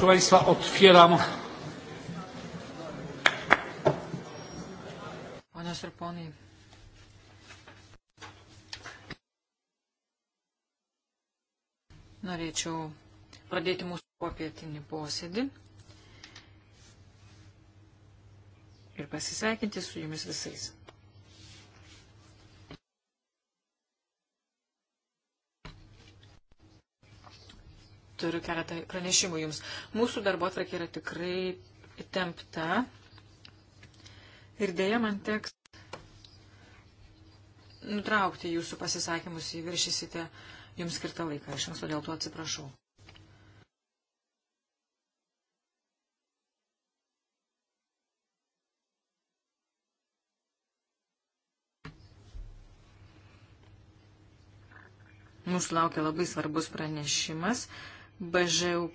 Proszę Państwa, otwieram. Ponios ir ponai. Norėčiau pradėti mūsų popietinį posėdį ir pasisveikinti su jumis visais. turiu keletą pranešimų jums. Mūsų darbo atrakė yra tikrai įtempta ir dėja man teks nutraukti jūsų pasisakymus, jei viršysite jums skirtą laiką. Aš jums dėl to atsiprašau. Mūsų laukia labai svarbus pranešimas. BŽUP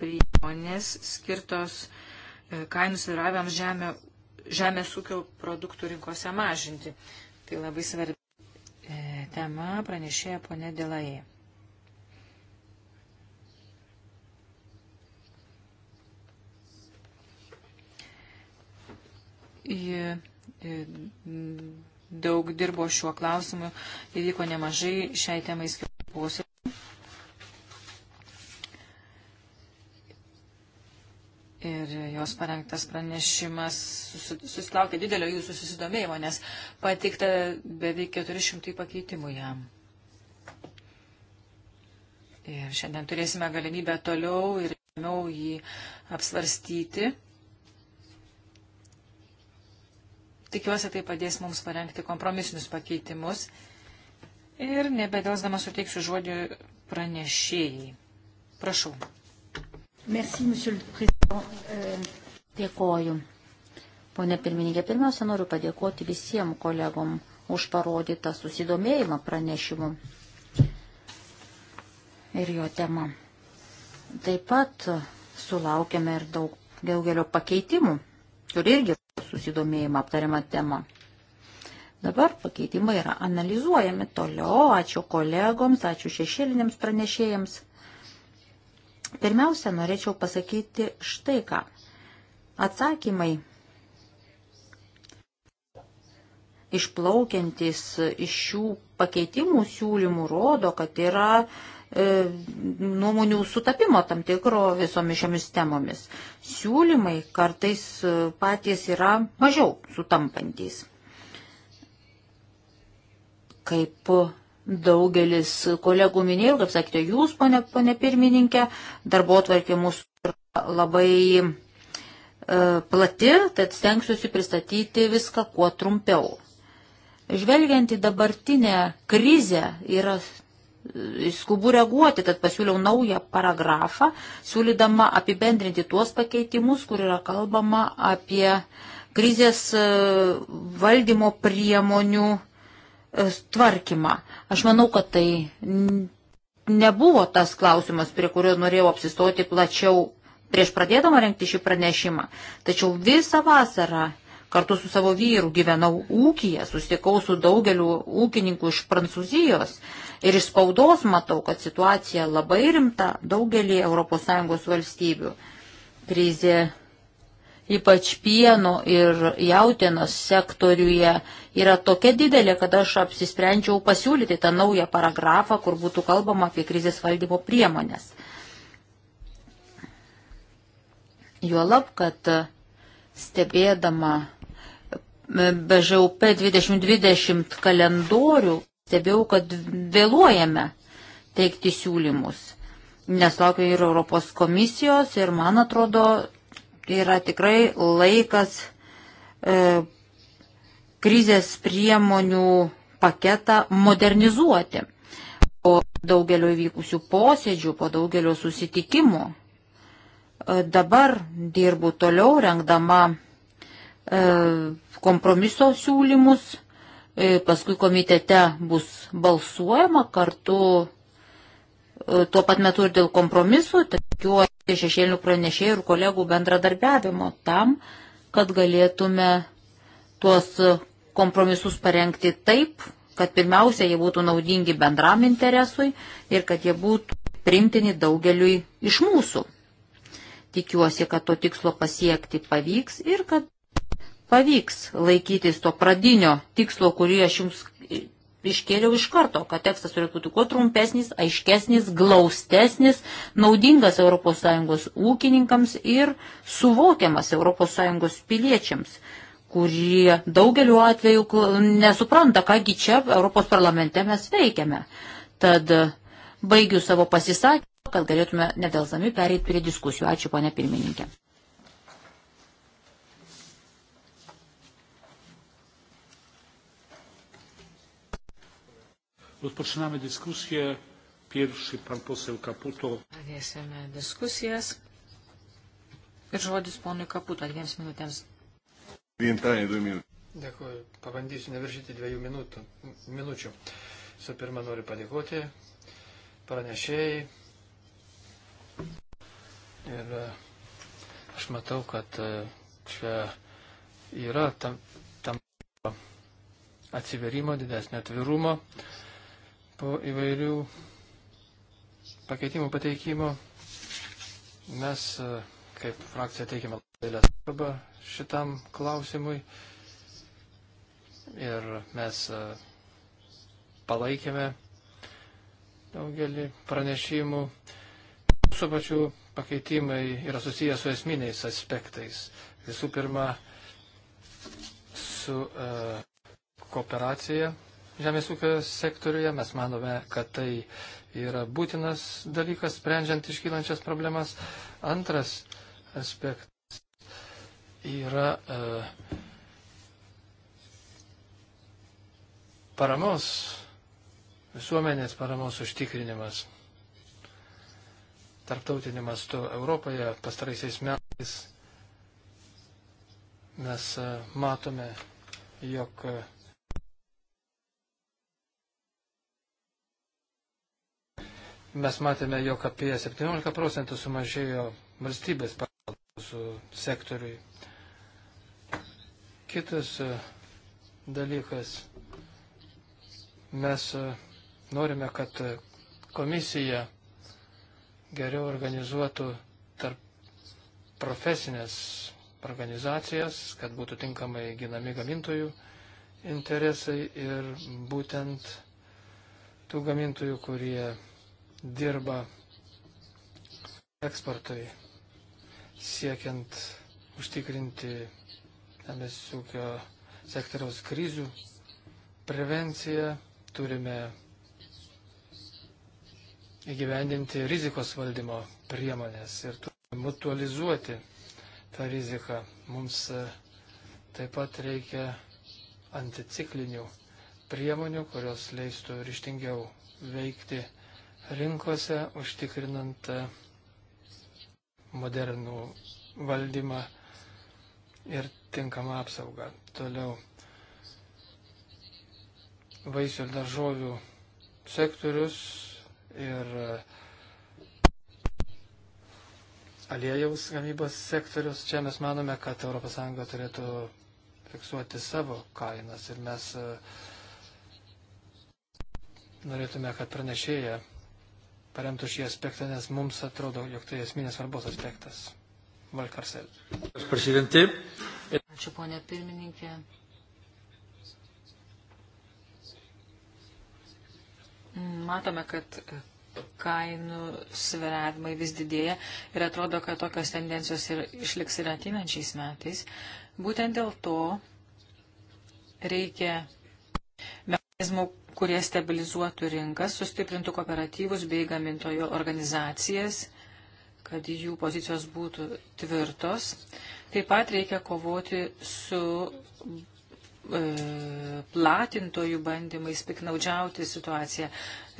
priemonės skirtos e, kainų sviravėms žemė, žemės ūkio produktų rinkose mažinti. Tai labai svarbi e, tema pranešėja ponė Dėlajai. Ji e, daug dirbo šiuo klausimu ir vyko nemažai šiai temai skirtų posėdžių. ir jos parengtas pranešimas susilaukė didelio jūsų susidomėjimo, nes pateikta beveik 400 pakeitimų jam. Ir šiandien turėsime galimybę toliau ir įmiau jį apsvarstyti. Tikiuosi, tai padės mums parengti kompromisinius pakeitimus. Ir nebedelsdama suteiksiu žodį pranešėjai. Prašau. Merci, monsieur le président. Uh, dėkoju. Pone pirmininkė, pirmiausia, noriu padėkoti visiems kolegom už parodytą susidomėjimą pranešimu ir jo tema. Taip pat sulaukėme ir daug daugelio pakeitimų, kur irgi susidomėjimą aptariamą temą. Dabar pakeitimai yra analizuojami toliau. Ačiū kolegoms, ačiū šešėliniams pranešėjams. Pirmiausia, norėčiau pasakyti štai ką. Atsakymai išplaukiantis iš šių pakeitimų siūlymų rodo, kad yra e, nuomonių sutapimo tam tikro visomis šiomis temomis. Siūlymai kartais e, patys yra mažiau sutampantis. Kaip Daugelis kolegų minėjo, kaip sakėte, jūs, pane, pane pirmininkė, darbo tvarkė mūsų labai e, plati, tad stengsiuosi pristatyti viską kuo trumpiau. Žvelgiant į dabartinę krizę, yra e, skubu reaguoti, tad pasiūliau naują paragrafą, siūlydama apibendrinti tuos pakeitimus, kur yra kalbama apie krizės e, valdymo priemonių E, tvarkymą. Aš manau, kad tai nebuvo tas klausimas, prie kurio norėjau apsistoti plačiau prieš pradėdama renkti šį pranešimą. Tačiau visą vasarą kartu su savo vyru gyvenau ūkiją, susitikau su daugeliu ūkininkų iš Prancūzijos ir iš spaudos matau, kad situacija labai rimta daugelį ES valstybių. Krizė ypač pieno ir jautienos sektoriuje, yra tokia didelė, kad aš apsisprendžiau pasiūlyti tą naują paragrafą, kur būtų kalbama apie krizės valdymo priemonės. Juolab, kad stebėdama BŽUP 2020 kalendorių, stebėjau, kad vėluojame teikti siūlymus. Neslaukiu ir Europos komisijos ir, man atrodo, yra tikrai laikas e, krizės priemonių paketą modernizuoti. Po daugelio įvykusių posėdžių, po daugelio susitikimų e, dabar dirbu toliau rengdama e, kompromiso siūlymus, e, paskui komitete bus balsuojama kartu E, tuo pat metu ir dėl kompromisų, tikiuosi šešėlinių pranešėjų ir kolegų bendradarbiavimo tam, kad galėtume tuos kompromisus parengti taip, kad pirmiausia, jie būtų naudingi bendram interesui ir kad jie būtų primtini daugeliui iš mūsų. Tikiuosi, kad to tikslo pasiekti pavyks ir kad pavyks laikytis to pradinio tikslo, kurį aš jums iškėliau iš karto, kad tekstas turėtų būti kuo trumpesnis, aiškesnis, glaustesnis, naudingas ES ūkininkams ir suvokiamas ES piliečiams, kurie daugeliu atveju nesupranta, kągi čia Europos parlamente mes veikiame. Tad baigiu savo pasisakymą, kad galėtume nedelsami pereiti prie diskusijų. Ačiū, ponė pirmininkė. Rozpoczynamy dyskusję. Pierwszy pan poseł Kaputo. Pradėsime diskusijas. Ir žodis ponui Kaputo dviems minutėms. Dėkuoju. Pabandysiu neviršyti dviejų minutų, minučių. Visų pirma, noriu padėkoti pranešėjai. Ir aš matau, kad e, čia yra tam, tam atsiverimo, didesnio atvirumo. Uh, po įvairių pakeitimų pateikimo mes e, kaip frakcija teikiame didelę svarbą šitam klausimui ir mes e, palaikėme daugelį pranešimų. Su pačiu pakeitimai yra susijęs su esminiais aspektais. Visų pirma, su e, kooperacija žemės ūkio sektoriuje. Mes manome, kad tai yra būtinas dalykas, sprendžiant iškylančias problemas. Antras aspektas yra e, paramos, visuomenės paramos užtikrinimas. Tarptautiniu mastu Europoje pastaraisiais metais mes e, matome, jog e, mes matėme, jog apie 17 procentų sumažėjo valstybės pagalbos sektoriui. Kitas e, dalykas, mes e, norime, kad komisija geriau organizuotų tarp profesinės organizacijas, kad būtų tinkamai ginami gamintojų interesai ir būtent tų gamintojų, kurie dirba eksportui, siekiant užtikrinti žemės ūkio sektoriaus krizių prevenciją, turime įgyvendinti rizikos valdymo priemonės ir mutualizuoti tą riziką. Mums e, taip pat reikia anticiklinių priemonių, kurios leistų ryštingiau veikti rinkose, užtikrinant e, modernų valdymą ir tinkamą apsaugą. Toliau vaisių ir daržovių sektorius ir e, aliejaus gamybos sektorius. Čia mes manome, kad ES turėtų fiksuoti savo kainas ir mes e, norėtume, kad pranešėja paremtų šį aspektą, nes mums atrodo, jog tai esminės svarbos aspektas. Valkarsel. Ačiū, ponė pirmininkė. Matome, kad kainų sviravimai vis didėja ir atrodo, kad tokios tendencijos ir išliks ir ateinančiais metais. Būtent dėl to reikia mechanizmų kurie stabilizuotų rinkas, sustiprintų kooperatyvus bei gamintojų organizacijas, kad jų pozicijos būtų tvirtos. Taip pat reikia kovoti su e, platintojų bandymais piknaudžiauti situaciją.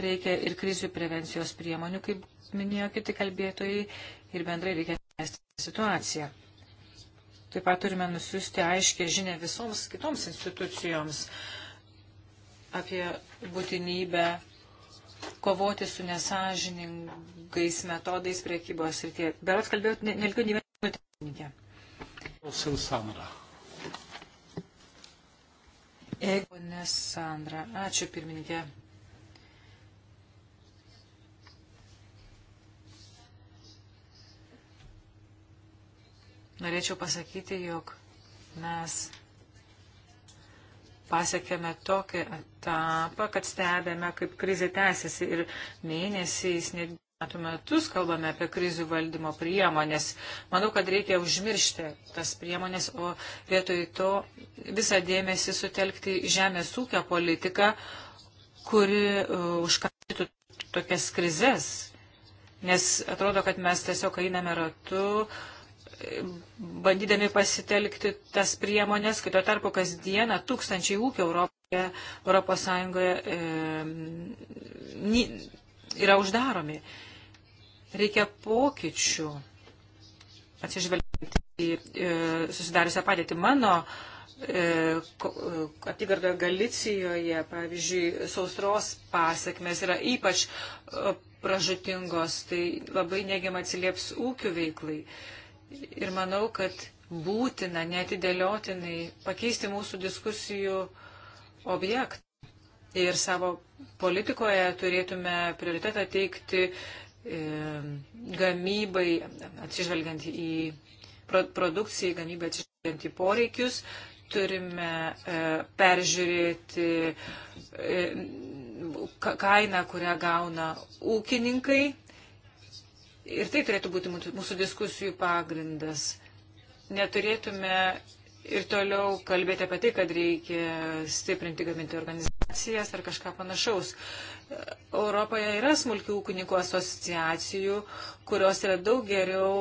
Reikia ir krizių prevencijos priemonių, kaip minėjo kiti kalbėtojai, ir bendrai reikia tęsti situaciją. Taip pat turime nusiųsti aiškę žinę visoms kitoms institucijoms apie būtinybę kovoti su nesažiningais metodais priekybos ir tie. Berots kalbėjot, nelgiu ne, ne, ne, ne, ne, ne, ne, ne. Pone Sandra, ačiū pirmininkė. Norėčiau pasakyti, jog mes pasiekėme tokį etapą, kad stebėme, kaip krizė tęsiasi ir mėnesiais, net metų metus kalbame apie krizių valdymo priemonės. Manau, kad reikia užmiršti tas priemonės, o vietoj to visą dėmesį sutelkti žemės ūkio politiką, kuri uh, e, užkartytų tokias krizės. Nes atrodo, kad mes tiesiog einame ratu. Uh, bandydami pasitelkti tas priemonės, kito tarpu kasdieną tūkstančiai ūkio Europoje, Europos Sąjungoje e, yra uždaromi. Reikia pokyčių, atsižvelgiant į e, susidariusią padėtį. Mano e, e apygardoje Galicijoje, pavyzdžiui, sausros pasiekmes yra ypač e, pražutingos, tai labai neigiamai atsilieps ūkių veiklai. E, ir manau, kad būtina netidėliotinai pakeisti mūsų diskusijų objektą. Ir savo politikoje turėtume prioritetą teikti e, gamybai, atsižvelgiant į produkciją, gamybą atsižvelgiant į poreikius, turime e, peržiūrėti e, kainą, kurią gauna ūkininkai ir tai turėtų būti mūsų diskusijų pagrindas. Neturėtume ir toliau kalbėti apie tai, kad reikia stiprinti gaminti organizacijas ar kažką panašaus. Europoje yra smulkių ūkininkų asociacijų, kurios yra daug geriau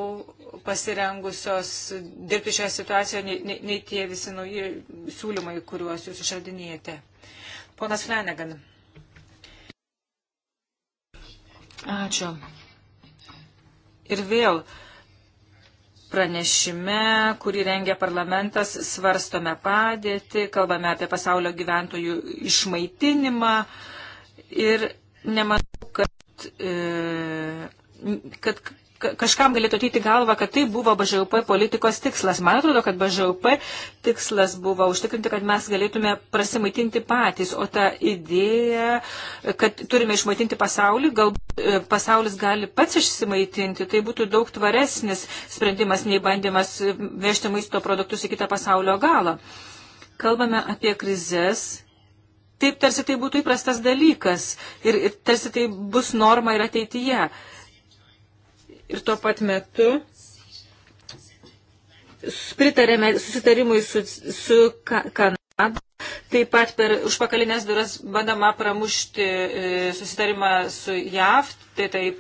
pasirengusios dirbti šioje situacijoje nei, nei, nei tie visi nauji siūlymai, kuriuos jūs išradinėjate. Ponas Flanagan. Ačiū. Ir vėl pranešime, kurį rengia parlamentas, svarstome padėtį, kalbame apie pasaulio gyventojų išmaitinimą ir nemanau, kad, e, kad kažkam galėtų ateiti galva, kad tai buvo BŽUP politikos tikslas. Man atrodo, kad BŽUP tikslas buvo užtikrinti, kad mes galėtume prasimaitinti patys, o ta idėja, kad turime išmaitinti pasaulį, galbūt e, pasaulis gali pats išsimaitinti, tai būtų daug tvaresnis sprendimas nei bandymas e, vežti maisto produktus į kitą pasaulio galą. Kalbame apie krizės. Taip tarsi tai būtų įprastas dalykas ir, ir tarsi tai bus norma ir ateityje. Uh, ir tuo pat metu pritarėme susitarimui su, su Kanada. Taip pat per užpakalinės duras bandama pramušti e, susitarimą su JAV, TTIP,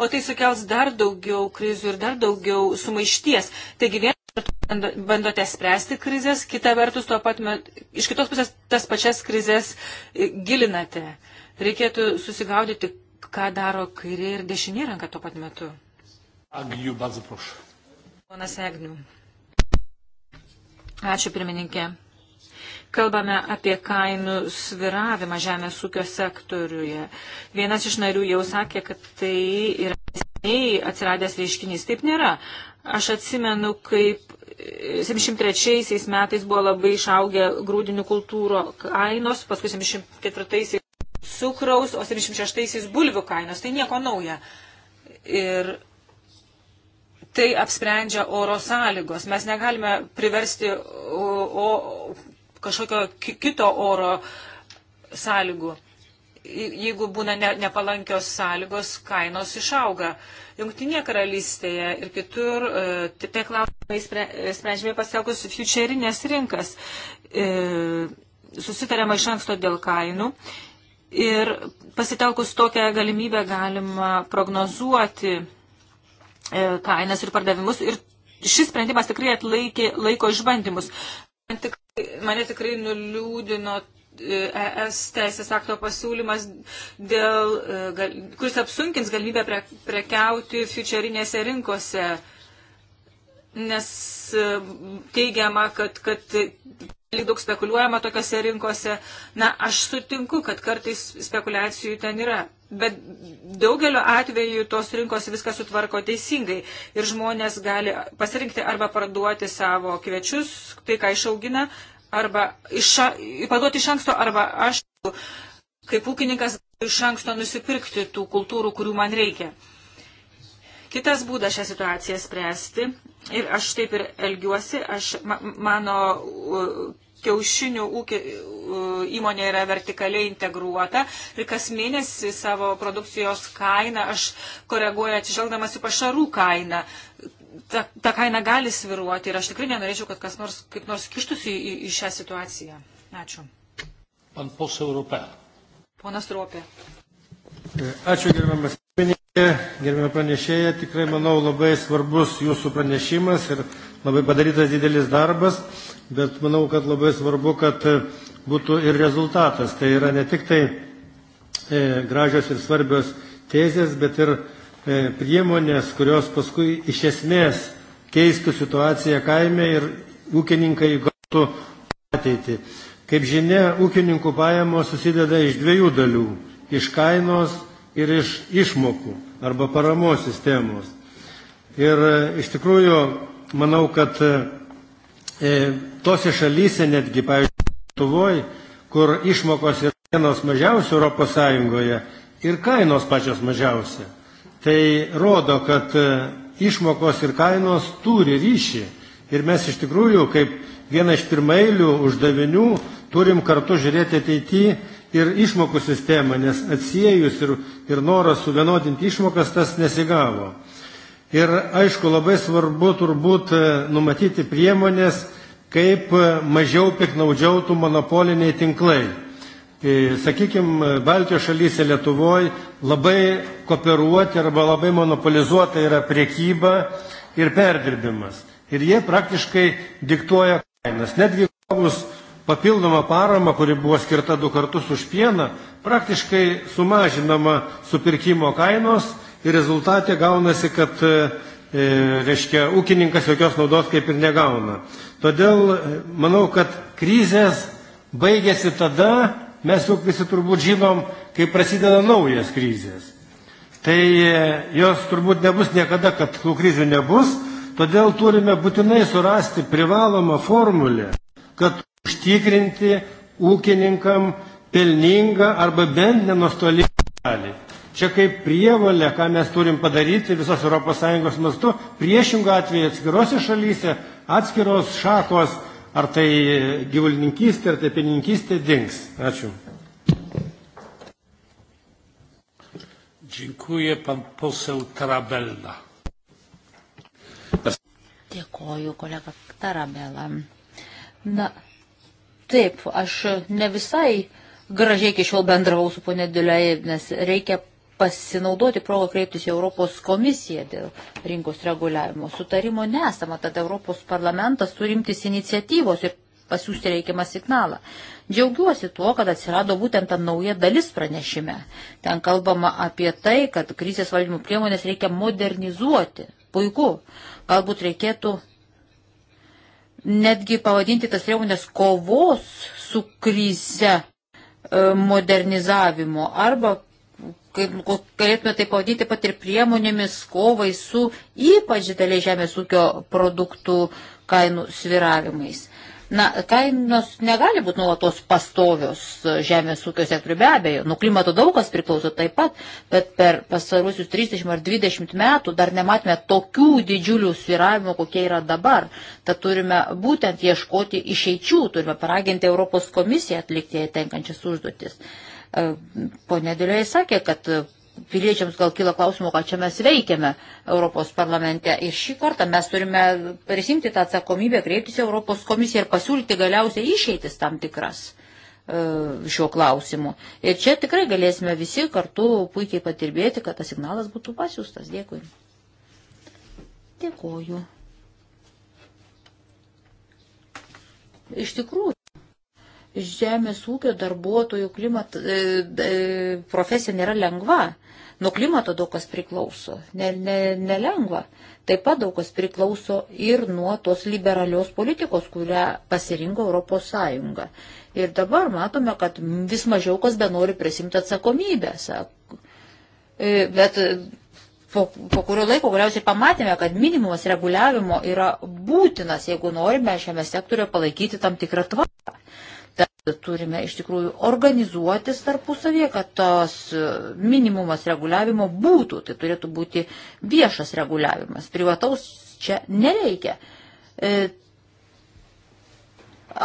o tai sukels dar daugiau krizių ir dar daugiau sumaišties. Taigi vien bandote spręsti krizės, kita vertus tuo pat metu, iš kitos pusės tas pačias krizės e, gilinate. Reikėtų susigaudyti, ką daro kairė ir dešinė ranka tuo pat metu. Agniu, bardzo prašau. Ponas Agniu. Ačiū pirmininkė. Kalbame apie kainų sviravimą žemės ūkio sektoriuje. Vienas iš narių jau sakė, kad tai yra atsiradęs reiškinys. Taip nėra. Aš atsimenu, kaip 73 metais buvo labai išaugę grūdinių kultūro kainos, paskui 74 cukraus, o 76 bulvių kainos. Tai nieko nauja. Ir tai apsprendžia oro sąlygos. Mes negalime priversti o, o, kažkokio kito oro sąlygų. Jeigu būna ne, nepalankios sąlygos, kainos išauga. Jungtinėje karalystėje ir kitur e, tie klausimai spre, sprendžiami pasiekus futurinės rinkas. E, susitariama iš anksto dėl kainų ir pasitelkus tokią galimybę galima prognozuoti E, kainas ir pardavimus. Ir šis sprendimas tikrai atlaikė laiko išbandymus. Man tikrai, mane tikrai nuliūdino ES e teisės akto pasiūlymas, dėl, e, kuris apsunkins galimybę pre, prekiauti futurinėse rinkose, nes teigiama, kad, kad daug spekuliuojama tokiose rinkose. Na, aš sutinku, kad kartais spekulacijų ten yra bet daugeliu atveju tos rinkos viską sutvarko teisingai ir žmonės gali pasirinkti arba parduoti savo kviečius, tai ką išaugina, arba iš, parduoti iš anksto, arba aš kaip ūkininkas iš anksto nusipirkti tų kultūrų, kurių man reikia. Kitas būdas šią situaciją spręsti, ir aš taip ir elgiuosi, aš, mano kiaušinių ūkio e, įmonė yra vertikaliai integruota ir kas mėnesį savo produkcijos kainą aš koreguoju atsižvelgdamas į pašarų kainą. Ta, ta kaina gali sviruoti ir aš tikrai nenorėčiau, kad kas nors kaip nors kištųsi į, į šią situaciją. Ačiū. Pan pos Europė. Ponas Ropė. E, ačiū gerbiamas pirmininkė, gerbiamą pranešėją. Tikrai manau labai svarbus jūsų pranešimas ir labai padarytas didelis darbas bet manau, kad labai svarbu, kad e, būtų ir rezultatas. Tai yra ne tik tai e, gražios ir svarbios tezės, bet ir e, priemonės, kurios paskui iš esmės keistų situaciją kaime ir ūkininkai gautų ateitį. Kaip žinia, ūkininkų pajamos susideda iš dviejų dalių - iš kainos ir iš išmokų arba paramos sistemos. Ir iš tikrųjų, manau, kad E, tose šalyse netgi, pavyzdžiui, Lietuvoje, kur išmokos yra vienos mažiausių Europos Sąjungoje ir kainos pačios mažiausia. Tai rodo, kad e, išmokos ir kainos turi ryšį. Ir mes iš tikrųjų, kaip vieną iš pirmailių uždavinių, turim kartu žiūrėti ateityje ir išmokų sistemą, nes atsiejus ir, ir noras suvienodinti išmokas tas nesigavo. Ir aišku, labai svarbu turbūt e, numatyti priemonės, kaip e, mažiau piknaudžiautų monopoliniai tinklai. E, Sakykime, Baltijos šalyse Lietuvoje labai kooperuoti arba labai monopolizuota yra priekyba ir perdirbimas. Ir jie praktiškai diktuoja kainas. Netgi gavus papildomą paramą, kuri buvo skirta du kartus už pieną, praktiškai sumažinama supirkimo kainos ir rezultatė gaunasi, kad e, e, reiškia, ūkininkas jokios naudos kaip ir negauna. Todėl e, manau, kad krizės baigėsi tada, mes juk visi turbūt žinom, kai prasideda naujas krizės. Tai jos turbūt nebus niekada, kad tų krizių nebus, todėl turime būtinai surasti privalomą formulę, kad užtikrinti ūkininkam pelningą arba bent nenustolingą dalį. Čia kaip prievalė, ką mes turim padaryti visos ES mastu, priešingų atveju atskirose šalyse, atskiros šakos, ar tai gyvulininkystė, ar tai pieninkystė dings. Ačiū. Dziękuję pan poseł Tarabella. Dėkoju, kolega Tarabella. Na, taip, aš ne visai gražiai iki šiol bendravau su ponė Diliai, nes reikia pasinaudoti progą kreiptis į Europos komisiją dėl rinkos reguliavimo. Sutarimo nesama, tad Europos parlamentas turimtis iniciatyvos ir pasiūsti reikiamą signalą. Džiaugiuosi tuo, kad atsirado būtent ta nauja dalis pranešime. Ten kalbama apie tai, kad krizės valdymo priemonės reikia modernizuoti. Puiku. Galbūt reikėtų netgi pavadinti tas priemonės kovos su krize e, modernizavimo arba kaip galėtume tai pavadinti, pat ir priemonėmis kovai su ypač dideliai žemės ūkio produktų kainų sviravimais. Na, kainos negali būti nuolatos pastovios žemės ūkio sektoriu be abejo. Nu, klimato daug kas priklauso taip pat, bet per pasarusius 30 ar 20 metų dar nematome tokių didžiulių sviravimų, kokie yra dabar. Tad turime būtent ieškoti išeičių, turime paraginti Europos komisiją atlikti tenkančias užduotis. Uh, Pone Dėliai sakė, kad piliečiams gal kila klausimų, ką čia mes veikiame Europos parlamente. Ir šį kartą mes turime prisimti tą atsakomybę, kreiptis į Europos komisiją ir pasiūlyti galiausiai išeitis tam tikras e, šiuo klausimu. Ir čia tikrai galėsime visi kartu puikiai patirbėti, kad tas signalas būtų pasiūstas. Dėkui. Dėkoju. Iš tikrųjų žemės ūkio darbuotojų klimat, e, e, profesija nėra lengva. Nuo klimato daug kas priklauso, ne, ne, nelengva. Taip pat daug kas priklauso ir nuo tos liberalios politikos, kurią pasirinko Europos Sąjunga. Ir dabar matome, kad vis mažiau kas benori prisimti atsakomybę. Sak. E, bet e, po, po kurio laiko galiausiai pamatėme, kad minimumas reguliavimo yra būtinas, jeigu norime šiame sektoriuje palaikyti tam tikrą tvarką. Tad turime iš tikrųjų organizuotis tarpusavėje, kad tas e, minimumas reguliavimo būtų. Tai turėtų būti viešas reguliavimas. Privataus čia nereikia. E,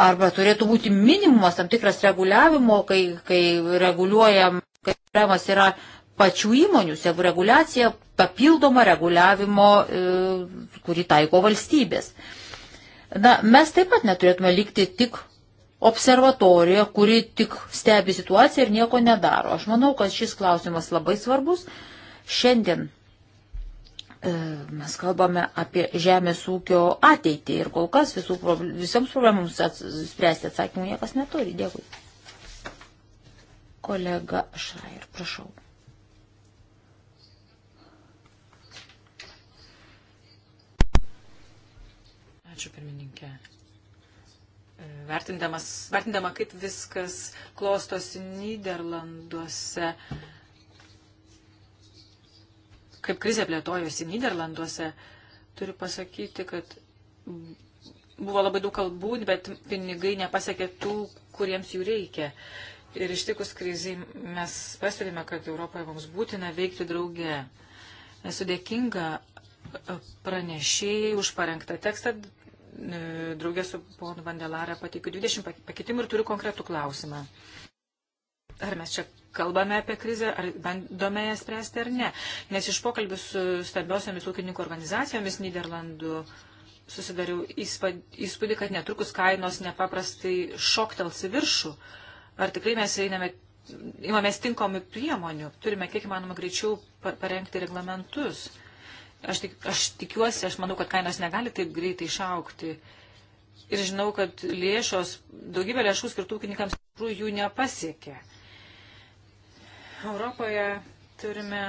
arba turėtų būti minimumas tam tikras reguliavimo, kai, kai reguliuojam, kai reguliavimas yra pačių įmonių, jeigu reguliacija papildoma reguliavimo, e, kurį taiko valstybės. Na, mes taip pat neturėtume likti tik observatoriją, kuri tik stebi situaciją ir nieko nedaro. Aš manau, kad šis klausimas labai svarbus. Šiandien e, mes kalbame apie žemės ūkio ateitį ir kol kas visų, visoms problemams ats, spręsti atsakymų niekas neturi. Dėkui. Kolega Šrair, prašau. Ačiū pirmininkė vertindama, kaip viskas klostosi Niderlanduose, kaip krizė plėtojosi Niderlanduose, turiu pasakyti, kad buvo labai daug kalbų, bet pinigai nepasiekė tų, kuriems jų reikia. Ir ištikus krizai mes pastebime, kad Europoje mums būtina veikti drauge. Esu dėkinga pranešėjai už parengtą tekstą, E, draugės su ponu Vandelarą pateikiu 20 pakeitimų ir turiu konkretų klausimą. Ar mes čia kalbame apie krizę, ar bandome ją spręsti ar ne? Nes iš pokalbių su stambiosiamis ūkininkų organizacijomis Niderlandų susidariau įspūdį, kad netrukus kainos nepaprastai šoktels į viršų. Ar tikrai mes einame, imamės tinkomi priemonių, turime kiek įmanoma greičiau parengti reglamentus. Aš, tik, aš tikiuosi, aš manau, kad kainos negali taip greitai išaukti. Ir žinau, kad lėšos, daugybė lėšų skirtų ūkininkams, tikrųjų jų nepasiekė. Europoje turime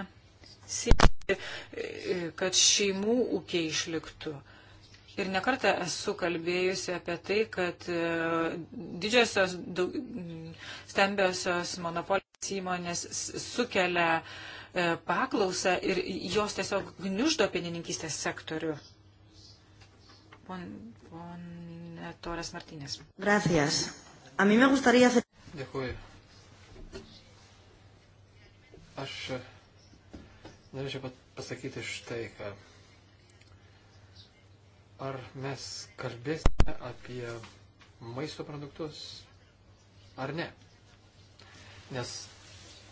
siekti, e, kad šeimų ūkiai išliktų. Ir nekartą esu kalbėjusi apie tai, kad e, didžiosios, stambiosios monopolijos įmonės sukelia uh, E, paklausą ir jos tiesiog gniuždo pienininkystės sektorių. Pone pon, Torres Martinės. Gracias. A mí me gustaría hacer... Dėkuoju. Aš e, norėčiau pasakyti štai ką. Ar mes kalbėsime apie maisto produktus ar ne? Nes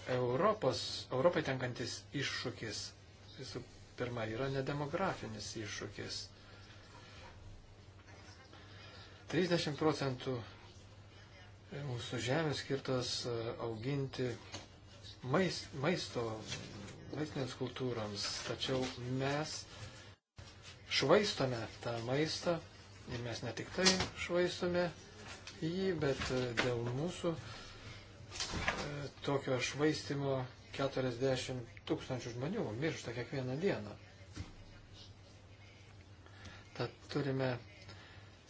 Europos, Europai tenkantis iššūkis visų pirma yra nedemografinis iššūkis. 30 procentų mūsų žemės skirtos e, auginti maist, maisto, maistinėms kultūroms, tačiau mes švaistome tą maistą ir mes ne tik tai švaistome jį, bet e, dėl mūsų uh, tokio švaistimo 40 tūkstančių žmonių miršta kiekvieną dieną. Tad turime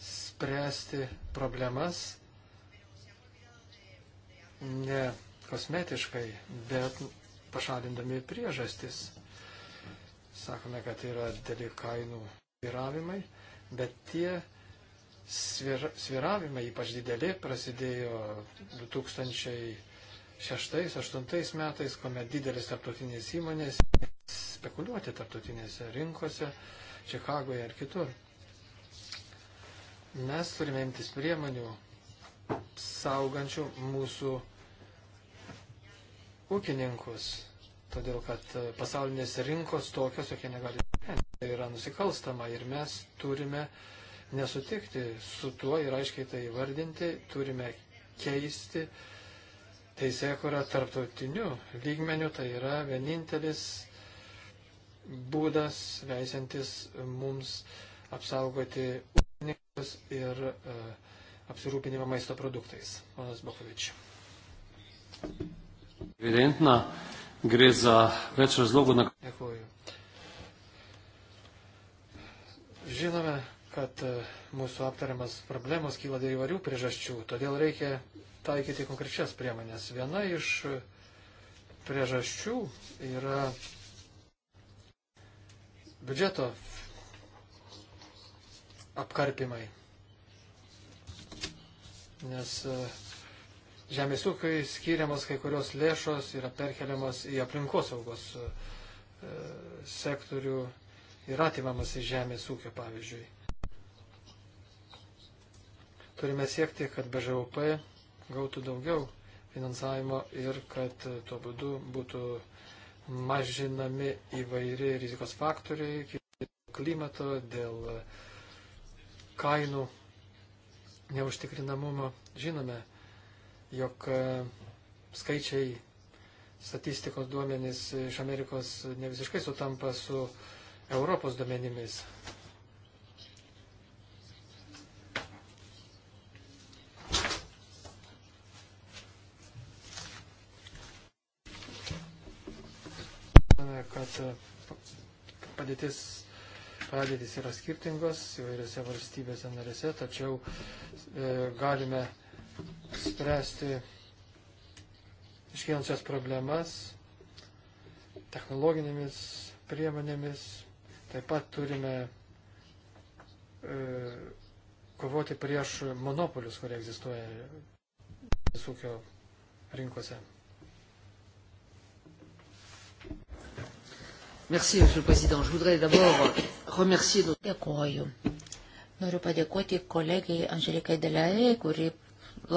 spręsti problemas ne kosmetiškai, bet pašalindami priežastis. Sakome, kad yra dėl kainų įravimai, bet tie svir, sviravimai, ypač dideli, prasidėjo 2006-2008 metais, kuomet didelis tarptautinės įmonės spekuliuoti tarptautinėse rinkose, Čikagoje ir kitur. Mes turime imtis priemonių saugančių mūsų ūkininkus, todėl kad pasaulinės rinkos tokios, jokie negali gyventi. Tai yra nusikalstama ir mes turime uh, nesutikti su tuo ir aiškiai tai vardinti, turime keisti teisėkurą tarptautiniu lygmeniu, tai yra vienintelis būdas leisiantis mums apsaugoti ūkininkus ir uh, apsirūpinimą maisto produktais. Ponas Bokovič. Evidentna, gre za več razlogov, na. Dėkuoju. Žinome, kad e, mūsų aptariamas problemos kyla dėl įvarių priežasčių, todėl reikia taikyti konkrečias priemonės. Viena iš priežasčių yra biudžeto apkarpimai. Nes e, žemės ūkiai skiriamas kai kurios lėšos yra perkeliamas į aplinkosaugos e, sektorių ir atimamas į žemės ūkio, pavyzdžiui. Turime siekti, kad BŽUP gautų daugiau finansavimo ir kad tuo būdu būtų mažinami įvairi rizikos faktoriai, klimato, dėl kainų neužtikrinamumo. Žinome, jog e, skaičiai statistikos duomenys iš Amerikos ne visiškai sutampa su Europos duomenimis. E, padėtis, padėtis yra skirtingos įvairiose valstybėse narėse, tačiau e, galime spręsti iškilančias problemas technologinėmis priemonėmis. Taip pat turime e, kovoti prieš monopolius, kurie egzistuoja visokio rinkose. Merci, Monsieur le Président. Je voudrais d'abord remercier nos... Dėkoju. Noriu padėkoti kolegijai Anželikai Delei, kuri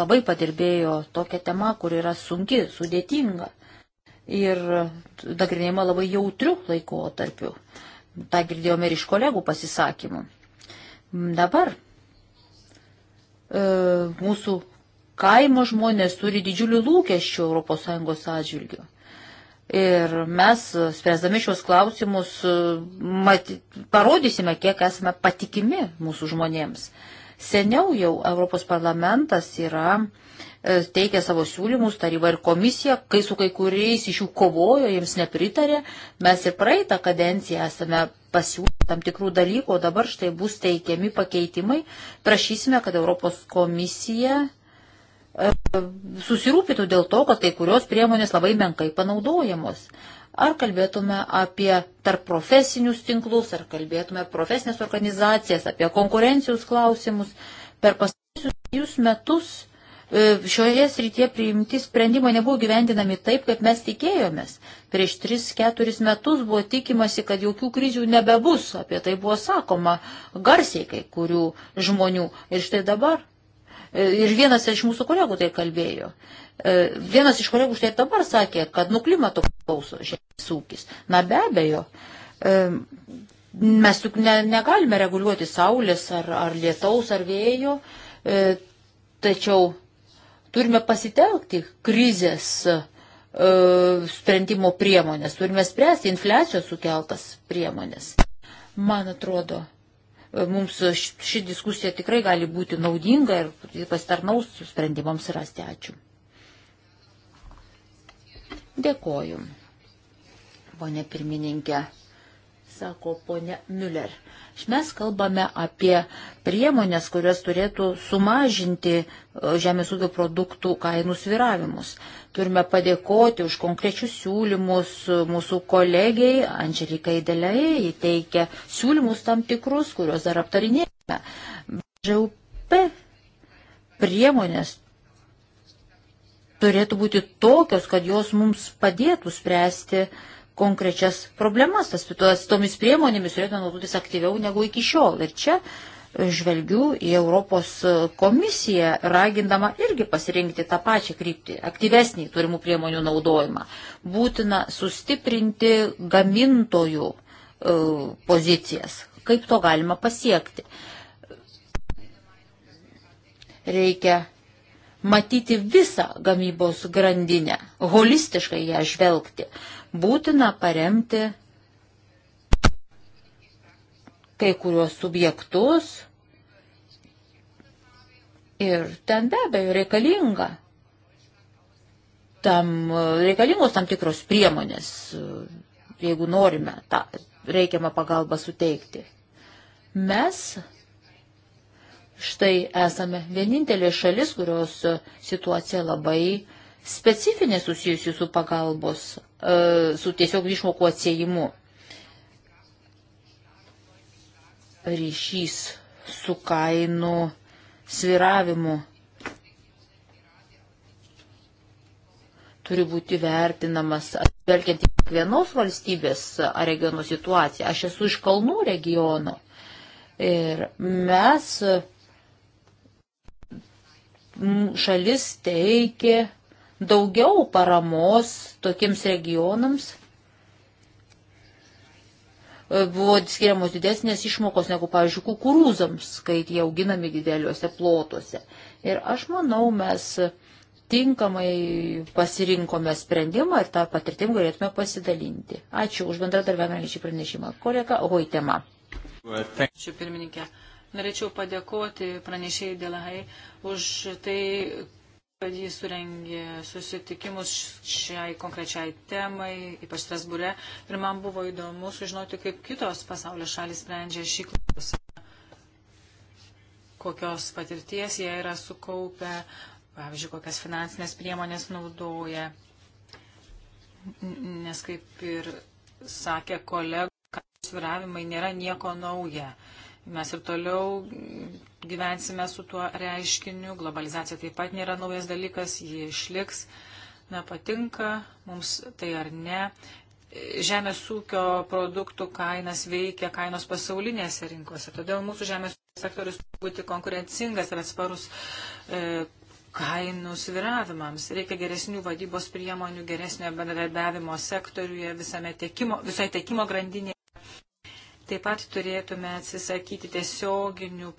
labai padirbėjo tokią temą, kur yra sunki, sudėtinga ir nagrinėjama labai jautrių laikotarpių. Ta girdėjome ir iš kolegų pasisakymų. Dabar e, mūsų kaimo žmonės turi didžiulių lūkesčių ES atžvilgių. Ir mes, spręsdami šios klausimus, mat, parodysime, kiek esame patikimi mūsų žmonėms. Seniau jau Europos parlamentas yra e, teikia savo siūlymus, taryba ir komisija, kai su kai kuriais iš jų kovojo, jiems nepritarė. Mes ir praeitą kadenciją esame pasiūlę tam tikrų dalykų, o dabar štai bus teikiami pakeitimai. Prašysime, kad Europos komisija E, susirūpintų dėl to, kad kai kurios priemonės labai menkai panaudojamos. Ar kalbėtume apie tarp profesinius tinklus, ar kalbėtume profesinės organizacijas, apie konkurencijos klausimus. Per pasarysius metus e, šioje srityje priimti sprendimai nebuvo gyvendinami taip, kaip mes tikėjomės. Prieš 3-4 metus buvo tikimasi, kad jokių krizių nebebus, apie tai buvo sakoma garsiai kai kurių žmonių. Ir štai dabar E, ir vienas iš mūsų kolegų tai kalbėjo. E, vienas iš kolegų štai dabar sakė, kad nu klimato klauso žemės ūkis. Na be abejo, e, mes juk ne, negalime reguliuoti saulės ar, ar lietaus ar vėjo, tačiau turime pasitelkti krizės sprendimo priemonės, turime spręsti infliacijos sukeltas priemonės. Man atrodo, E, mums ši diskusija tikrai gali būti naudinga ir pasitarnaus sprendimams rasti. Ačiū. Dėkoju, ponė pirmininkė sako ponė Müller. Mes kalbame apie priemonės, kurios turėtų sumažinti e, žemės ūkio produktų kainų sviravimus. Turime padėkoti už konkrečius siūlymus e, mūsų kolegiai Andželikai Delei, jį teikia siūlymus tam tikrus, kuriuos dar aptarinėjame. ŽUP priemonės turėtų būti tokios, kad jos mums padėtų spręsti uh, konkrečias problemas, tas, tas tomis priemonėmis turėtume naudotis aktyviau negu iki šiol. Ir čia žvelgiu į Europos komisiją, ragindama irgi pasirinkti tą pačią kryptį, aktyvesnį turimų priemonių naudojimą. Būtina sustiprinti gamintojų e, pozicijas. Kaip to galima pasiekti? Reikia matyti visą gamybos grandinę, holistiškai ją žvelgti. Uh, būtina paremti kai kuriuos subjektus ir ten be abejo reikalinga. Tam reikalingos tam tikros priemonės, jeigu norime tą reikiamą pagalbą suteikti. Mes štai esame vienintelė šalis, kurios situacija labai specifinė susijusi su pagalbos su tiesiog išmokų atsiejimu. Ryšys su kainų sviravimu turi būti vertinamas atvelkiant į kiekvienos valstybės ar regiono situaciją. Aš esu iš kalnų regiono ir mes šalis teikė daugiau paramos tokiems regionams. Buvo skiriamos didesnės išmokos negu, pavyzdžiui, kukurūzams, kai jie auginami dideliuose plotuose. Ir aš manau, mes tinkamai pasirinkome sprendimą ir tą patirtim galėtume pasidalinti. Ačiū už bendradarbiavimą šį pranešimą. Kolega Hoitema. Ačiū pirmininkė. Norėčiau padėkoti pranešėjai Delahai už tai, kad jis surengė susitikimus šiai konkrečiai temai, ypač Strasbūre. Ir man buvo įdomu sužinoti, kaip kitos pasaulio šalis sprendžia šį klausimą, kokios patirties jie yra sukaupę, pavyzdžiui, kokias finansinės priemonės naudoja. Nes kaip ir sakė kolegų, kad sviravimai nėra nieko nauja. Mes ir toliau gyvensime su tuo reiškiniu. Globalizacija taip pat nėra naujas dalykas, ji išliks. Nepatinka mums tai ar ne. Žemės ūkio produktų kainas veikia kainos pasaulinėse rinkose. Todėl mūsų žemės sektorius turi būti konkurencingas ir atsparus e, kainų sviravimams. Reikia geresnių vadybos priemonių, geresnio bendradarbiavimo sektoriuje, visame tiekimo, visoje tiekimo grandinėje. Taip pat turėtume atsisakyti tiesioginio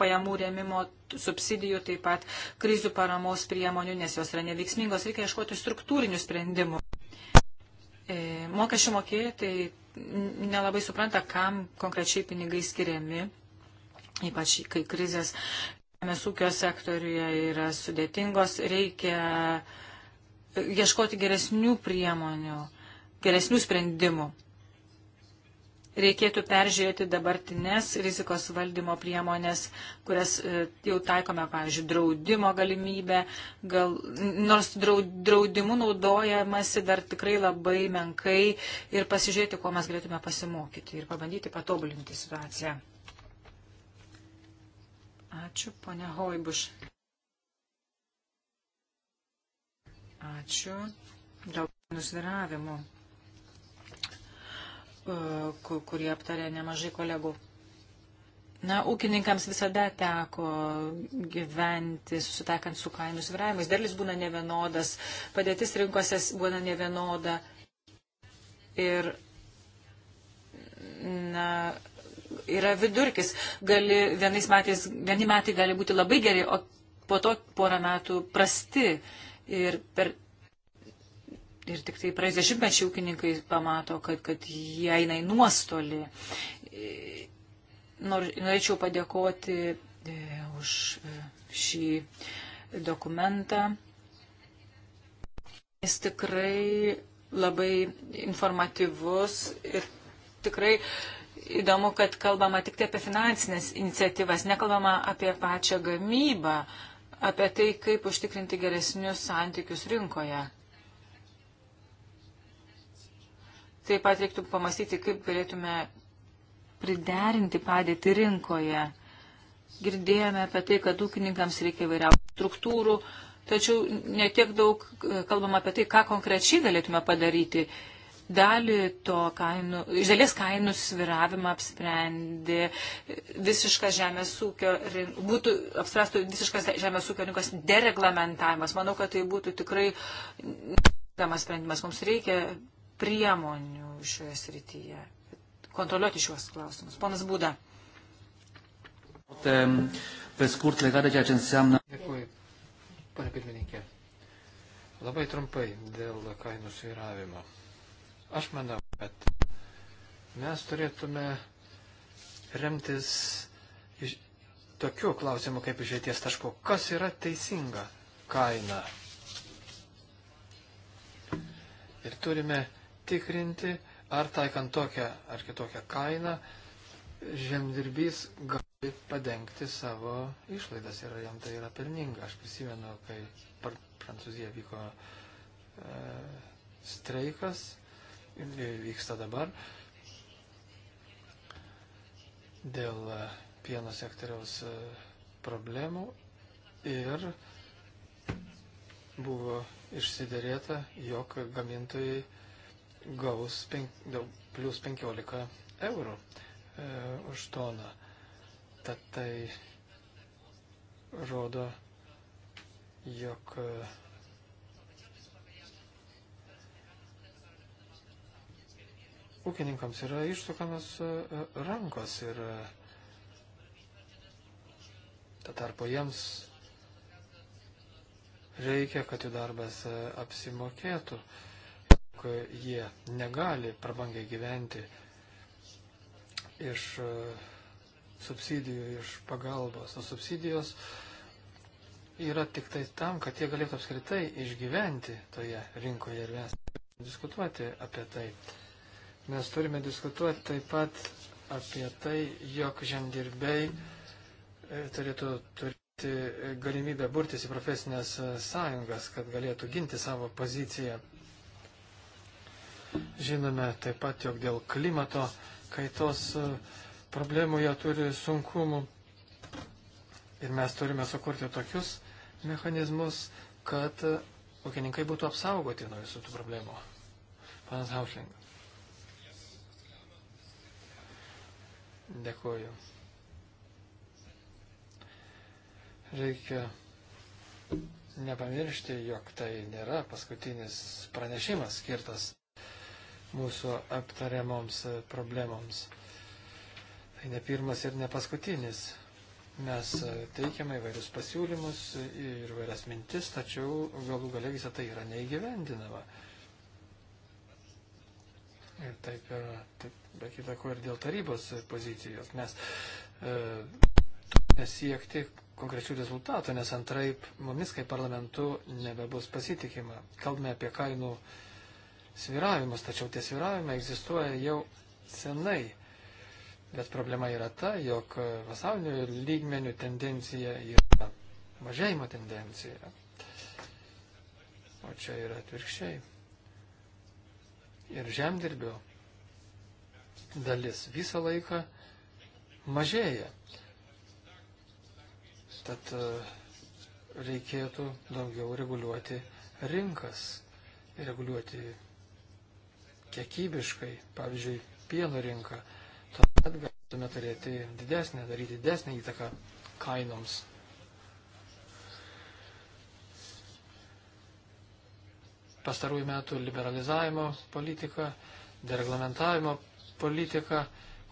pajamų rėmimo subsidijų, taip pat krizių paramos priemonių, nes jos yra neveiksmingos, reikia ieškoti struktūrinių sprendimų. E, mokesčių mokėtojai tai nelabai supranta, kam konkrečiai pinigai skiriami, ypač kai krizės žemės ūkio sektoriuje yra sudėtingos, reikia ieškoti geresnių priemonių, geresnių sprendimų reikėtų peržiūrėti dabartinės rizikos valdymo priemonės, kurias e, jau taikome, pavyzdžiui, draudimo galimybę, gal, nors draudimu naudojamasi dar tikrai labai menkai ir pasižiūrėti, ko mes galėtume pasimokyti ir pabandyti patobulinti situaciją. Ačiū, ponia Hoibuš. Ačiū dėl nusviravimu. E, kurį aptarė nemažai kolegų. Na, ūkininkams visada teko gyventi, susitaikant su kainų sviravimais. Derlis būna nevienodas, padėtis rinkose būna nevienoda. Ir, na, yra vidurkis. Gali, vienais metais, vieni metai gali būti labai geri, o po to porą metų prasti. Ir per ir tik tai praeis dešimtmečiai ūkininkai pamato, kad, kad jie eina į nuostolį. Nor, norėčiau padėkoti e, už e, šį dokumentą. Jis tikrai labai informatyvus ir tikrai įdomu, kad kalbama tik tai apie finansinės iniciatyvas, nekalbama apie pačią gamybą, apie tai, kaip užtikrinti geresnius santykius rinkoje. Taip pat reiktų pamastyti, kaip galėtume priderinti padėtį rinkoje. Girdėjome apie tai, kad ūkininkams reikia vairiausių struktūrų, tačiau netiek daug e, kalbam apie tai, ką konkrečiai galėtume padaryti. Dalį to kainų, iš dalies kainų sviravimą apsprendė visiškas žemės ūkio, būtų apspręstų visiškas žemės ūkio rinkos dereglamentavimas. Manau, kad tai būtų tikrai sprendimas. Mums reikia priemonių šioje srityje, kontroliuoti šiuos klausimus. Ponas Būda. Dėkui, pane pirmininkė. Labai trumpai dėl kainų sviravimo. Aš manau, kad mes turėtume remtis iš tokių klausimų kaip išėties taško. Kas yra teisinga kaina? Ir turime užtikrinti, ar taikant tokią ar kitokią kainą, žemdirbys gali padengti savo išlaidas ir jam tai yra perninga. Aš prisimenu, kai pr Prancūzija vyko e, streikas, vyksta dabar, dėl e, pieno sektoriaus e, problemų ir buvo išsiderėta, jog gamintojai gaus pen, daug, plus 15 eurų e, už toną. Tad tai rodo, jog e, ūkininkams yra išsukamas e, rankos ir e, tarpo jiems reikia, kad jų darbas e, apsimokėtų. E, jog jie negali prabangiai gyventi iš e, subsidijų, iš pagalbos. O subsidijos yra tik tai tam, kad jie galėtų apskritai išgyventi toje rinkoje ir mes diskutuoti apie tai. Mes turime diskutuoti taip pat apie tai, jog žemdirbiai e, turėtų turėti galimybę burtis į profesinės e, sąjungas, kad galėtų ginti savo poziciją Žinome taip pat, jog dėl klimato kaitos e, problemų jie turi sunkumų. Ir mes turime sukurti tokius mechanizmus, kad e, ūkininkai būtų apsaugoti nuo visų tų problemų. Panas Hauslingas. Dėkuoju. Reikia nepamiršti, jog tai nėra paskutinis pranešimas skirtas mūsų aptariamoms problemoms. Tai ne pirmas ir ne paskutinis. Mes teikiame įvairius pasiūlymus ir įvairias mintis, tačiau galų galia visą tai yra neįgyvendinama. Ir taip yra, taip, be kita ko ir dėl tarybos pozicijos. Mes e, turime siekti konkrečių rezultatų, nes antraip mumis kaip parlamentu nebebus pasitikima. Kalbame apie kainų e, sviravimus, tačiau tie sviravimai egzistuoja jau senai. Bet problema yra ta, jog pasaulio lygmenių tendencija yra mažėjimo tendencija. O čia yra atvirkščiai. Ir žemdirbio dalis visą laiką mažėja. Tad e, reikėtų daugiau reguliuoti rinkas, reguliuoti kiekybiškai, pavyzdžiui, pieno rinką, tuomet galėtume turėti didesnę, daryti didesnę įtaką kainoms. Pastarųjų metų liberalizavimo politika, dereglamentavimo politika,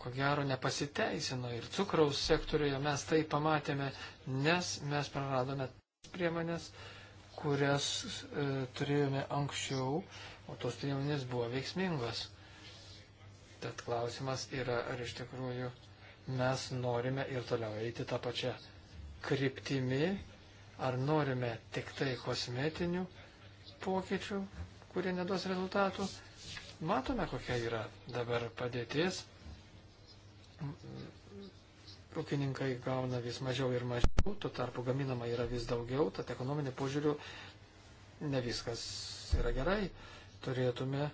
ko gero, nepasiteisino ir cukraus sektoriuje mes tai pamatėme, nes mes praradome priemonės, kurias e, turėjome anksčiau o tos priemonės buvo veiksmingos. Tad klausimas yra, ar iš tikrųjų mes norime ir toliau eiti tą pačią kryptimį, ar norime tik tai kosmetinių pokyčių, kurie neduos rezultatų. Matome, kokia yra dabar padėtis. Ūkininkai gauna vis mažiau ir mažiau, tuo tarpu gaminama yra vis daugiau, tad ekonominė požiūrių ne viskas yra gerai turėtume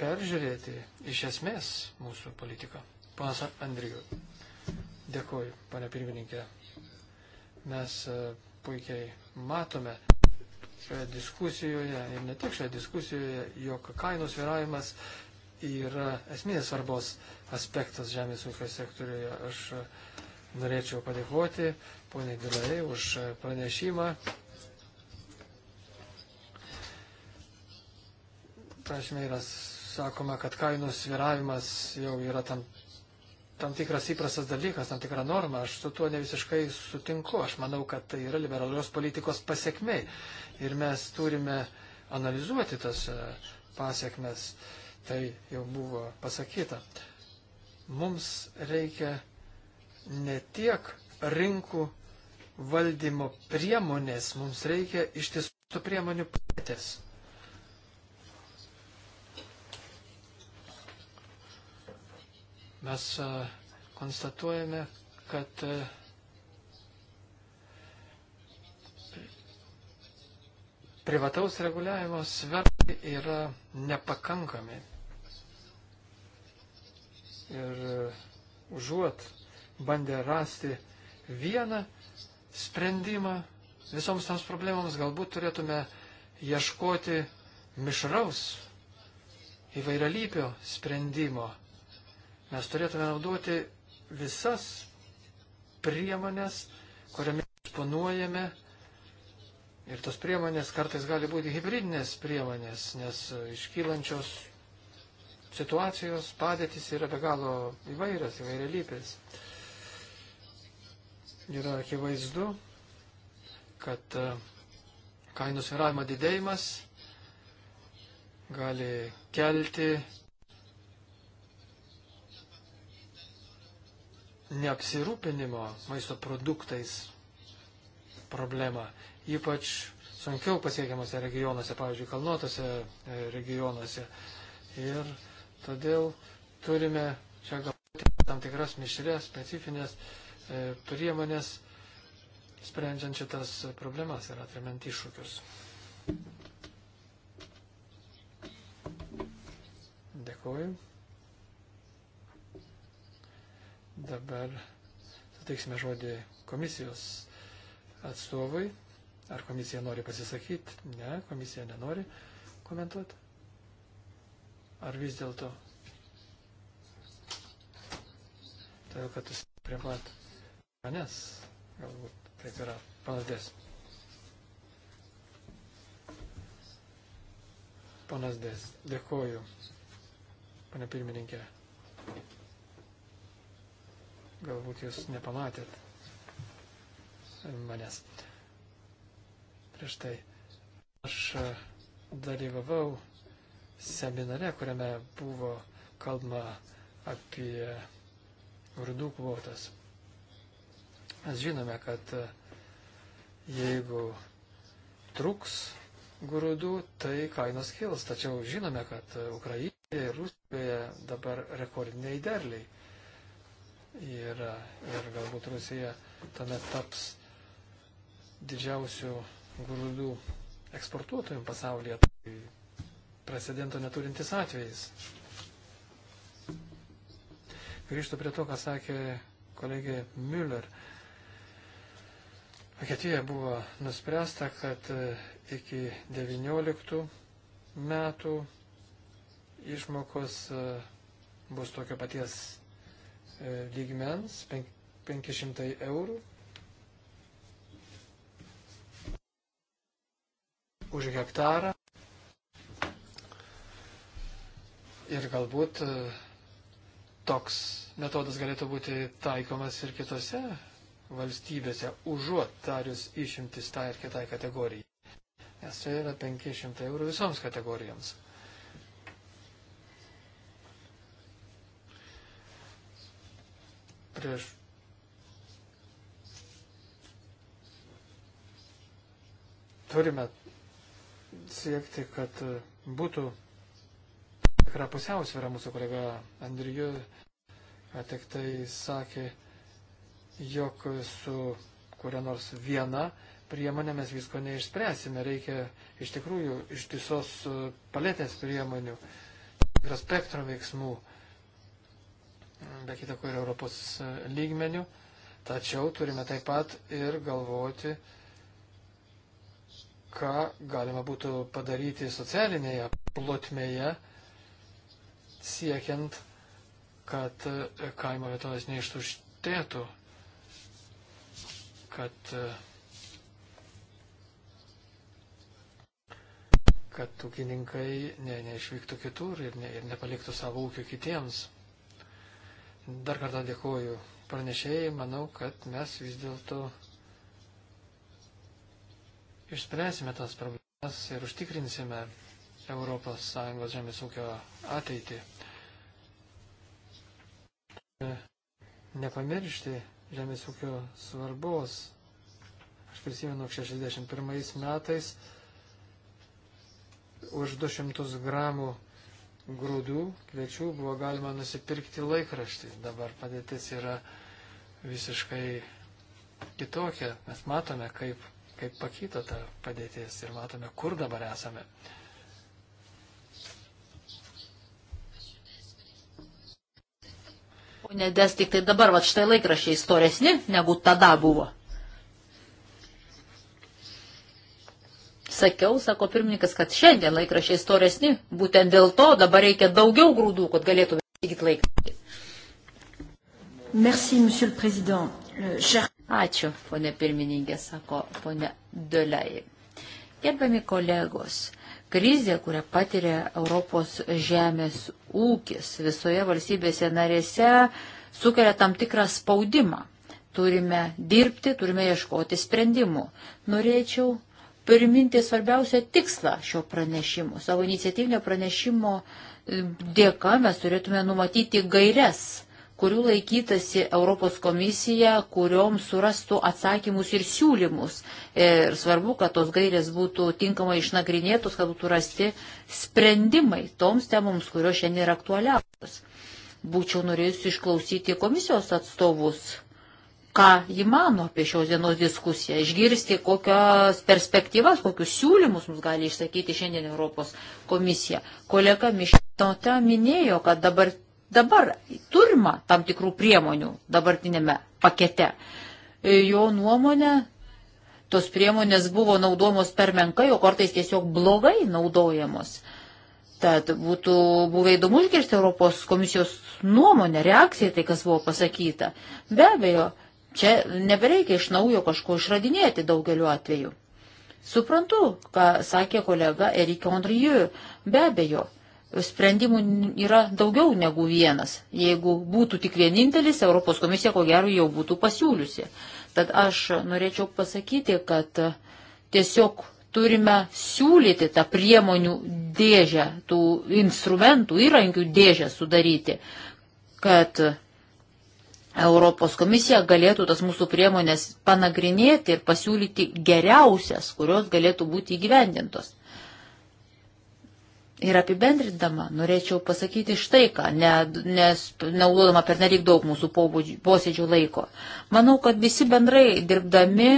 peržiūrėti iš esmės mūsų politiką. Panas Andriju, dėkoju, pane pirmininkė. Mes e, puikiai matome šioje diskusijoje ir ne tik šioje diskusijoje, jog kainų sviravimas yra esminės svarbos aspektas žemės ūkio sektoriuje. Aš norėčiau padėkoti poniai Dilai už pranešimą prašymė yra sakoma, kad kainų sviravimas jau yra tam, tam tikras įprastas dalykas, tam tikra norma. Aš su tuo ne visiškai sutinku. Aš manau, kad tai yra liberalios politikos pasiekmei. Ir mes turime analizuoti tas e, pasiekmes. Tai jau buvo pasakyta. Mums reikia ne tiek rinkų valdymo priemonės, mums reikia iš tiesų priemonių patės. Mes e, konstatuojame, kad e, privataus reguliavimo svertai yra nepakankami. Ir e, užuot bandė rasti vieną sprendimą visoms toms problemams, galbūt turėtume ieškoti mišraus įvairialypio sprendimo. Mes turėtume naudoti visas priemonės, kuriamis disponuojame. Ir tos priemonės kartais gali būti hybridinės priemonės, nes iškylančios situacijos, padėtis yra be galo įvairios, įvairialypės. Yra akivaizdu, kad e, kainų sviravimo didėjimas gali kelti neapsirūpinimo maisto produktais problemą, ypač sunkiau pasiekiamose regionuose, pavyzdžiui, kalnuotose e, regionuose. Ir todėl turime čia galvoti tam tikras mišrės, specifinės e, priemonės, sprendžiant šitas problemas ir atremiant iššūkius. Dėkuoju. Dabar suteiksime žodį komisijos atstovui. Ar komisija nori pasisakyti? Ne, komisija nenori komentuoti. Ar vis dėlto? Todėl, kad jūs prie pat manęs, galbūt taip yra panadės. Panas Dės, dėkoju, pane pirmininkė. Galbūt jūs nepamatėt manęs. Prieš tai aš e, dalyvavau seminare, kuriame buvo kalbama apie grūdų kvotas. Mes žinome, kad e, jeigu truks grūdų, tai kainos kils. Tačiau žinome, kad e, Ukrainoje ir Rusijoje dabar rekordiniai derliai ir, ir galbūt Rusija tada taps didžiausių grūdų eksportuotojų pasaulyje. Tai precedento neturintis atvejais. Grįžtu prie to, ką sakė kolegė Müller. Vokietijoje buvo nuspręsta, kad e, iki 19 metų išmokos e, bus tokio paties E, lygmens 500 eurų už hektarą. Ir galbūt e, toks metodas galėtų būti taikomas ir kitose valstybėse, užuot tarius išimtis tą tai ir kitai kategorijai. Nes tai yra 500 eurų visoms kategorijoms. prieš. Turime siekti, kad būtų tikra pusiausvėra mūsų kolega Andriju, tik tai sakė, jog su kuria nors viena priemonė mes visko neišspręsime, reikia iš tikrųjų ištisos paletės priemonių, spektro veiksmų be kitako ir Europos e, lygmenių, tačiau turime taip pat ir galvoti, ką galima būtų padaryti socialinėje plotmėje, siekiant, kad e, kaimo vietovės neištuštėtų, kad, e, kad ūkininkai ne, neišvyktų kitur ir, ne, ir nepaliktų savo ūkio kitiems. Dar kartą dėkuoju pranešėjai, manau, kad mes vis dėlto išspręsime tas problemas ir užtikrinsime ES žemės ūkio ateitį. Nepamiršti žemės ūkio svarbos. Aš prisimenu, 61 metais už 200 gramų grūdų, kviečių buvo galima nusipirkti laikraštį. Dabar padėtis yra visiškai kitokia. Mes matome, kaip, kaip pakito ta padėtis ir matome, kur dabar esame. O nedes tik tai dabar, va štai laikrašiai storesni negu tada buvo. Sakiau, sako pirmininkas, kad šiandien laikrašiai storesni, būtent dėl to dabar reikia daugiau grūdų, kad galėtume įsigyti laikraštį. Merci, monsieur le président. Cher... Ačiū, ponė pirmininkė, sako ponė Dėlei. Gerbiami kolegos, krizė, kurią patiria Europos žemės ūkis visoje valstybėse narėse, sukelia tam tikrą spaudimą turime dirbti, turime ieškoti sprendimų. Norėčiau priminti svarbiausią tikslą šio pranešimo. Savo iniciatyvinio pranešimo e, dėka mes turėtume numatyti gairias, kurių laikytasi Europos komisija, kuriom surastų atsakymus ir siūlymus. Ir svarbu, kad tos gairės būtų tinkamai išnagrinėtos, kad būtų rasti sprendimai toms temoms, kurios šiandien yra aktualiausios. Būčiau norėjusi išklausyti komisijos atstovus ką ji mano apie šios dienos diskusiją, išgirsti kokias perspektyvas, kokius siūlymus mums gali išsakyti šiandien Europos komisija. Kolega Mištote minėjo, kad dabar, dabar turima tam tikrų priemonių dabartinėme pakete. E, jo nuomonė, tos priemonės buvo naudojamos per menkai, o kartais tiesiog blogai naudojamos. Tad būtų buvę įdomu išgirsti Europos komisijos nuomonę, reakciją tai, kas buvo pasakyta. Be abejo, Čia nebereikia iš naujo kažko išradinėti daugeliu atveju. Suprantu, ką sakė kolega Erik Andriju, be abejo, sprendimų yra daugiau negu vienas. Jeigu būtų tik vienintelis, Europos komisija ko gero jau būtų pasiūliusi. Tad aš norėčiau pasakyti, kad tiesiog turime siūlyti tą priemonių dėžę, tų instrumentų, įrankių dėžę sudaryti, kad Europos komisija galėtų tas mūsų priemonės panagrinėti ir pasiūlyti geriausias, kurios galėtų būti įgyvendintos. Ir apibendrindama, norėčiau pasakyti štai ką, ne, nes naudodama per nelik daug mūsų posėdžių laiko. Manau, kad visi bendrai dirbdami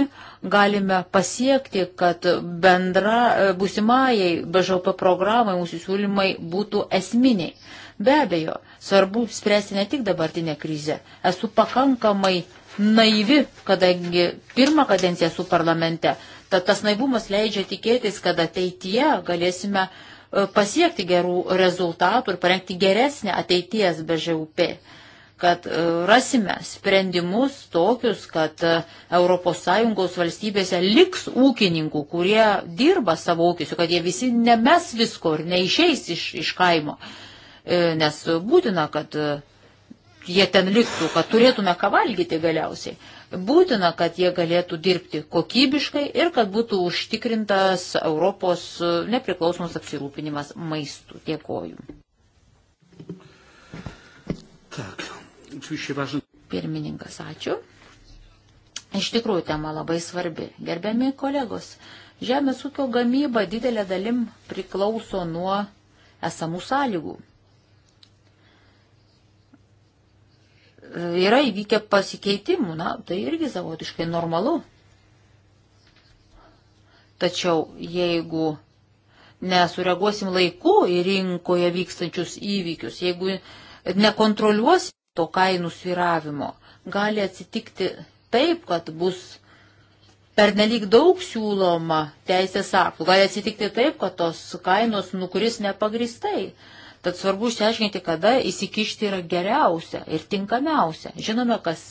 galime pasiekti, kad bendra e, būsimajai BŽP programai mūsų siūlymai būtų esminiai. Be abejo, svarbu spręsti ne tik dabartinę krizę. Esu pakankamai naivi, kadangi pirmą kadenciją esu parlamente. Tad tas naivumas leidžia tikėtis, kad ateityje galėsime e, pasiekti gerų rezultatų ir parengti geresnę ateities BŽUP kad e, rasime sprendimus tokius, kad ES valstybėse liks ūkininkų, kurie dirba savo ūkisiu, kad jie visi nemes visko ir neišeis iš, iš kaimo. Uh, E, nes būtina, kad e, jie ten liktų, kad turėtume ką valgyti galiausiai. Būtina, kad jie galėtų dirbti kokybiškai ir kad būtų užtikrintas Europos e, nepriklausomas apsirūpinimas maistų. Dėkoju. Tak, oczywiście ważne. Pirmininkas, ačiū. Iš tikrųjų, tema labai svarbi. Gerbiami kolegos, žemės ūkio gamyba didelė dalim priklauso nuo esamų sąlygų. yra įvykę pasikeitimų, na, tai irgi savotiškai normalu. Tačiau jeigu nesureaguosim laiku į rinkoje vykstančius įvykius, jeigu nekontroliuosim to kainų sviravimo, gali atsitikti taip, kad bus pernelyg daug siūloma teisės aktų, gali atsitikti taip, kad tos kainos nukris nepagristai. Tad svarbu išsiaiškinti, kada įsikišti yra geriausia ir tinkamiausia. Žinome, kas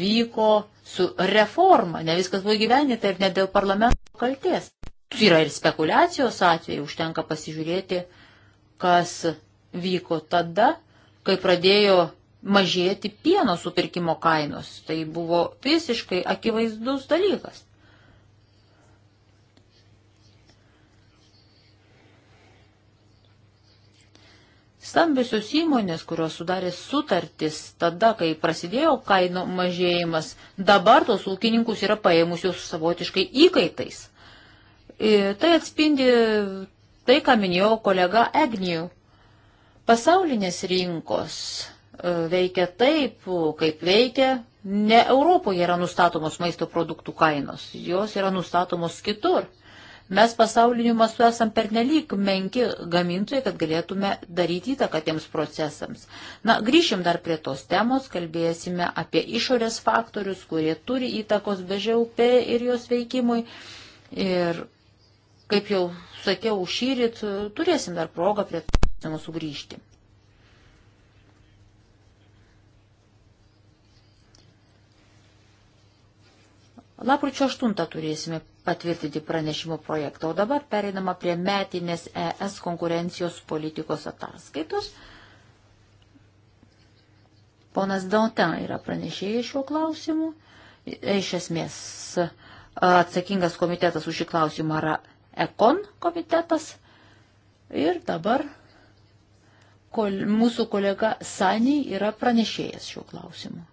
vyko su reforma, ne viskas buvo gyvenita ir ne dėl parlamento kalties. Yra ir spekulacijos atvejai, užtenka pasižiūrėti, kas vyko tada, kai pradėjo mažėti pieno supirkimo kainos. Tai buvo visiškai akivaizdus dalykas. Stambiusios įmonės, kurios sudarė sutartis tada, kai prasidėjo kainų mažėjimas, dabar tos ūkininkus yra paėmusios savotiškai įkaitais. Ir e, tai atspindi tai, ką minėjo kolega Egnijų. Pasaulinės rinkos e, veikia taip, kaip veikia. Ne Europoje yra nustatomos maisto produktų kainos, jos yra nustatomos kitur. Mes pasauliniu mastu esam pernelyg menki gamintojai, kad galėtume daryti įtaką tiems procesams. Na, grįšim dar prie tos temos, kalbėsime apie išorės faktorius, kurie turi įtakos BŽUP ir jos veikimui. Ir kaip jau sakiau, šyrit turėsim dar progą prie to sugrįžti. Lapkričio 8 turėsime patvirtinti pranešimo projektą, o dabar pereinama prie metinės ES konkurencijos politikos ataskaitos. Ponas Dautin yra pranešėjai šiuo klausimu. Iš esmės atsakingas komitetas už šį klausimą yra Ekon komitetas. Ir dabar kol, mūsų kolega Sani yra pranešėjas šiuo klausimu.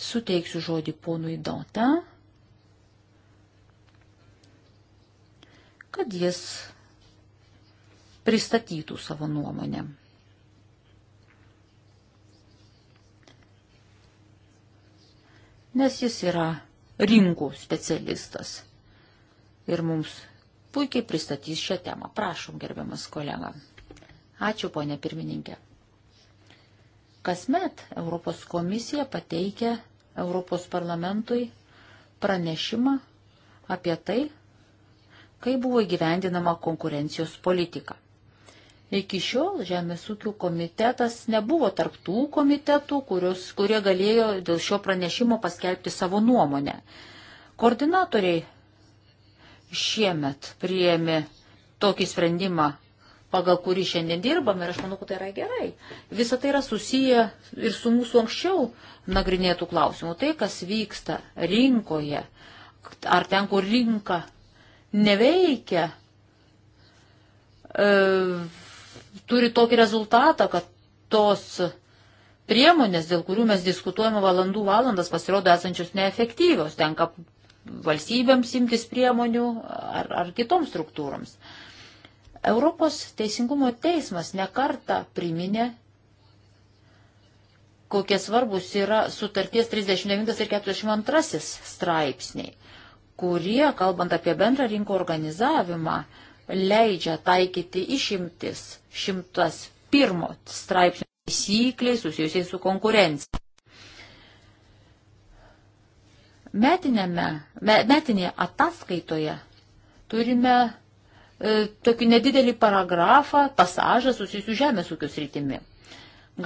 Suteiksiu žodį ponui Dantą, kad jis pristatytų savo nuomonę. Nes jis yra rinkų specialistas ir mums puikiai pristatys šią temą. Prašom, gerbiamas kolega. Ačiū, ponė pirmininkė. Kasmet Europos komisija pateikia Europos parlamentui pranešimą apie tai, kaip buvo įgyvendinama konkurencijos politika. Iki šiol Žemės ūkio komitetas nebuvo tarptų komitetų, kurios, kurie galėjo dėl šio pranešimo paskelbti savo nuomonę. Koordinatoriai šiemet priėmė tokį sprendimą pagal kurį šiandien dirbame ir aš manau, kad tai yra gerai. Visą tai yra susiję ir su mūsų anksčiau nagrinėtų klausimų. Tai, kas vyksta rinkoje, ar ten, kur rinka neveikia, e, turi tokį rezultatą, kad tos priemonės, dėl kurių mes diskutuojame valandų valandas, pasirodo esančios neefektyvios. Tenka valstybėms imtis priemonių ar, ar kitoms struktūroms. E, Europos teisingumo teismas nekarta priminė, kokie svarbus yra sutarties 39 ir 42 straipsniai, kurie, kalbant apie bendrą rinko organizavimą, leidžia taikyti išimtis 101 straipsnių taisykliai susijusiai su konkurencija. Metinėme, metinėje ataskaitoje turime E, tokį nedidelį paragrafą, pasažą susijusių žemės ūkius rytimi.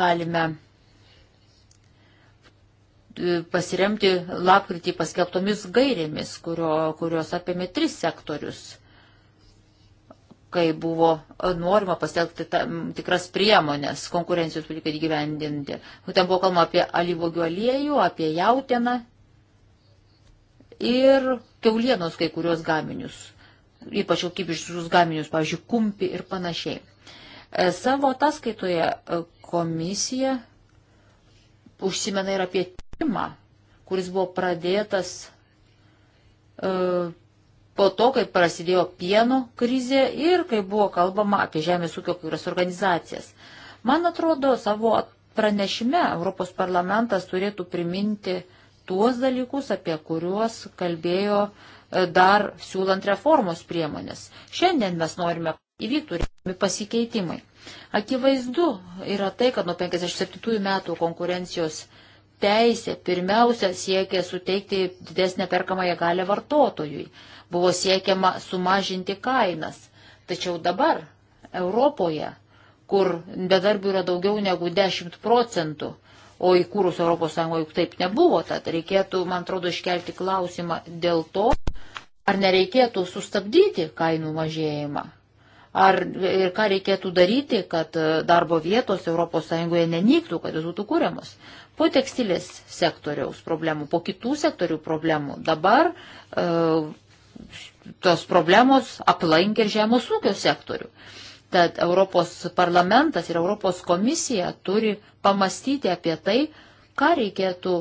Galime e, pasiremti lapkritį paskelbtomis gairėmis, kurio, kurios apėmė tris sektorius, kai buvo norima pasitelkti tam tikras priemonės konkurencijos politikai gyvendinti. Nu, ten buvo kalbama apie alyvogių aliejų, apie jautieną ir keulienos kai kurios gaminius ypač kokybiškus gaminius, pavyzdžiui, kumpi ir panašiai. E, savo ataskaitoje e, komisija užsimena ir apie tyrimą, kuris buvo pradėtas e, po to, kai prasidėjo pieno krizė ir kai buvo kalbama apie žemės ūkio kurios organizacijas. Man atrodo, savo pranešime Europos parlamentas turėtų priminti tuos dalykus, apie kuriuos kalbėjo uh, dar siūlant reformos priemonės. Šiandien mes norime įvyktų pasikeitimai. Akivaizdu yra tai, kad nuo 57 metų konkurencijos teisė pirmiausia siekė suteikti didesnę perkamąją galę vartotojui. Buvo siekiama sumažinti kainas. Tačiau dabar Europoje, kur bedarbių yra daugiau negu 10 procentų, O įkūrus ES juk taip nebuvo, tad reikėtų, man atrodo, iškelti klausimą dėl to, ar nereikėtų sustabdyti kainų mažėjimą. Ar ir ką reikėtų daryti, kad e, darbo vietos ES nenyktų, kad jos būtų kūriamos. Po tekstilės sektoriaus problemų, po kitų sektorių problemų dabar e, tos problemos aplankė ir žemės ūkio sektorių. E, Tad Europos parlamentas ir Europos komisija turi pamastyti apie tai, ką reikėtų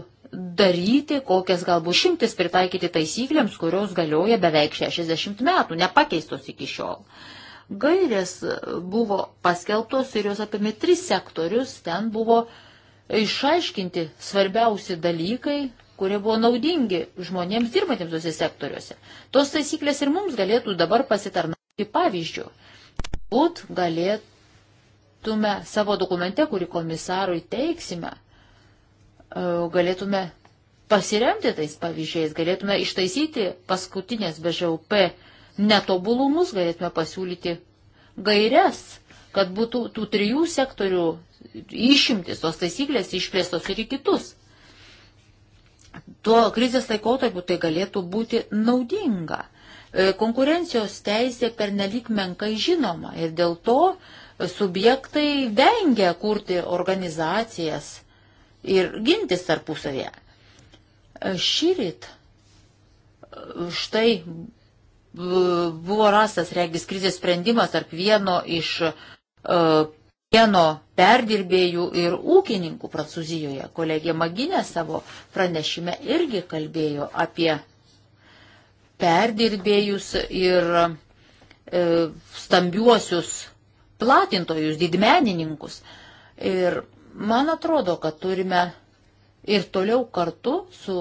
daryti, kokias galbūt šimtis pritaikyti taisyklėms, kurios galioja beveik 60 metų, nepakeistos iki šiol. Gairės buvo paskelbtos ir jos apimė tris sektorius, ten buvo išaiškinti svarbiausi dalykai, kurie buvo naudingi žmonėms dirbantiems tuose sektoriuose. Tos taisyklės ir mums galėtų dabar pasitarnauti pavyzdžių. Galbūt galėtume savo dokumente, kurį komisarui teiksime, e, galėtume pasiremti tais pavyzdžiais, galėtume ištaisyti paskutinės BŽUP netobulumus, galėtume pasiūlyti gairias, kad būtų tų trijų sektorių išimtis, tos taisyklės išplėstos ir į kitus. Tuo krizės laikotarpiu tai galėtų būti naudinga. E, konkurencijos teisė pernelik menkai žinoma ir dėl to subjektai vengia kurti organizacijas ir gintis tarpusavėje. E, Šyrit e, štai buvo rastas regis krizės sprendimas tarp vieno iš pieno perdirbėjų ir ūkininkų Prancūzijoje. Kolegė Maginė savo pranešime irgi kalbėjo apie perdirbėjus ir e, stambiuosius platintojus, didmenininkus. Ir man atrodo, kad turime ir toliau kartu su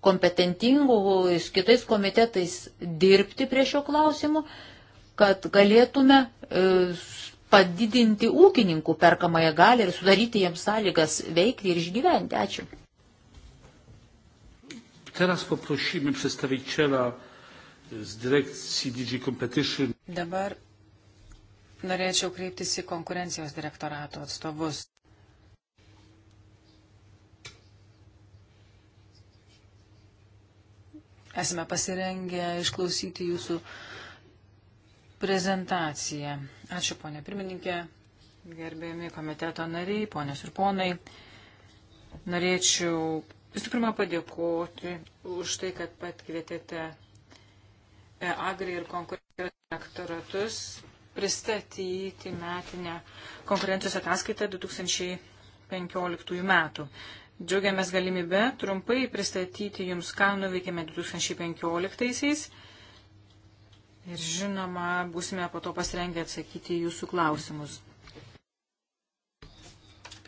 kompetentingais kitais komitetais dirbti prie šio klausimo, kad galėtume e, padidinti ūkininkų perkamąją galią ir sudaryti jiems sąlygas veikti ir išgyventi. Ačiū. Teraz poprosimy przedstawiciela z direkcijų DG Competition. Dabar norėčiau kreiptis į konkurencijos direktorato atstovus. Esame pasirengę išklausyti jūsų prezentaciją. Ačiū, ponė pirmininkė, gerbėjami komiteto nariai, ponės ir ponai. Norėčiau visų pirma padėkoti už tai, kad pat kvietėte Agri ir konkurencijos direktoratus pristatyti metinę konkurencijos ataskaitą 2015 metų. Džiaugiamės galimybę trumpai pristatyti Jums, ką nuveikėme 2015-aisiais ir žinoma, būsime po to pasirengę atsakyti Jūsų klausimus.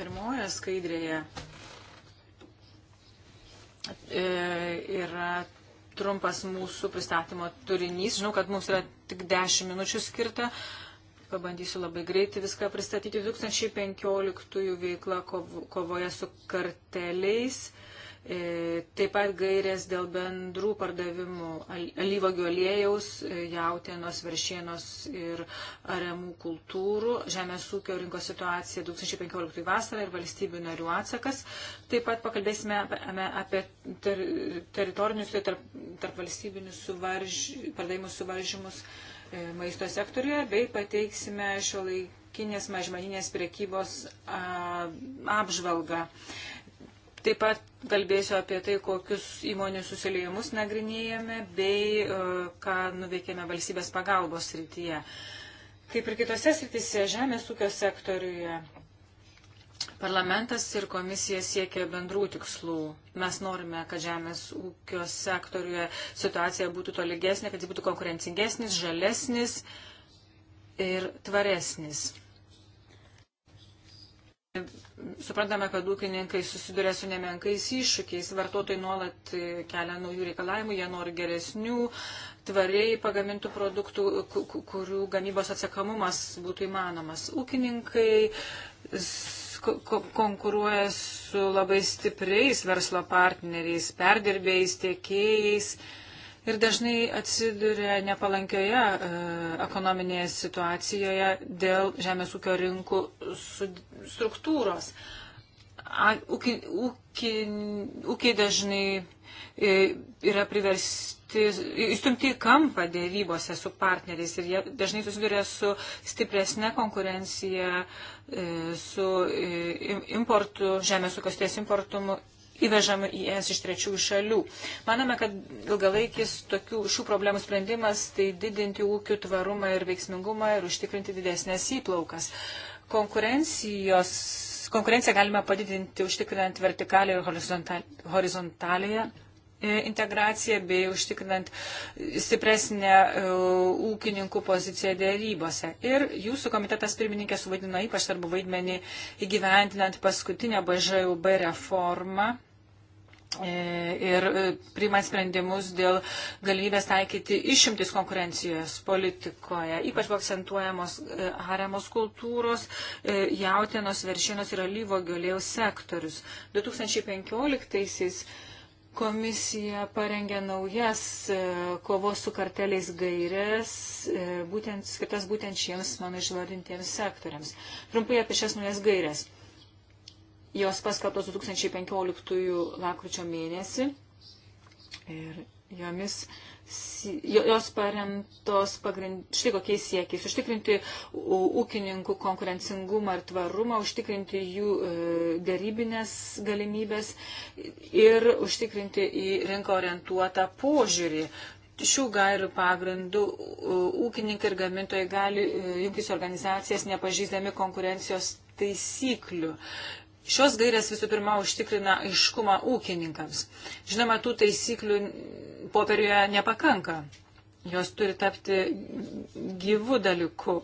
Pirmoje skaidrėje e, yra trumpas mūsų pristatymo turinys. Žinau, kad mums yra tik 10 minučių skirta. Pabandysiu labai greitai viską pristatyti. 2015 veikla kovoje su karteliais. E, taip pat gairės dėl bendrų pardavimų alyvagių aliejaus, e, jautienos, veršienos ir aremų kultūrų, žemės ūkio rinkos situacija 2015 vasarą ir valstybių narių atsakas. Taip pat pakalbėsime apie ter, teritorinius ir tai tarp, tarp valstybinius suvarž, pardavimus suvaržymus e, maisto sektoriuje bei pateiksime šio laikinės mažmaninės priekybos apžvalgą. Taip pat kalbėsiu apie tai, kokius įmonių susiliejimus nagrinėjame bei e, ką nuveikėme valstybės pagalbos srityje. Kaip ir kitose srityse, žemės ūkio sektoriuje parlamentas ir komisija siekia bendrų tikslų. Mes norime, kad žemės ūkio sektoriuje situacija būtų tolygesnė, kad jis būtų konkurencingesnis, žalesnis ir tvaresnis. Suprantame, kad ūkininkai susiduria su nemenkais iššūkiais, vartotojai nuolat e, kelia naujų reikalavimų, jie nori geresnių, tvariai pagamintų produktų, kurių gamybos atsakamumas būtų įmanomas. Ūkininkai konkuruoja su labai stipriais verslo partneriais, perdirbėjais, tiekėjais ir dažnai atsiduria nepalankioje e, ekonominėje situacijoje dėl žemės ūkio rinkų struktūros. A, ūki, ūki, ūkiai dažnai e, yra priversti įstumti į kampą dėrybose su partneriais ir jie dažnai susiduria su stipresne konkurencija, e, su e, importu, žemės ūkio sties importu įvežami į ES iš trečiųjų šalių. Manome, kad ilgalaikis tokių šių problemų sprendimas tai didinti ūkių tvarumą ir veiksmingumą ir užtikrinti didesnės įplaukas. Konkurencijos Konkurenciją galime padidinti užtikrinant vertikalę ir horizontalę e, integraciją bei užtikrinant stipresnę e, ūkininkų poziciją dėrybose. Ir jūsų komitetas pirmininkė suvaidino ypač svarbu vaidmenį įgyvendinant paskutinę BŽUB reformą E, ir e, priimant sprendimus dėl galimybės taikyti išimtis konkurencijos politikoje. Ypač buvo akcentuojamos e, haremos kultūros, jautienos, veršienos ir alyvogio lėjaus sektorius. 2015 komisija parengė naujas kovos su karteliais gairės, būtent, skirtas būtent šiems mano išvardintiems sektoriams. Trumpai apie šias naujas gairės. Jos paskelbtos 2015 lakryčio mėnesį ir jomis, jos paremtos pagrind, štai kokiais siekiais - užtikrinti ūkininkų konkurencingumą ir tvarumą, užtikrinti jų e, darybinės galimybės ir užtikrinti į rinką orientuotą požiūrį šių gairių pagrindų ūkininkai ir gamintojai gali e, jungtis organizacijas nepažįstami konkurencijos taisyklių. Šios gairės visų pirma užtikrina aiškumą ūkininkams. Žinoma, tų taisyklių popieriuje nepakanka. Jos turi tapti gyvų dalykų.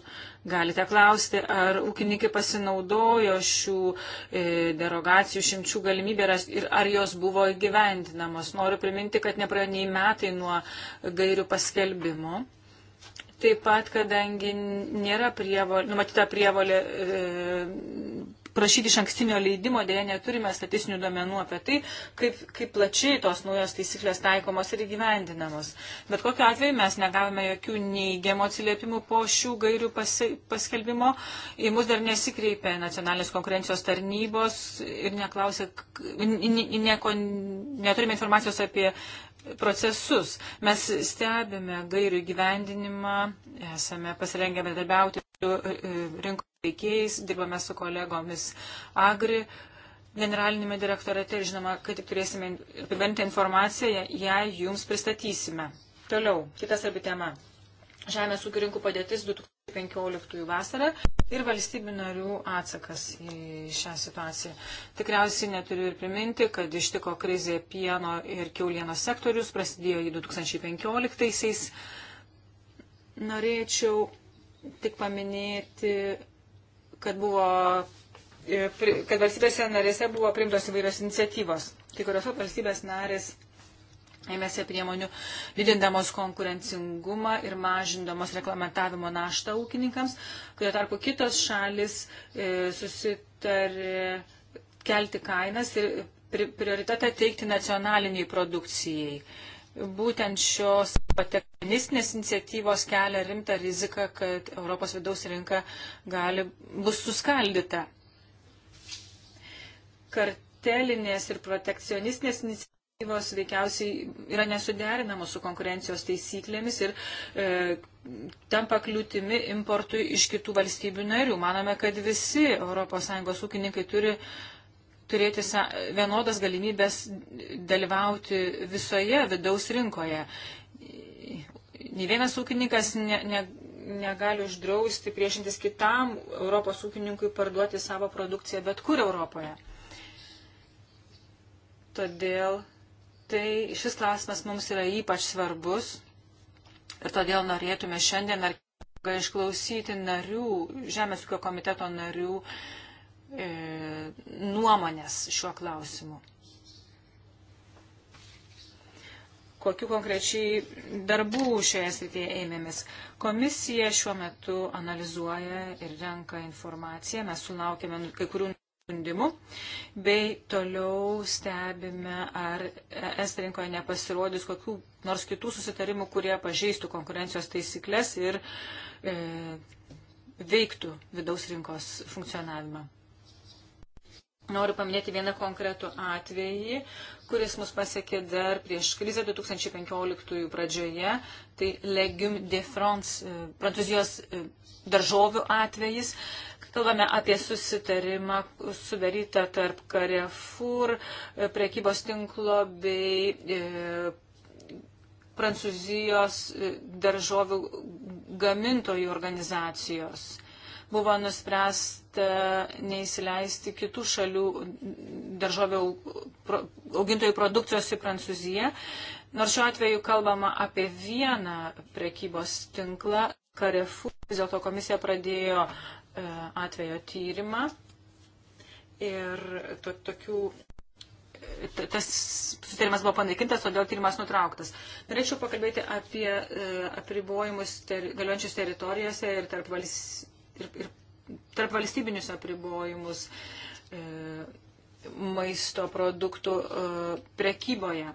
Galite klausti, ar ūkininkai pasinaudojo šių e, derogacijų šimčių galimybę ir ar jos buvo įgyvendinamos. Noriu priminti, kad nepraėjo nei metai nuo gairių paskelbimo. Taip pat, kadangi nėra prievolė, numatyta prievolė e, prašyti iš ankstinio leidimo, dėja neturime statistinių duomenų apie tai, kaip, kaip plačiai tos naujos taisyklės taikomos ir įgyvendinamos. Bet kokiu atveju mes negavome jokių neįgiamų atsiliepimų po šių gairių pasi, paskelbimo. Į mus dar nesikreipė nacionalinės konkurencijos tarnybos ir neklausė, nieko, neturime informacijos apie procesus. Mes stebime gairių gyvendinimą, esame pasirengę bendradarbiauti su e, e, rinkos veikiais, dirbame su kolegomis Agri generalinėme direktorate ir žinoma, kai tik turėsime apibendrintą informaciją, ją jums pristatysime. Toliau, kitas arbi tema. Žemės ūkio rinkų padėtis 2015 vasarą ir valstybių narių atsakas į šią situaciją. Tikriausiai neturiu ir priminti, kad ištiko krizė pieno ir keulienos sektorius, prasidėjo į 2015-aisiais. Norėčiau tik paminėti kad buvo e, kad valstybėse narėse buvo priimtos įvairios iniciatyvos. Kai kuriuose valstybės narės ėmėsi priemonių didindamos konkurencingumą ir mažindamos reglamentavimo naštą ūkininkams, kurio tarpu kitos šalis e, susitarė kelti kainas ir prioritetą teikti nacionaliniai produkcijai būtent šios protekcionistinės iniciatyvos kelia rimtą riziką, kad Europos vidaus rinka gali, bus suskaldyta. Kartelinės ir protekcionistinės iniciatyvos veikiausiai yra nesuderinamos su konkurencijos taisyklėmis ir e, tampa kliūtimi importui iš kitų valstybių narių. Manome, kad visi ES ūkininkai turi turėti vienodas galimybės dalyvauti visoje vidaus rinkoje. Nė vienas ūkininkas ne, ne, negali uždrausti priešintis kitam Europos ūkininkui parduoti savo produkciją bet kur Europoje. Todėl tai šis klausimas mums yra ypač svarbus ir todėl norėtume šiandien ar išklausyti narių, Žemės ūkio komiteto narių, uh, E, nuomonės šiuo klausimu. Kokiu konkrečiai darbų šioje srityje ėmėmės. Komisija šiuo metu analizuoja ir renka informaciją. Mes sulaukėme nu- kai kurių skundimų, bei toliau stebime, ar es rinkoje nepasirodys kokių nors kitų susitarimų, kurie pažeistų konkurencijos taisyklės ir e, veiktų vidaus rinkos funkcionavimą. Noriu paminėti vieną konkretų atvejį, kuris mus pasiekė dar prieš krizę 2015 pradžioje. Tai Legume de France, e, prancūzijos e, daržovių atvejis. Kalbame apie susitarimą sudarytą tarp Carrefour, e, prekybos tinklo bei prancūzijos daržovių gamintojų organizacijos buvo nuspręsta neįsileisti kitų šalių daržovių augintojų produkcijos į Prancūziją. Nors šiuo atveju kalbama apie vieną prekybos tinklą, Karefu, vis dėlto komisija pradėjo e, atvejo tyrimą ir to, tokių e, tas sutarimas buvo panaikintas, todėl tyrimas nutrauktas. Norėčiau pakalbėti apie e, apribojimus ter, galiojančius teritorijose ir tarp, vals, ir, ir tarp valstybinius apribojimus e, maisto produktų e, prekyboje.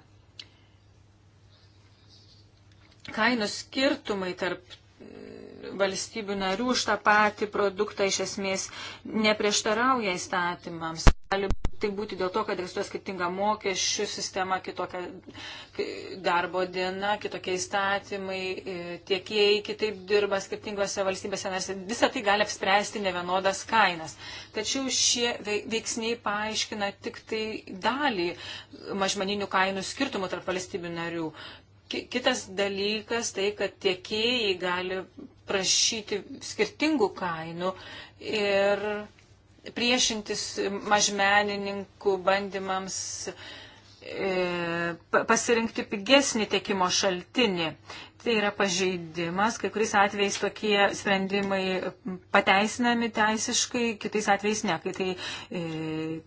Kainų skirtumai tarp mm, valstybių narių už tą patį produktą iš esmės neprieštarauja įstatymams. Gali būti tai būti dėl to, kad egzistuoja skirtinga mokesčių sistema, kitokia darbo diena, kitokie įstatymai, e, tiekėjai kitaip dirba skirtingose valstybėse, nes visą tai gali apspręsti ne vienodas kainas. Tačiau šie veiksniai paaiškina tik tai dalį mažmeninių kainų skirtumų tarp valstybių narių. Kitas dalykas tai, kad tiekėjai gali prašyti skirtingų kainų ir priešintis mažmenininkų bandymams e, pasirinkti pigesnį tiekimo šaltinį. Tai yra pažeidimas, kai kuriais atvejais tokie sprendimai pateisinami teisiškai, kitais atvejais ne, kai, tai, e,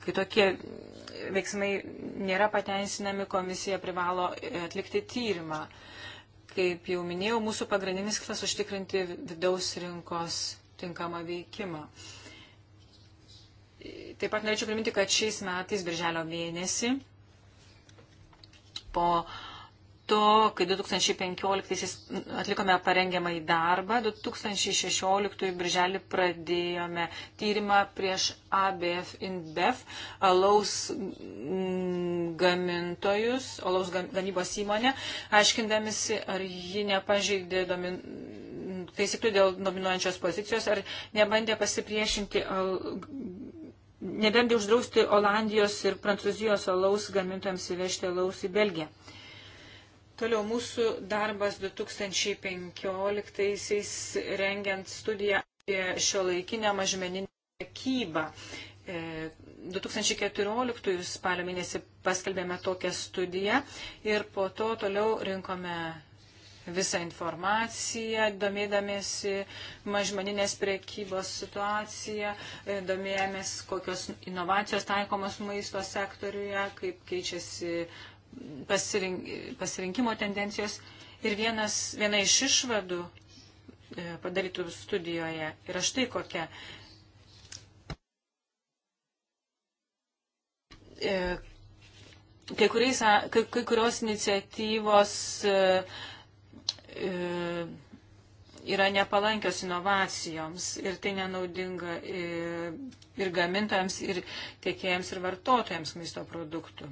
kai tokie veiksmai nėra pateisinami, komisija privalo atlikti tyrimą. Kaip jau minėjau, mūsų pagrindinis tikslas užtikrinti vidaus rinkos tinkamą veikimą. Taip pat norėčiau priminti, kad šiais metais, birželio mėnesį, po to, kai 2015 atlikome parengiamąjį darbą, 2016 birželį pradėjome tyrimą prieš ABF InBev, alaus gamintojus, alaus gamybos įmonę, aiškindamisi, ar ji nepažeidė domin taisyklių dėl dominuojančios pozicijos, ar nebandė pasipriešinti nebent uždrausti Olandijos ir Prancūzijos alaus gamintojams įvežti alaus į Belgiją. Toliau mūsų darbas 2015-aisiais rengiant studiją apie šio laikinę mažmeninę prekybą. 2014 e, spalio mėnesį paskelbėme tokią studiją ir po to toliau rinkome visą informaciją, domėdamėsi mažmaninės priekybos situaciją, e, domėjomės, kokios inovacijos taikomos maisto sektoriuje, kaip keičiasi pasirink, pasirinkimo tendencijos. Ir vienas, viena iš išvadų e, padarytų studijoje yra štai kokia. E, kai, kuriais, kai, kai kurios iniciatyvos uh, E, yra nepalankios inovacijoms ir tai nenaudinga e, ir gamintojams, ir tiekėjams, ir vartotojams maisto produktų.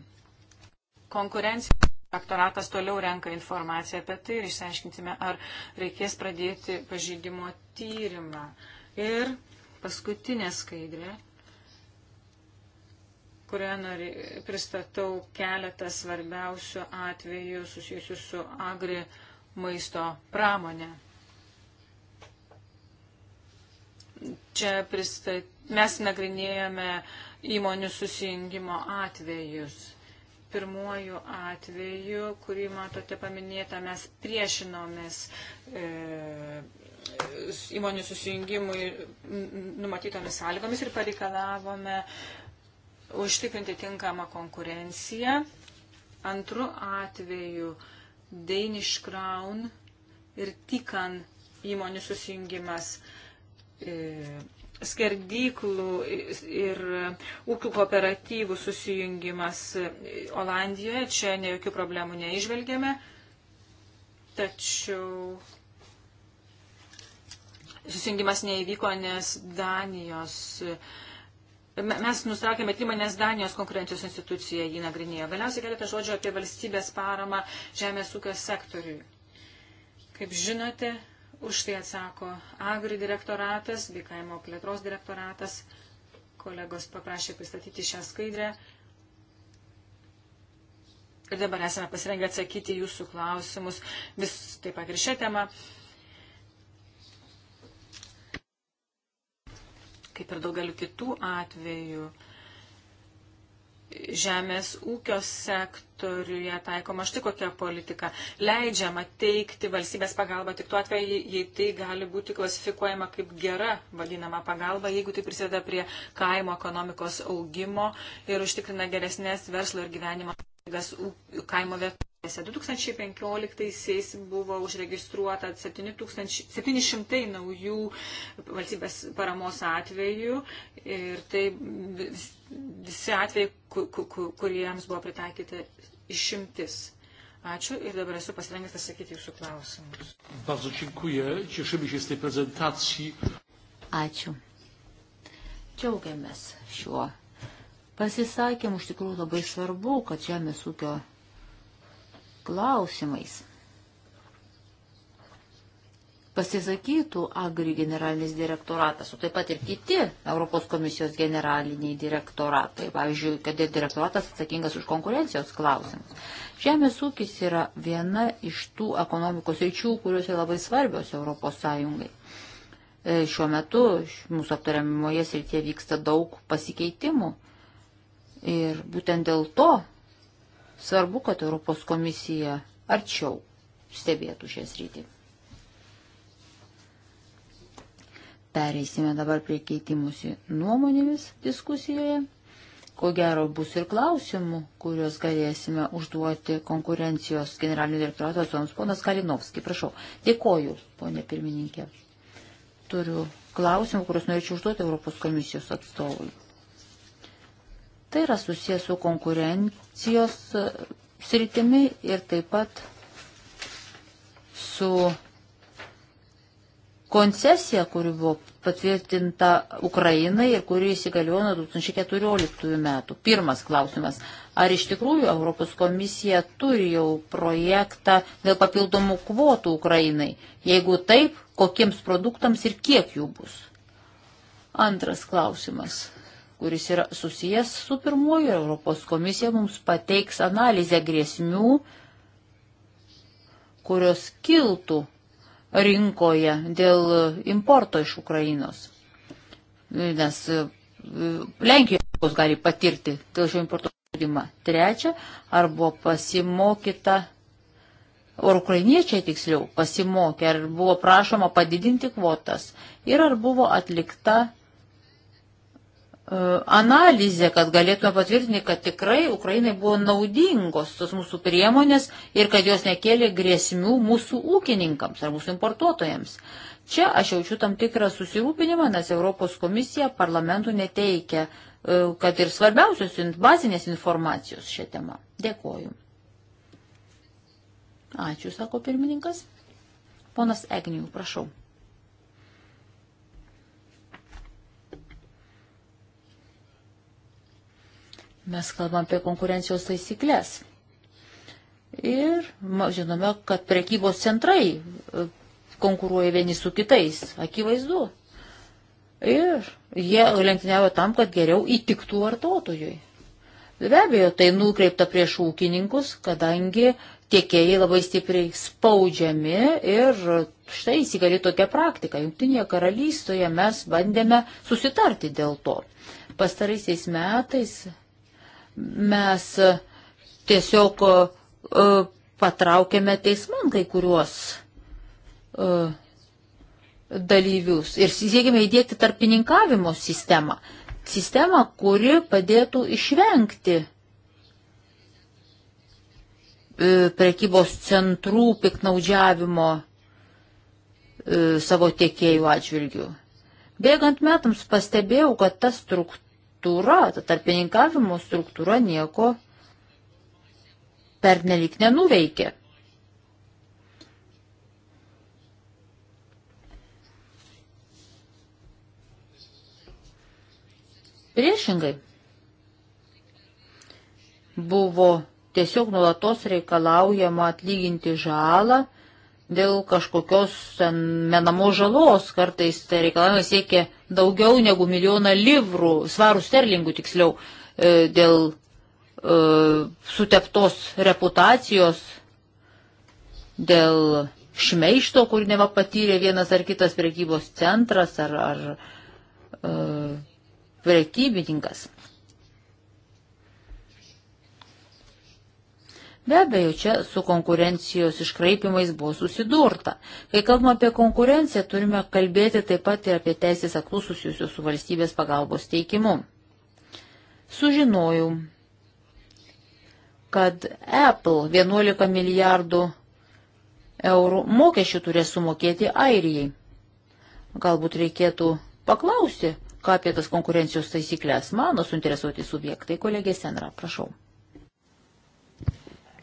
Konkurencija aktoratas toliau renka informaciją apie tai ir išsiaiškinsime, ar reikės pradėti pažydimo tyrimą. Ir paskutinė skaidrė, kurioje nori, pristatau keletą svarbiausių atvejų susijusių su agri maisto pramonę. Čia pristat... mes nagrinėjome įmonių susijungimo atvejus. Pirmuoju atveju, kurį matote paminėtą, mes priešinomės e, įmonių susijungimui numatytomis sąlygomis ir pareikalavome užtikrinti tinkamą konkurenciją. Antru atveju e, Danish Crown ir Tikan įmonių susijungimas. E, skerdyklų ir ūkių kooperatyvų susijungimas e, Olandijoje, čia ne jokių problemų neižvelgėme, tačiau susijungimas neįvyko, nes Danijos Mes nustraukėme tyrimą, nes Danijos konkurencijos institucija jį nagrinėjo. Galiausiai keletą žodžių apie valstybės paramą žemės ūkio sektoriui. Kaip žinote, už tai atsako Agri direktoratas, bei kaimo plėtros direktoratas. Kolegos paprašė pristatyti šią skaidrę. Ir dabar esame pasirengę atsakyti jūsų klausimus, vis taip pat ir šią temą. Uh, kaip ir daugeliu kitų atvejų, žemės ūkio sektoriuje taikoma štai kokia politika. Leidžiama teikti valstybės pagalbą tik tuo atveju, jei tai gali būti klasifikuojama kaip gera vadinama pagalba, jeigu tai prisideda prie kaimo ekonomikos augimo ir užtikrina geresnės verslo ir gyvenimo sąlygas kaimo vietų. 2015 buvo užregistruota 700 naujų valstybės paramos atvejų ir tai visi atvejai, kuriems buvo pritaikyta išimtis. Ačiū ir dabar esu pasirengęs atsakyti jūsų klausimus. Bardzo dziękuję. Cieszymy się z tej prezentacji. Ačiū. Džiaugiamės šiuo pasisakymu. Iš tikrųjų labai svarbu, kad žemės ūkio klausimais. Pasisakytų Agri generalinis direktoratas, o taip pat ir kiti Europos komisijos generaliniai direktoratai, pavyzdžiui, kad ir direktoratas atsakingas už konkurencijos klausimus. Žemės ūkis yra viena iš tų ekonomikos ryčių, kurios yra labai svarbios Europos Sąjungai. E, šiuo metu mūsų aptariamoje srityje vyksta daug pasikeitimų ir būtent dėl to Svarbu, kad Europos komisija arčiau stebėtų šią sritį. Pereisime dabar prie keitimusi nuomonėmis diskusijoje. Ko gero bus ir klausimų, kuriuos galėsime užduoti konkurencijos generalinio direktorato atstovams. Ponas Kalinovski, prašau. Dėkoju, ponė pirmininkė. Turiu klausimų, kuriuos norėčiau užduoti Europos komisijos atstovui. Tai yra susijęs su konkurencijos e, sritimi ir taip pat su koncesija, kuri buvo patvirtinta Ukrainai ir kuri įsigaliojo nuo 2014 metų. Pirmas klausimas. Ar iš tikrųjų Europos komisija turi jau projektą dėl papildomų kvotų Ukrainai? Jeigu taip, kokiems produktams ir kiek jų bus? Antras klausimas kuris yra susijęs su pirmuoju Europos komisija, mums pateiks analizę grėsmių, kurios kiltų rinkoje dėl importo iš Ukrainos. Nes e, Lenkijos bus gali patirti dėl šio importo spaudimą. Trečia, ar buvo pasimokyta, ar ukrainiečiai tiksliau pasimokė, ar buvo prašoma padidinti kvotas ir ar buvo atlikta E, analizę, kad galėtume patvirtinti, kad tikrai Ukrainai buvo naudingos tos mūsų priemonės ir kad jos nekėlė grėsmių mūsų ūkininkams ar mūsų importuotojams. Čia aš jaučiu tam tikrą susirūpinimą, nes Europos komisija parlamentų neteikia, e, kad ir svarbiausios bazinės informacijos šią temą. Dėkoju. Ačiū, sako pirmininkas. Ponas Egnių, prašau. Mes kalbam apie konkurencijos taisyklės. Ir žinome, kad prekybos centrai e, konkuruoja vieni su kitais, akivaizdu. Ir jie lenktyniavo tam, kad geriau įtiktų vartotojui. Be abejo, tai nukreipta prieš ūkininkus, kadangi tiekėjai labai stipriai spaudžiami ir štai įsigali tokia praktika. Junktinėje karalystoje mes bandėme susitarti dėl to. Pastaraisiais metais Mes tiesiog e, patraukėme teisman kai kuriuos e, dalyvius ir siekime įdėkti tarpininkavimo sistemą. Sistemą, kuri padėtų išvengti e, prekybos centrų piknaudžiavimo savo tiekėjų atžvilgių. Bėgant metams pastebėjau, kad ta struktūra struktūra, ta tarpininkavimo struktūra nieko per nelik nenuveikė. Priešingai, buvo tiesiog nulatos reikalaujama atlyginti žalą dėl kažkokios ten menamos žalos, kartais tai reikalavimai siekia daugiau negu milijoną livrų, svarų sterlingų tiksliau, e, dėl e, suteptos reputacijos, dėl šmeišto, kur neva patyrė vienas ar kitas prekybos centras ar, ar e, prekybininkas. Be abejo, čia su konkurencijos iškraipimais buvo susidurta. Kai kalbame apie konkurenciją, turime kalbėti taip pat ir apie teisės aklus susijusius su valstybės pagalbos teikimu. Sužinojau, kad Apple 11 milijardų eurų mokesčių turės sumokėti Airijai. Galbūt reikėtų paklausti, ką apie tas konkurencijos taisyklės mano suinteresuoti subjektai. Kolegė Senra, prašau.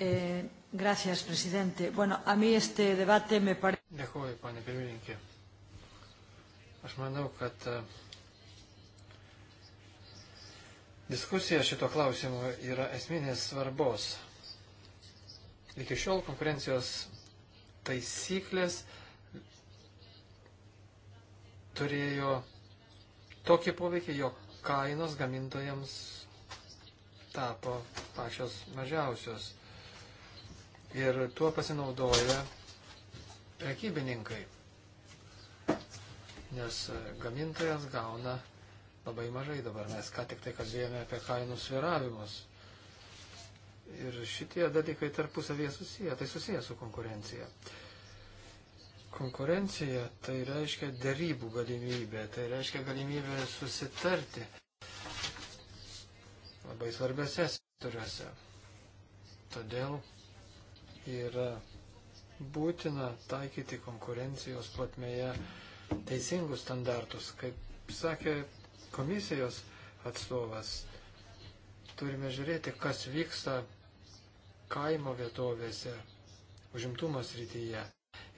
Eh, gracias, presidente. Bueno, a mí este debate me parece. Dėkuoju, panė pirmininkė. Aš manau, kad e, diskusija šito klausimu yra esminės svarbos. Iki šiol konkurencijos taisyklės turėjo tokį poveikį, jog kainos gamintojams tapo pačios mažiausios ir tuo pasinaudoja prekybininkai, nes gamintojas gauna labai mažai dabar, mes ką tik tai kalbėjome apie kainų sviravimus. Ir šitie dalykai tarpusavėje susiję, tai susiję su konkurencija. Konkurencija tai reiškia darybų galimybė, tai reiškia galimybė susitarti labai svarbiose sektoriuose. Todėl yra būtina taikyti konkurencijos platmėje teisingus standartus. Kaip sakė komisijos atstovas, turime žiūrėti, kas vyksta kaimo vietovėse, užimtumos rytyje.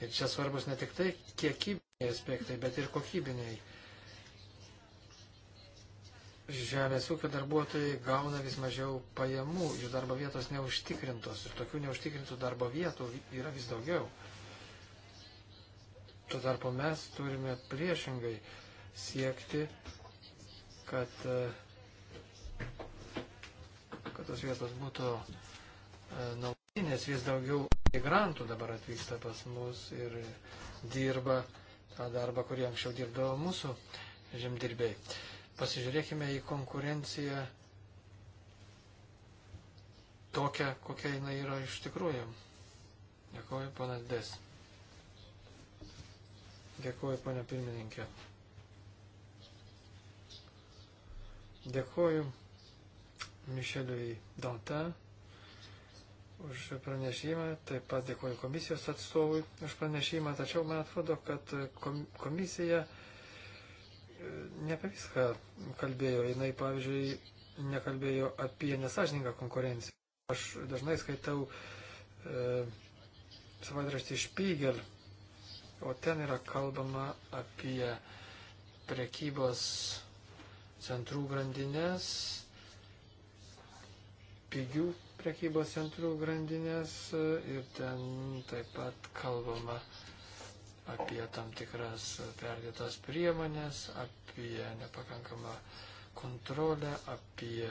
Ir čia svarbus ne tik tai kiekybiniai aspektai, bet ir kokybiniai žemės ūkio darbuotojai gauna vis mažiau pajamų, jų darbo vietos neužtikrintos ir tokių neužtikrintų darbo vietų yra vis daugiau. Tuo tarpu mes turime priešingai siekti, kad, kad tos vietos būtų e, naudinės, vis daugiau migrantų dabar atvyksta pas mus ir dirba tą darbą, kurį anksčiau dirbdavo mūsų žemdirbiai. Pasižiūrėkime į konkurenciją tokią, kokia jinai yra iš tikrųjų. Dėkuoju, panas Des. Dėkuoju, panė pirmininkė. Dėkuoju Mišeliui Dantą už pranešimą, taip pat dėkuoju komisijos atstovui už pranešimą, tačiau man atrodo, kad komisija ne apie viską kalbėjo. Jinai, pavyzdžiui, nekalbėjo apie nesažininką konkurenciją. Aš dažnai skaitau e, savaitraštį Špygel, o ten yra kalbama apie prekybos centrų grandinės, pigių prekybos centrų grandinės e, ir ten taip pat kalbama apie tam tikras perdėtas priemonės, apie nepakankamą kontrolę, apie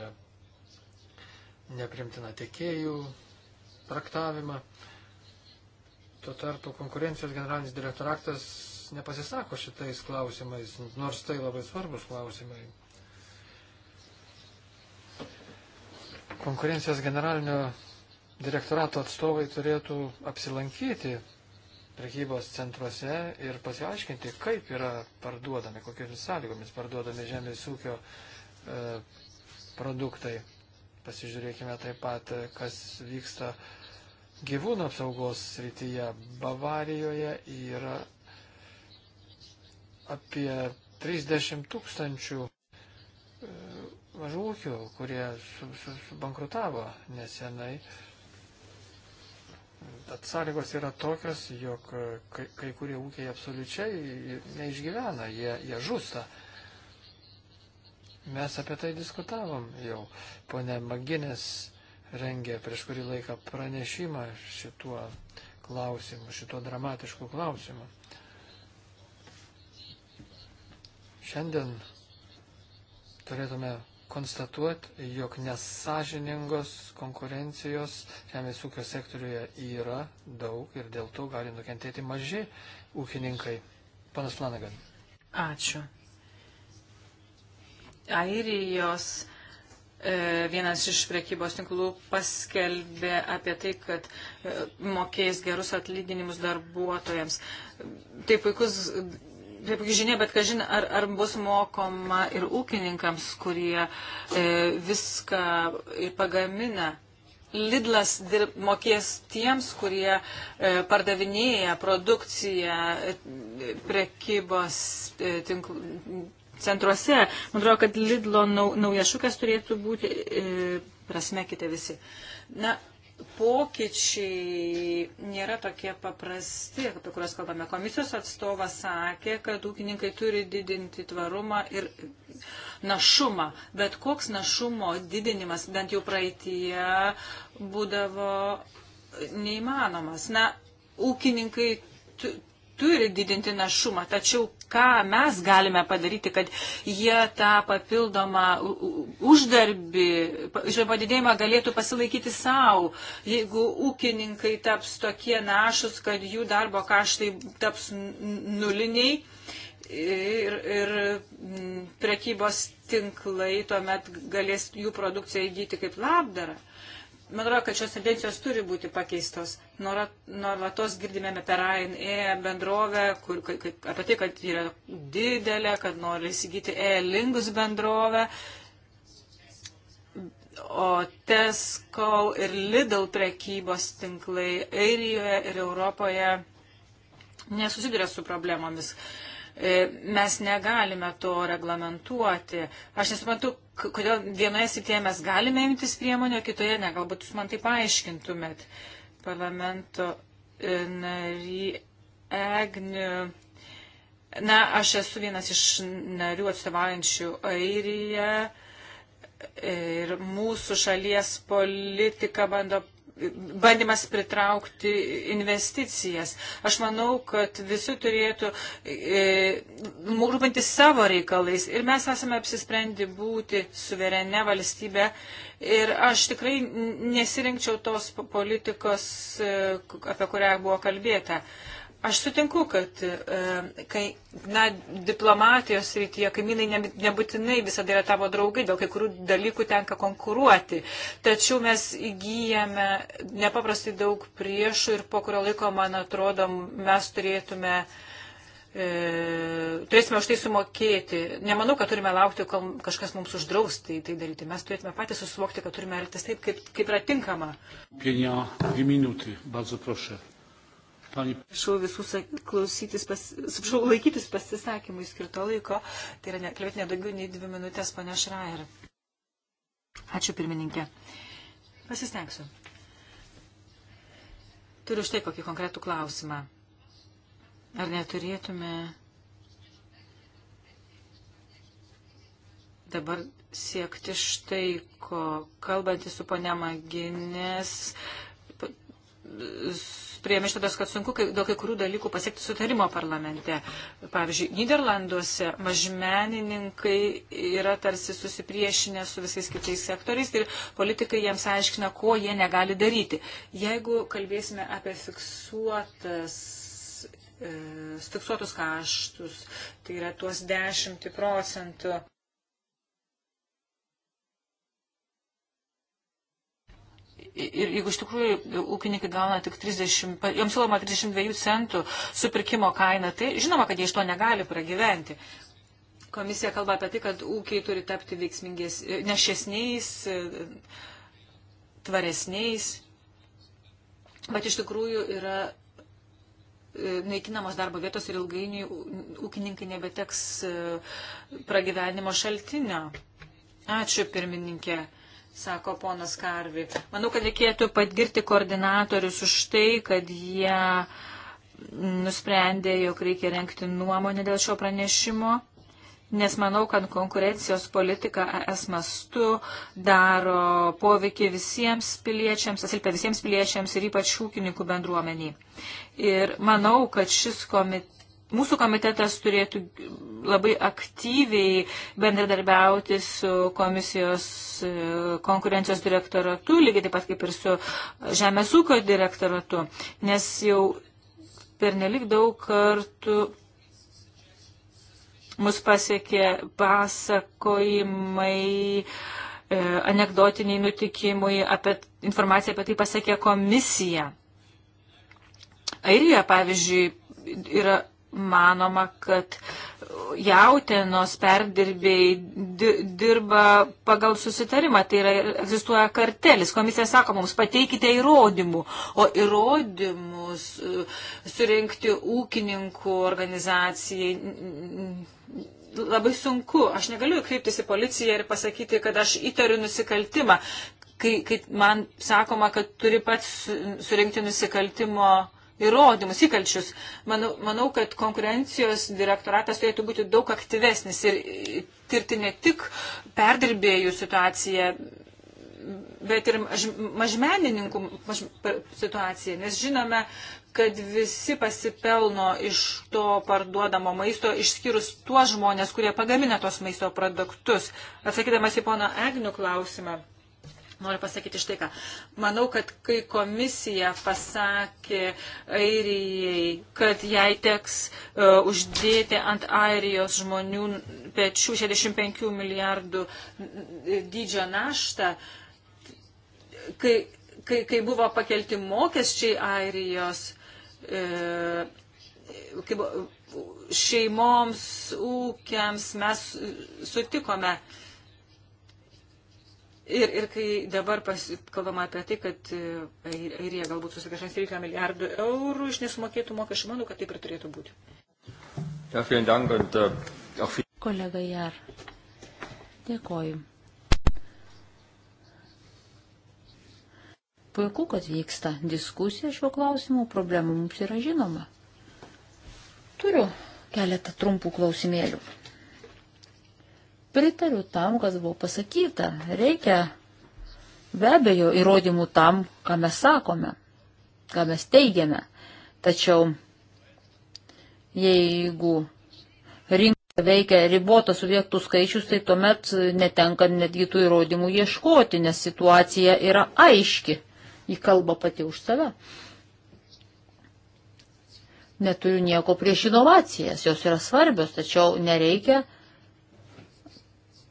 neprimtiną tiekėjų traktavimą. Tuo tarpu konkurencijos generalinis direktoratas nepasisako šitais klausimais, nors tai labai svarbus klausimai. Konkurencijos generalinio direktorato atstovai turėtų apsilankyti prekybos centruose ir pasiaiškinti, kaip yra parduodami, kokiamis sąlygomis parduodami žemės ūkio e, produktai. Pasižiūrėkime taip pat, e, kas vyksta gyvūnų apsaugos srityje. Bavarijoje yra apie 30 tūkstančių e, mažų ūkių, kurie subankrutavo su, su nesenai. Tad sąlygos yra tokios, jog e, kai, kai kurie ūkiai absoliučiai neišgyvena, jie, jie žūsta. Mes apie tai diskutavom jau. Pone Maginės rengė prieš kurį laiką pranešimą šituo klausimu, šituo dramatišku klausimu. Šiandien turėtume konstatuoti, jog nesažiningos konkurencijos žemės ūkio sektoriuje yra daug ir dėl to gali nukentėti maži ūkininkai. Panas Lanagan. Ačiū. Airijos e, vienas iš prekybos tinklų paskelbė apie tai, kad e, mokės gerus atlyginimus darbuotojams. Tai puikus kaip žinia, bet kažin, ar, ar bus mokoma ir ūkininkams, kurie e, viską ir pagamina. Lidlas dirb, mokės tiems, kurie e, pardavinėja produkciją e, prekybos e, tinkl, centruose. Man atrodo, kad Lidlo nau, naujašukas turėtų būti, e, prasmekite visi. Na, pokyčiai nėra tokie paprasti, apie kuriuos kalbame. Komisijos atstovas sakė, kad ūkininkai turi didinti tvarumą ir našumą, bet koks našumo didinimas bent jau praeitie būdavo neįmanomas. Na, ūkininkai turi didinti našumą, tačiau ką mes galime padaryti, kad jie tą papildomą uždarbį, žinoma, padidėjimą galėtų pasilaikyti savo, jeigu ūkininkai taps tokie našus, kad jų darbo kaštai taps nuliniai. Ir, ir prekybos tinklai tuomet galės jų produkciją įgyti kaip labdarą. Man atrodo, kad šios tendencijos turi būti pakeistos. Nuolatos girdime apie RAINE bendrovę, kur, kai, kai, apie tai, kad yra didelė, kad nori įsigyti e-lingus bendrovę. O Tesco ir Lidl prekybos tinklai Airijoje ir Europoje nesusiduria su problemomis. E, mes negalime to reglamentuoti. Aš nesuprantu, kodėl vienoje srityje mes galime imtis priemonių, kitoje ne. Galbūt jūs man tai paaiškintumėt. Parlamento e, nary Egniu. Na, aš esu vienas iš narių atstovaujančių Airiją e, ir mūsų šalies politika bando bandymas pritraukti investicijas. Aš manau, kad visi turėtų e, rūpinti savo reikalais ir mes esame apsisprendę būti suverene valstybė ir aš tikrai nesirinkčiau tos politikos, e, apie kurią buvo kalbėta. Aš sutinku, kad e, kai, na, diplomatijos rytyje kaimynai ne, nebūtinai visada yra tavo draugai, dėl kai kurių dalykų tenka konkuruoti. Tačiau mes įgyjame nepaprastai daug priešų ir po kurio laiko, man atrodo, mes turėtume, e, turėsime už tai sumokėti. Nemanau, kad turime laukti, kol kažkas mums uždraus tai, tai daryti. Mes turėtume patys susivokti, kad turime elgtis taip, kaip, kaip yra tinkama. Pienia, dvi minutį, bardzo proszę. Prašau visų klausytis, pas, suprašau, laikytis pasisakymui skirto laiko, tai yra nekalbėti nedaugiau nei dvi minutės, pane Šrair. Ačiū pirmininkė. Pasistengsiu. Turiu štai kokį konkretų klausimą. Ar neturėtume dabar siekti štai, ko kalbantį su ponia Maginės, su priėmė išvados, kad sunku kai, dėl kai kurių dalykų pasiekti sutarimo parlamente. Pavyzdžiui, Niderlanduose mažmenininkai yra tarsi susipriešinę su visais kitais sektoriais ir politikai jiems aiškina, ko jie negali daryti. Jeigu kalbėsime apie fiksuotas e, fiksuotus kaštus, tai yra tuos 10 procentų ir jeigu iš tikrųjų ūkininkai gauna tik 30, joms siūloma 32 centų supirkimo kaina, tai žinoma, kad jie iš to negali pragyventi. Komisija kalba apie tai, kad ūkiai turi tapti veiksmingės, nešesniais, tvaresniais, bet iš tikrųjų yra e, naikinamos darbo vietos ir ilgainiui ūkininkai nebeteks e, pragyvenimo šaltinio. Ačiū pirmininkė sako ponas Karvi. Manau, kad reikėtų patgirti koordinatorius už tai, kad jie nusprendė, jog reikia renkti nuomonę dėl šio pranešimo, nes manau, kad konkurencijos politika ES mastu daro poveikį visiems piliečiams, asilpia visiems piliečiams ir ypač ūkininkų bendruomeniai. Ir manau, kad šis komitetas Mūsų komitetas turėtų labai aktyviai bendradarbiauti su komisijos e, konkurencijos direktoratu, lygiai taip pat kaip ir su Žemės ūkio direktoratu, nes jau per nelik daug kartų mus pasiekė pasakojimai, e, anegdotiniai nutikimai, apie, informacija apie tai pasiekė komisija. Airija, pavyzdžiui, yra manoma, kad jautienos perdirbėjai dirba pagal susitarimą, tai yra, egzistuoja kartelis. Komisija sako mums, pateikite įrodymų, o įrodymus e, surinkti ūkininkų organizacijai labai sunku. Aš negaliu kreiptis į policiją ir pasakyti, kad aš įtariu nusikaltimą, kai, kai man sakoma, kad turi pats surinkti nusikaltimo įrodymus, įkalčius. Manau, manau, kad konkurencijos direktoratas turėtų būti daug aktyvesnis ir tirti ne tik perdirbėjų situaciją, bet ir mažmenininkų maž, situaciją, nes žinome, kad visi pasipelno iš to parduodamo maisto, išskyrus tuos žmonės, kurie pagamina tos maisto produktus. Atsakydamas į pono Egnių klausimą, Noriu pasakyti štai ką. Manau, kad kai komisija pasakė Airijai, kad jai teks uh, uždėti ant Airijos žmonių pečių 65 milijardų dydžio naštą, kai, kai, kai buvo pakelti mokesčiai Airijos, uh, kai, šeimoms, ūkiams mes sutikome. Uh, Ir, ir kai dabar kalbama apie tai, kad e, airija galbūt susigražins 13 milijardų eurų iš nesumokėtų mokesčių, manau, kad taip ir turėtų būti. Ja, dank, und, uh, Kolega Jar, dėkoju. Puiku, kad vyksta diskusija šiuo klausimu, problema mums yra žinoma. Turiu keletą trumpų klausimėlių. Pritariu tam, kas buvo pasakyta. Reikia be abejo įrodymų tam, ką mes sakome, ką mes teigiame. Tačiau jeigu rinka veikia ribotas subjektų skaičius, tai tuomet netenka netgi tų įrodymų ieškoti, nes situacija yra aiški. Ji kalba pati už save. Neturiu nieko prieš inovacijas, jos yra svarbios, tačiau nereikia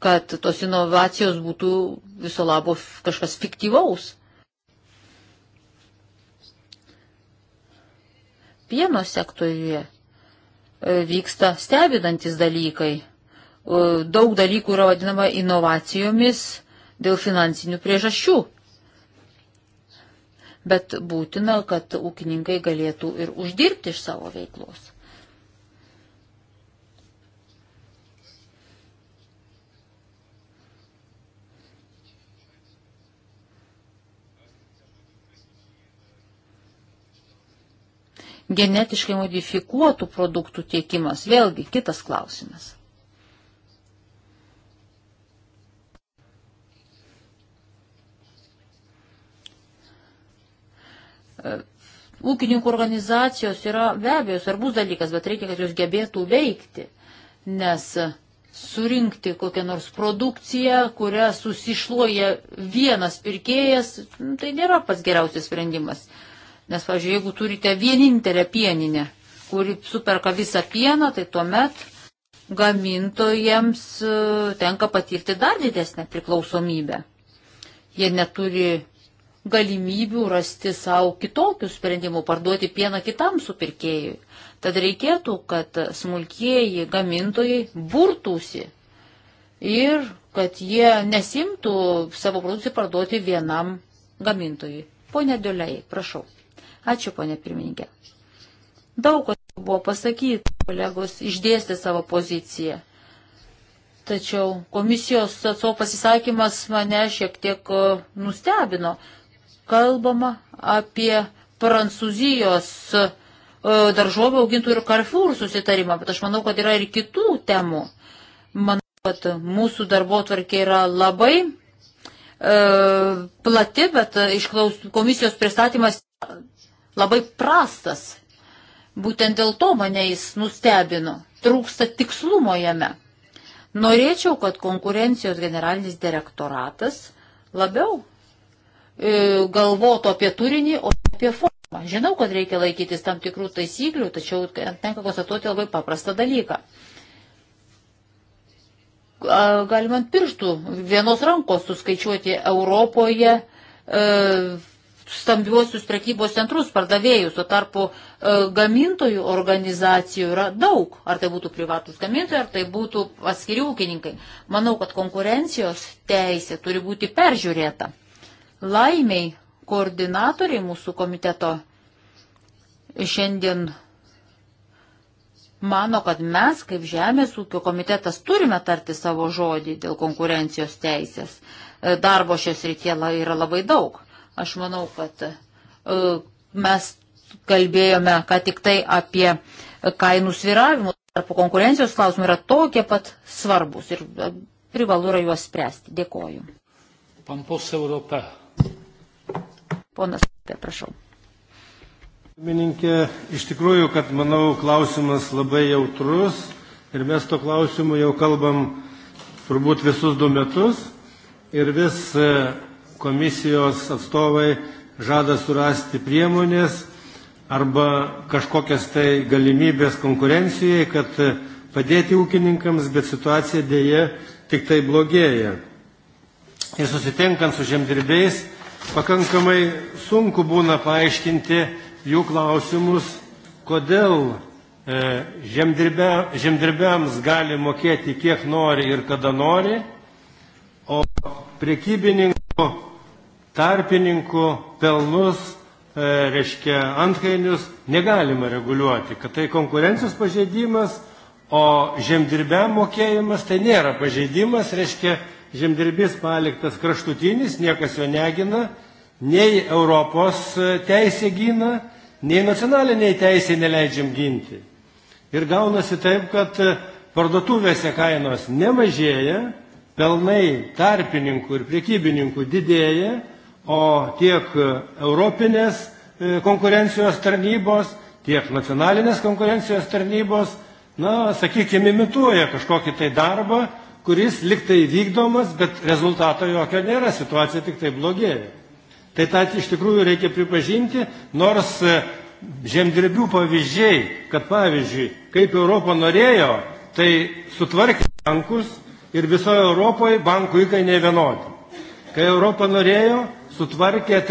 kad tos inovacijos būtų viso labo kažkas fiktyvaus. Pieno sektoriuje e, vyksta stebinantis dalykai. E, daug dalykų yra vadinama inovacijomis dėl finansinių priežasčių. Bet būtina, kad ūkininkai galėtų ir uždirbti iš savo veiklos. genetiškai modifikuotų produktų tiekimas, vėlgi kitas klausimas. Ūkininkų organizacijos yra be abejo svarbus dalykas, bet reikia, kad jos gebėtų veikti, nes surinkti kokią nors produkciją, kurią susišluoja vienas pirkėjas, nu, tai nėra pats geriausias sprendimas. Uh, Nes, pavyzdžiui, jeigu turite vienintelę pieninę, kuri superka visą pieną, tai tuomet gamintojams e, tenka patirti dar didesnę priklausomybę. Jie neturi galimybių rasti savo kitokių sprendimų, parduoti pieną kitam supirkėjui. Tad reikėtų, kad smulkieji gamintojai burtųsi ir kad jie nesimtų savo produkciją parduoti vienam gamintojui. Pone Diuliai, prašau. Ačiū, ponė pirmininkė. Daug kas buvo pasakyti, kolegos išdėstė savo poziciją. Tačiau komisijos atsovo pasisakymas mane šiek tiek e, nustebino. Kalbama apie Prancūzijos e, daržovių augintų ir Carrefour susitarimą, bet aš manau, kad yra ir kitų temų. Manau, kad mūsų darbo tvarkė yra labai e, plati, bet išklaus, komisijos pristatymas labai prastas. Būtent dėl to mane jis nustebino. Trūksta tikslumo jame. Norėčiau, kad konkurencijos generalinis direktoratas labiau e, galvotų apie turinį, o apie formą. Žinau, kad reikia laikytis tam tikrų taisyklių, tačiau tenka konstatuoti labai paprastą dalyką. Galima ant pirštų vienos rankos suskaičiuoti Europoje e, stambiuosius prekybos centrus, pardavėjus, o tarpu e, gamintojų organizacijų yra daug. Ar tai būtų privatus gamintojai, ar tai būtų atskiri ūkininkai. Manau, kad konkurencijos teisė turi būti peržiūrėta. Laimiai koordinatoriai mūsų komiteto šiandien mano, kad mes kaip Žemės ūkio komitetas turime tarti savo žodį dėl konkurencijos teisės. E, darbo šios rytie yra labai daug. Aš manau, kad e, mes kalbėjome, kad tik tai apie kainų sviravimus tarp konkurencijos klausimai yra tokie pat svarbus ir e, privalu yra juos spręsti. Dėkoju. Pampos Europė. Ponas, prašau. Pirmininkė, iš tikrųjų, kad manau, klausimas labai jautrus ir mes to klausimu jau kalbam turbūt visus du metus ir vis e, komisijos atstovai žada surasti priemonės arba kažkokias tai galimybės konkurencijai, kad padėti ūkininkams, bet situacija dėje tik tai blogėja. Ir susitinkant su žemdirbėjais, pakankamai sunku būna paaiškinti jų klausimus, kodėl e, žemdirbia, žemdirbiams gali mokėti kiek nori ir kada nori, o priekybininko tarpininkų pelnus, e, reiškia antkainius, negalima reguliuoti, kad tai konkurencijos pažeidimas, o žemdirbiam mokėjimas tai nėra pažeidimas, reiškia žemdirbys paliktas kraštutinis, niekas jo negina, nei Europos e, teisė gina, nei nacionaliniai teisė neleidžiam ginti. Ir gaunasi taip, kad e, parduotuvėse kainos nemažėja, pelnai tarpininkų ir priekybininkų didėja, o tiek e, Europinės e, konkurencijos tarnybos, tiek nacionalinės konkurencijos tarnybos, na, sakykime, imituoja kažkokį tai darbą, kuris liktai vykdomas, bet rezultato jokio nėra, situacija tik tai blogėja. Tai tą iš tikrųjų reikia pripažinti, nors e, žemdirbių pavyzdžiai, kad pavyzdžiui, kaip Europa norėjo, tai sutvarkė bankus ir visoje Europoje bankų įkainiai vienodi. Kai Europa norėjo, sutvarkė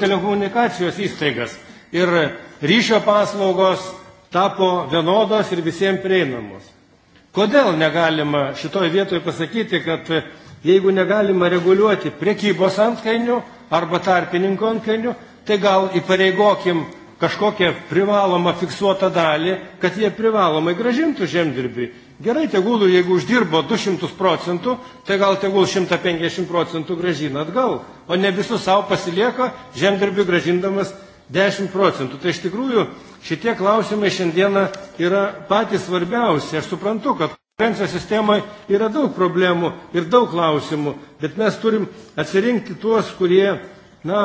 telekomunikacijos įstaigas ir ryšio paslaugos tapo vienodos ir visiems prieinamos. Kodėl negalima šitoje vietoje pasakyti, kad e, jeigu negalima reguliuoti priekybos antkainių arba tarpininko antkainių, tai gal įpareigokim kažkokią privalomą fiksuotą dalį, kad jie privalomai gražintų žemdirbį Gerai, tegul, jeigu uždirbo 200 procentų, tai gal tegul 150 procentų gražina atgal, o ne visus savo pasilieka, žemdirbių gražindamas 10 procentų. Tai iš tikrųjų šitie klausimai šiandieną yra patys svarbiausi. Aš suprantu, kad konkurencijos sistemoje yra daug problemų ir daug klausimų, bet mes turim atsirinkti tuos, kurie na,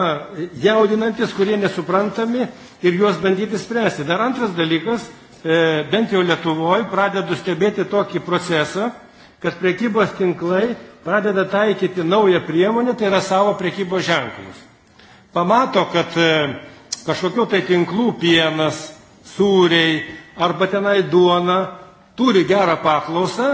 jaudinantis, kurie nesuprantami ir juos bandyti spręsti. Dar antras dalykas E, bent jau Lietuvoje, pradedu stebėti tokį procesą, kad priekybos tinklai pradeda taikyti naują priemonę, tai yra savo priekybos ženklus. Pamato, kad e, kažkokiu tai tinklų pienas, sūriai arba tenai duona turi gerą paklausą,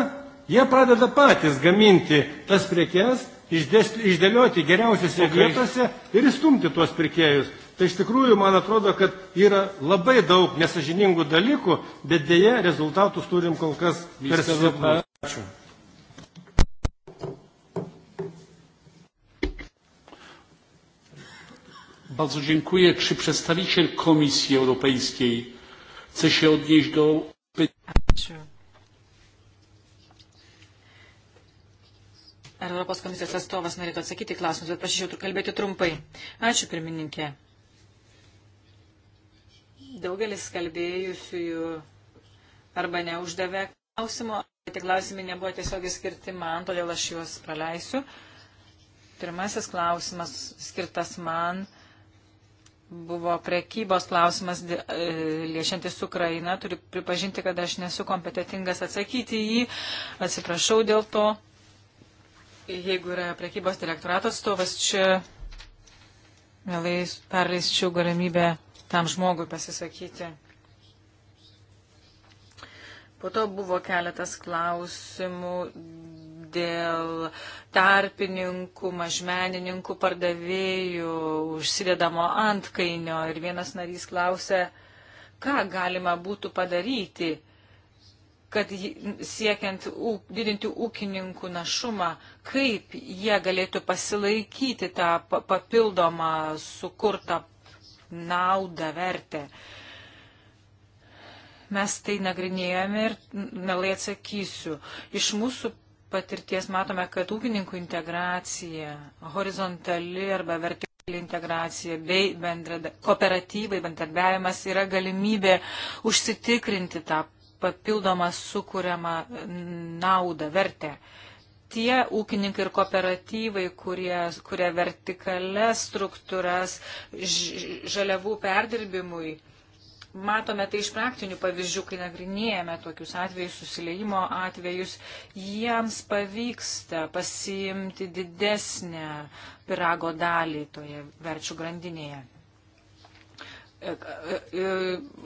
jie pradeda patys gaminti tas prekes, išdėlioti geriausiose okay. vietose ir įstumti tuos pirkėjus tai iš tikrųjų man atrodo, kad yra labai daug nesažiningų dalykų, bet dėje rezultatus turim kol kas per silpną. Ačiū. Bardzo dziękuję. Czy przedstawiciel Komisji Europejskiej chce się odnieść do pytania? Ar Europos komisijos atstovas norėtų atsakyti klausimus, bet prašyčiau kalbėti trumpai. Ačiū, pirmininkė. Daugelis kalbėjusiųjų arba neuždavė klausimo, tik klausimai nebuvo tiesiog skirti man, todėl aš juos praleisiu. Pirmasis klausimas skirtas man buvo prekybos klausimas e, liešiantis Ukrainą. Turiu pripažinti, kad aš nesu kompetitingas atsakyti jį. Atsiprašau dėl to. Jeigu yra prekybos direktorato atstovas, čia mielai perleisčiau galimybę tam žmogui pasisakyti. Po to buvo keletas klausimų dėl tarpininkų, mažmenininkų, pardavėjų užsidedamo antkainio. Ir vienas narys klausė, ką galima būtų padaryti, kad siekiant didinti ūkininkų našumą, kaip jie galėtų pasilaikyti tą papildomą sukurtą naudą, vertę. Mes tai nagrinėjame ir melai atsakysiu. Iš mūsų patirties matome, kad ūkininkų integracija, horizontali arba vertikali integracija bei bendrada, kooperatyvai, bendradarbiavimas yra galimybė užsitikrinti tą papildomą sukūriamą naudą, vertę. Uh, tie ūkininkai ir kooperatyvai, kurie, kurie vertikales struktūras ž, žaliavų perdirbimui. Matome tai iš praktinių pavyzdžių, kai nagrinėjame tokius atvejus, susileimo atvejus, jiems pavyksta pasiimti didesnę pirago dalį toje verčių grandinėje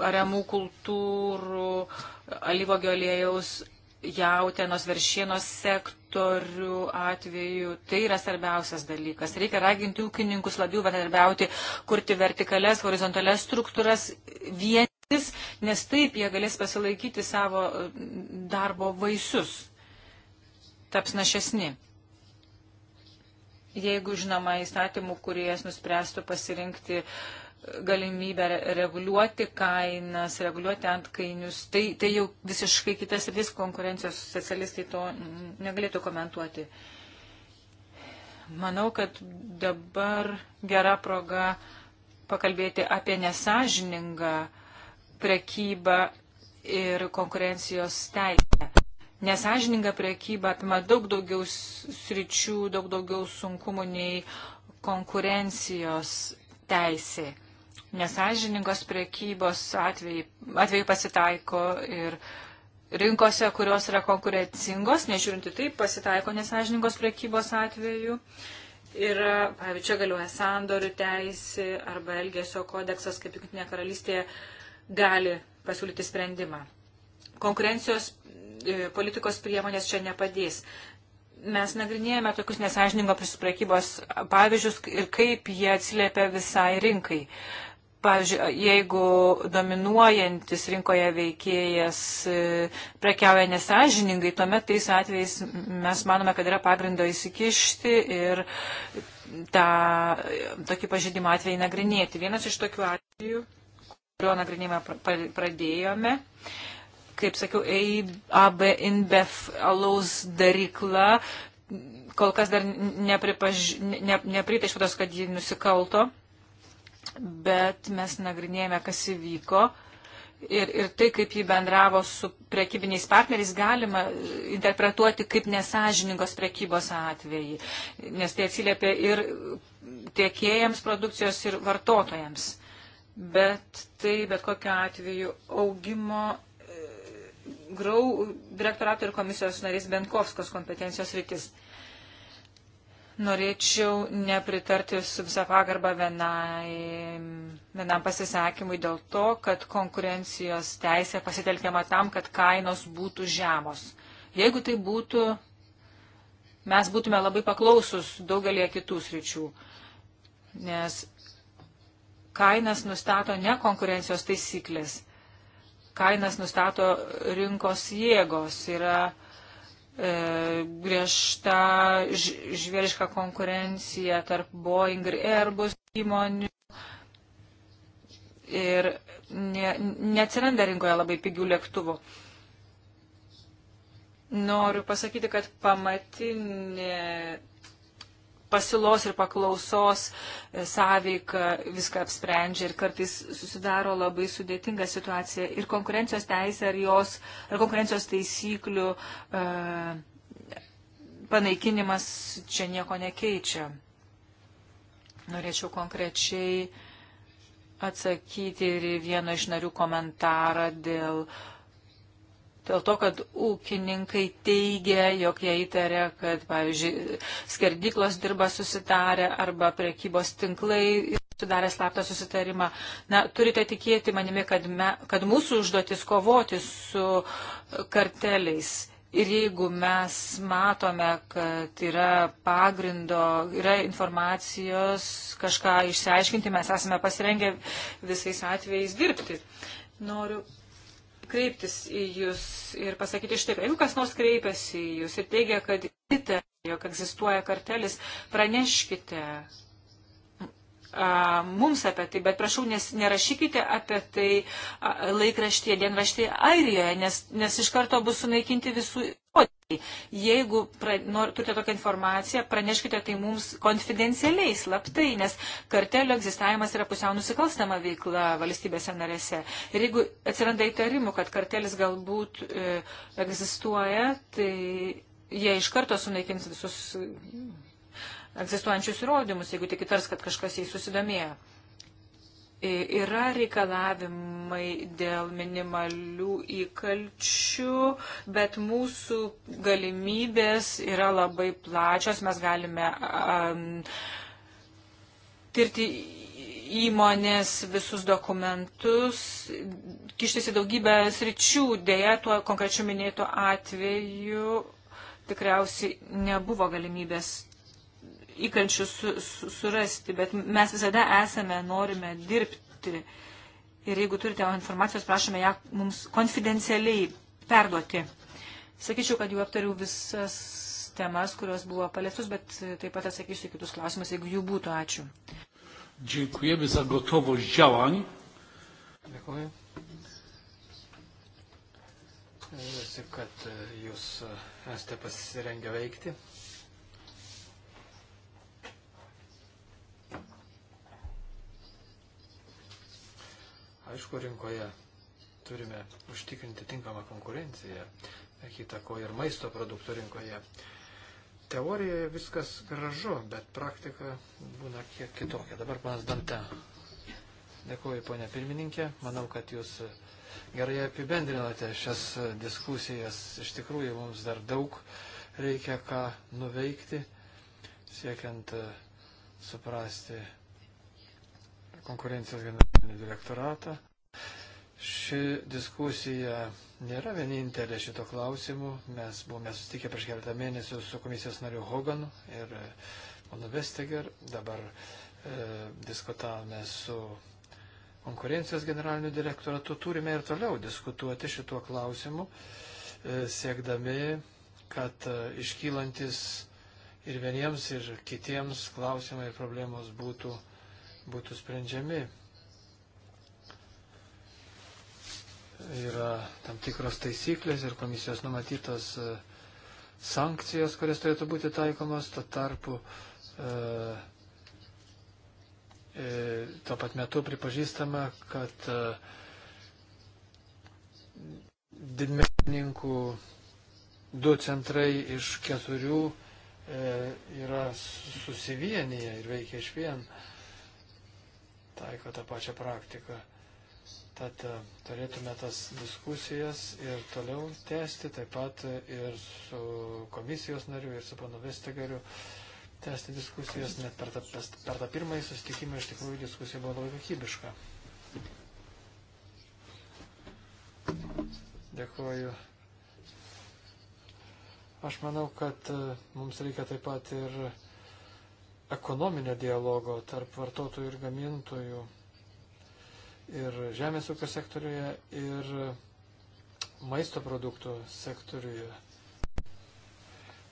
ariamų e, e, kultūrų, alyvogio aliejaus, jautienos, veršienos sekt, sektorių atveju tai yra svarbiausias dalykas. Reikia raginti ūkininkus labiau bendarbiauti, kurti vertikales, horizontales struktūras vienis, nes taip jie galės pasilaikyti savo darbo vaisius, taps našesni. Jeigu, žinoma, įstatymų, kurie jas nuspręstų pasirinkti galimybę reguliuoti kainas, reguliuoti antkainius. Tai, tai jau visiškai kitas ir vis konkurencijos specialistai to negalėtų komentuoti. Manau, kad dabar gera proga pakalbėti apie nesažiningą prekybą ir konkurencijos teisę. Nesažininga prekyba apima daug daugiau sričių, daug daugiau sunkumų nei konkurencijos teisė nesažiningos priekybos atvejai, atvejai pasitaiko ir rinkose, kurios yra konkurencingos, nežiūrinti taip, pasitaiko nesažiningos priekybos atveju. Ir, pavyzdžiui, čia galioja sandorių teisė arba Elgesio kodeksas, kaip Junktinė karalystė gali pasiūlyti sprendimą. Konkurencijos e, politikos priemonės čia nepadės mes nagrinėjame tokius nesažiningo prisiprekybos pavyzdžius ir kaip jie atsiliepia visai rinkai. Pavyzdžiui, jeigu dominuojantis rinkoje veikėjas e, prekiauja nesažiningai, tuomet tais atvejais mes manome, kad yra pagrindo įsikišti ir tą tokį pažydimą atvejį nagrinėti. Vienas iš tokių atvejų, kurio nagrinėjimą pradėjome, kaip sakiau, AB InBef alaus darykla kol kas dar nepripaž... ne, neprita išvados, kad ji nusikalto bet mes nagrinėjame, kas įvyko. Ir, ir tai, kaip jį bendravo su prekybiniais partneriais, galima interpretuoti kaip nesažiningos prekybos atvejį, nes tai atsiliepia ir tiekėjams produkcijos ir vartotojams. Bet tai bet kokiu atveju augimo e, grau direktorato ir komisijos narys Benkovskos kompetencijos rytis. Norėčiau nepritarti su visa pagarba vienai, vienam pasisakymui dėl to, kad konkurencijos teisė pasitelkiama tam, kad kainos būtų žemos. Jeigu tai būtų, mes būtume labai paklausus daugelie kitų sričių, nes kainas nustato ne konkurencijos taisyklės, kainas nustato rinkos jėgos, yra E, griežta žvėriška konkurencija tarp Boeing ir Airbus įmonių. Ir ne, neatsiranda rinkoje labai pigių lėktuvų. Noriu pasakyti, kad pamatinė pasiūlos ir paklausos e, sąveika viską apsprendžia ir kartais susidaro labai sudėtinga situacija ir konkurencijos teisė ar jos, ar konkurencijos taisyklių e, panaikinimas čia nieko nekeičia. Norėčiau konkrečiai atsakyti ir vieno iš narių komentarą dėl uh, Dėl to, kad ūkininkai teigia, jog jie įtarė, kad, pavyzdžiui, skerdiklos dirba susitarę arba prekybos tinklai sudarė slaptą susitarimą. Na, turite tikėti manimi, kad, me, kad mūsų užduotis kovoti su karteliais. Ir jeigu mes matome, kad yra pagrindo, yra informacijos kažką išsiaiškinti, mes esame pasirengę visais atvejais dirbti. Noriu kreiptis į Jūs ir pasakyti štai, jeigu kas nors kreipiasi į Jūs ir teigia, kad įtė, jog egzistuoja kartelis, praneškite a, mums apie tai, bet prašau, nes, nerašykite apie tai laikraštyje, dienraštyje Airijoje, nes, nes iš karto bus sunaikinti visų Jeigu pra, nor, turite tokią informaciją, praneškite tai mums konfidencialiai, slaptai, nes kartelio egzistavimas yra pusiau nusikalstama veikla valstybėse narėse. Ir jeigu atsiranda įtarimų, kad kartelis galbūt e, egzistuoja, tai jie iš karto sunaikins visus e, egzistuojančius įrodymus, jeigu tik įtars, kad kažkas jais susidomėjo yra reikalavimai dėl minimalių įkalčių, bet mūsų galimybės yra labai plačios. Mes galime um, tirti įmonės visus dokumentus, kištis į daugybę sričių. Deja, tuo konkrečiu minėtu atveju tikriausiai nebuvo galimybės įkančių su, su, surasti, bet mes visada esame, norime dirbti. Ir jeigu turite informacijos, prašome ją mums konfidencialiai perduoti. Sakyčiau, kad jau aptariau visas temas, kurios buvo paliestos, bet taip pat atsakysiu kitus klausimus, jeigu jų būtų. Ačiū. Dziękujemy za gotovość działań. Dziękuję. Visi, kad jūs esate pasirengę veikti. Aišku, rinkoje turime užtikrinti tinkamą konkurenciją, kitą ko ir maisto produktų rinkoje. Teorijoje viskas gražu, bet praktika būna kiek kitokia. Dabar panas Dante. Dėkuoju, ponė pirmininkė. Manau, kad jūs gerai apibendrinote šias diskusijas. Iš tikrųjų, mums dar daug reikia ką nuveikti, siekiant suprasti konkurencijos generalinį direktoratą. Ši diskusija nėra vienintelė šito klausimu. Mes buvome susitikę prieš keletą mėnesių su komisijos nariu Hoganu ir mano e, Vesteger. Dabar e, diskutavome su konkurencijos generaliniu direktoratu. Turime ir toliau diskutuoti šituo klausimu, e, siekdami, kad e, iškylantis ir vieniems, ir kitiems klausimai ir problemos būtų būtų sprendžiami. Yra tam tikros taisyklės ir komisijos numatytos e, sankcijos, kurias turėtų būti taikomos, to tarpu e, e, tuo pat metu pripažįstama, kad e, didmenininkų du centrai iš keturių e, yra susivienyje ir veikia iš vien. E, taiko tą pačią praktiką. Tad e, turėtume tas diskusijas ir toliau tęsti, taip pat e, ir su komisijos nariu, ir su panu Vestegariu tęsti diskusijas, net per tą, per tą pirmąjį susitikimą iš tikrųjų diskusija buvo labai kokybiška. Dėkuoju. Aš manau, kad e, mums reikia taip pat ir ekonominio dialogo tarp vartotojų ir gamintojų ir žemės ūkio sektoriuje ir maisto produktų sektoriuje.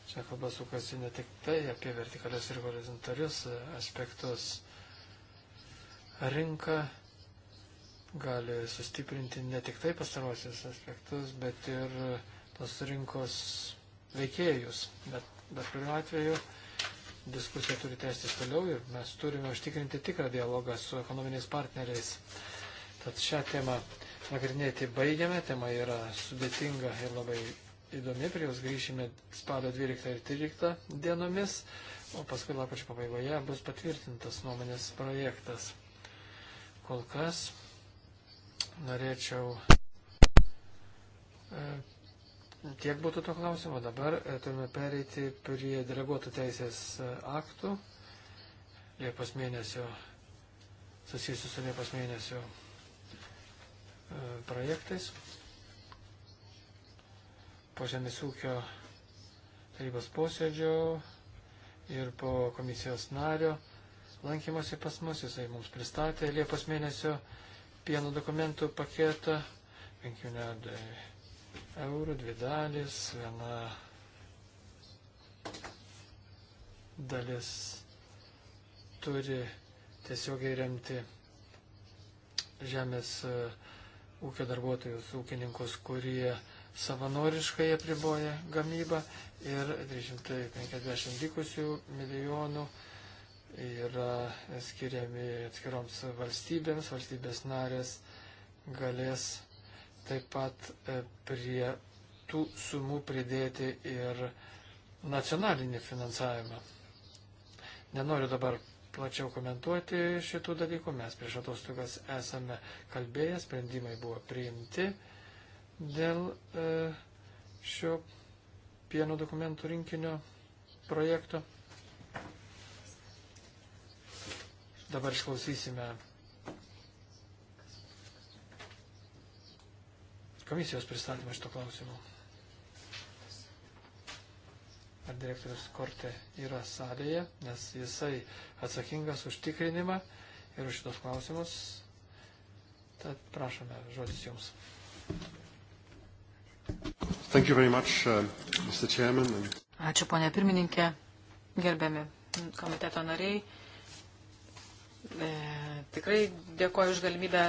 Čia kalba sukasi ne tik tai apie vertikalius ir horizontalius aspektus. Rinka gali sustiprinti ne tik tai pastarosius aspektus, bet ir tos rinkos veikėjus. Bet, bet kuriuo atveju diskusija turi tęstis toliau ir mes turime užtikrinti tikrą dialogą su ekonominiais partneriais. Tad šią temą nagrinėti baigiame, tema yra sudėtinga ir labai įdomi, prie jos grįšime spalio 12 ir 13 dienomis, o paskui lapkričio pabaigoje bus patvirtintas nuomonės projektas. Kol kas norėčiau. E, Tiek būtų to klausimo. Dabar e, turime pereiti prie deleguotų teisės e, aktų Liepos mėnesio, susijusiu su Liepos mėnesio e, projektais. Po Žemės ūkio tarybos posėdžio ir po komisijos nario lankymosi pas mus. Jisai mums pristatė Liepos mėnesio pieno dokumentų paketą. Thank you, Ned eurų, dvi dalis, viena dalis turi tiesiogiai remti žemės e, ūkio darbuotojus, ūkininkus, kurie savanoriškai apriboja gamybą ir 350 likusių milijonų yra skiriami atskiroms valstybėms, valstybės narės galės taip pat e, prie tų sumų pridėti ir nacionalinį finansavimą. Nenoriu dabar plačiau komentuoti šitų dalykų, mes prieš atostogas esame kalbėję, sprendimai buvo priimti dėl e, šio pieno dokumentų rinkinio projekto. Dabar išklausysime komisijos pristatymą šito klausimu. Ar direktorius Korte yra salėje, nes jisai atsakingas už tikrinimą ir už šitos klausimus. Tad prašome, žodis jums. Thank you very much, uh, Mr. Chairman. Ačiū, ponė pirmininkė, gerbiami komiteto nariai. E, tikrai dėkoju už galimybę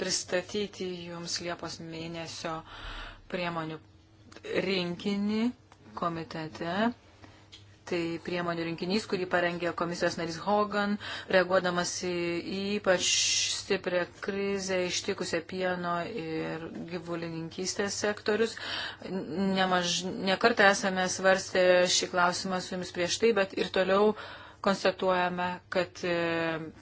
pristatyti jums Liepos mėnesio priemonių rinkinį komitete. Tai priemonių rinkinys, kurį parengė komisijos narys Hogan, reaguodamas į ypač stiprią krizę ištikusią pieno ir gyvulininkystės sektorius. Nemaž, nekartą esame svarstę šį klausimą su jumis prieš tai, bet ir toliau uh, konstatuojame, kad e,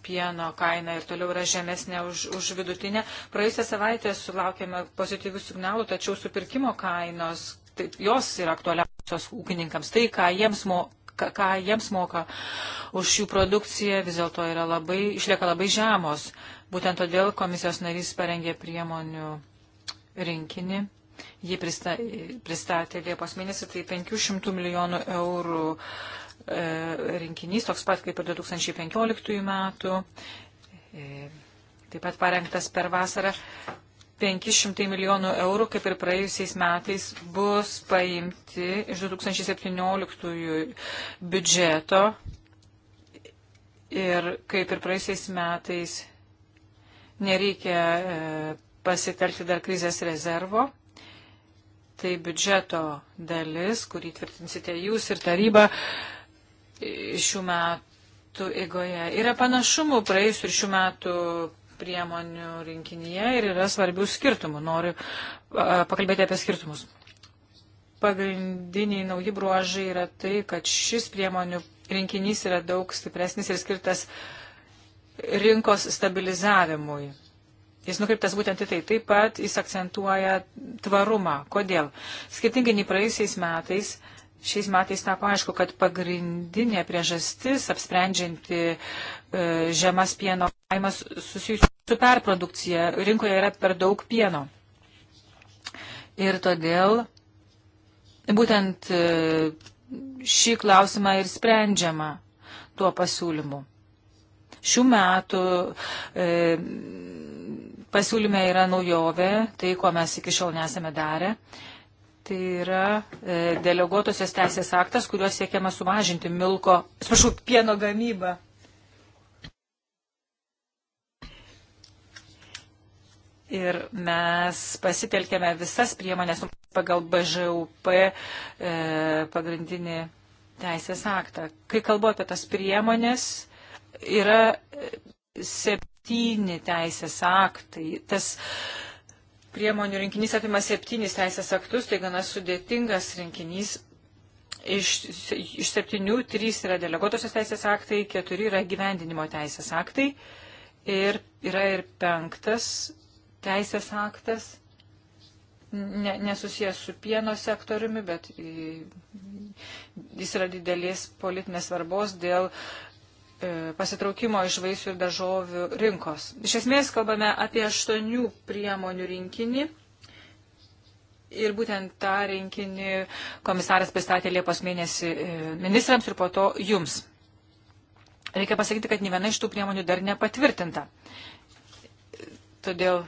pieno kaina ir toliau yra žemesnė už, už vidutinę. Praėjusią savaitę sulaukėme pozityvių signalų, tačiau supirkimo kainos, tai jos yra aktualiausios ūkininkams. Tai, ką jiems mo, ką jiems moka už jų produkciją, vis dėlto yra labai, išlieka labai žemos. Būtent todėl komisijos narys parengė priemonių rinkinį. Jį pristatė Liepos mėnesį, tai 500 milijonų eurų E, rinkinys, toks pat kaip ir 2015 metų. E, taip pat parengtas per vasarą 500 milijonų eurų, kaip ir praėjusiais metais, bus paimti iš 2017 biudžeto. Ir kaip ir praėjusiais metais nereikia e, pasitelkti dar krizės rezervo. Tai biudžeto dalis, kurį tvirtinsite jūs ir taryba, šių metų įgoje. Yra panašumų praėjusių ir šių metų priemonių rinkinyje ir yra svarbių skirtumų. Noriu pakalbėti apie skirtumus. Pagrindiniai nauji bruožai yra tai, kad šis priemonių rinkinys yra daug stipresnis ir skirtas rinkos stabilizavimui. Jis nukreiptas būtent į tai. Taip pat jis akcentuoja tvarumą. Kodėl? Skirtingai nei praėjusiais metais, uh, Šiais metais tapo aišku, kad pagrindinė priežastis apsprendžianti e, žemas pieno kaimas susijusi su perprodukcija. Rinkoje yra per daug pieno. Ir todėl būtent e, šį klausimą ir sprendžiama tuo pasiūlymu. Šių metų e, pasiūlyme yra naujovė, tai ko mes iki šiol nesame darę. E, Tai yra e, deleguotosios teisės aktas, kuriuo siekiama sumažinti milko, atsiprašau, pieno gamybą. Ir mes pasitelkėme visas priemonės pagal BŽUP e, pagrindinį teisės aktą. Kai kalbu apie tas priemonės, yra e, septyni teisės aktai. Tas e, priemonių rinkinys apima septynis teisės aktus, tai gana sudėtingas rinkinys. Iš, iš septynių trys yra deleguotosios teisės aktai, keturi yra gyvendinimo teisės aktai ir yra ir penktas teisės aktas, ne, nesusijęs su pieno sektoriumi, bet jis yra didelės politinės svarbos dėl uh, E, pasitraukimo iš vaisių ir daržovių rinkos. Iš esmės kalbame apie aštuonių priemonių rinkinį. Ir būtent tą rinkinį komisaras pristatė Liepos mėnesį e, ministrams ir po to jums. Reikia pasakyti, kad ne viena iš tų priemonių dar nepatvirtinta. Todėl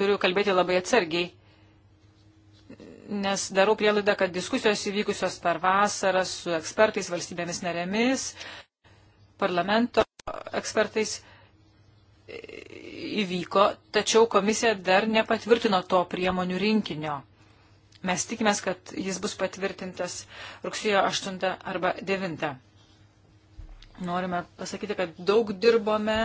turiu kalbėti labai atsargiai, nes darau prielaidą, kad diskusijos įvykusios per vasarą su ekspertais, valstybėmis narėmis, parlamento ekspertais įvyko, tačiau komisija dar nepatvirtino to priemonių rinkinio. Mes tikimės, kad jis bus patvirtintas rugsėjo 8 arba 9. Norime pasakyti, kad daug dirbome,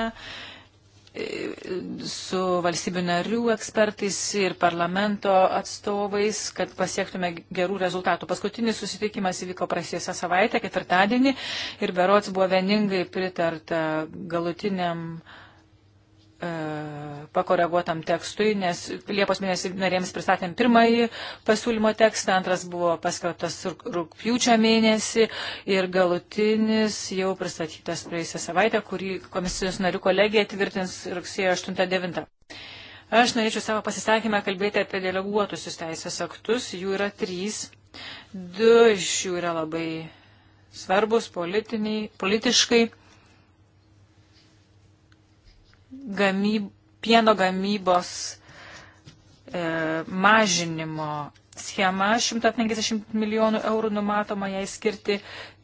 su valstybių narių ekspertais ir parlamento atstovais, kad pasiektume gerų rezultatų. Paskutinis susitikimas įvyko praėjusią savaitę, ketvirtadienį, ir berots buvo vieningai pritarta galutiniam uh, E, pakoreguotam tekstui, nes Liepos mėnesį narėms pristatėm pirmąjį pasiūlymo tekstą, antras buvo paskelbtas rūpjūčio mėnesį ir galutinis jau pristatytas praėjusią savaitę, kurį komisijos narių kolegija tvirtins rugsėjo 8-9. Aš norėčiau savo pasisakymę kalbėti apie deleguotusius teisės aktus. Jų yra trys. Du iš jų yra labai svarbus politiniai, politiškai gamyb, pieno gamybos e, mažinimo schema 150 milijonų eurų numatoma jai skirti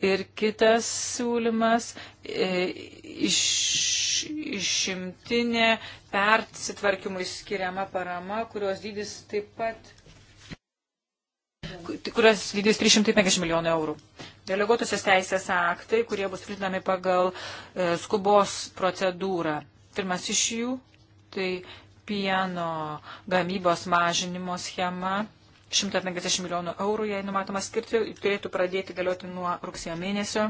ir kitas siūlymas e, iš, išimtinė persitvarkymui skiriama parama, kurios dydis taip pat kurios lydys 350 milijonų eurų. Deleguotusios teisės aktai, kurie bus pritinami pagal e, skubos procedūrą. Pirmas iš jų tai pieno gamybos mažinimo schema. 150 milijonų eurų jai numatoma skirti, turėtų pradėti galioti nuo rugsėjo mėnesio.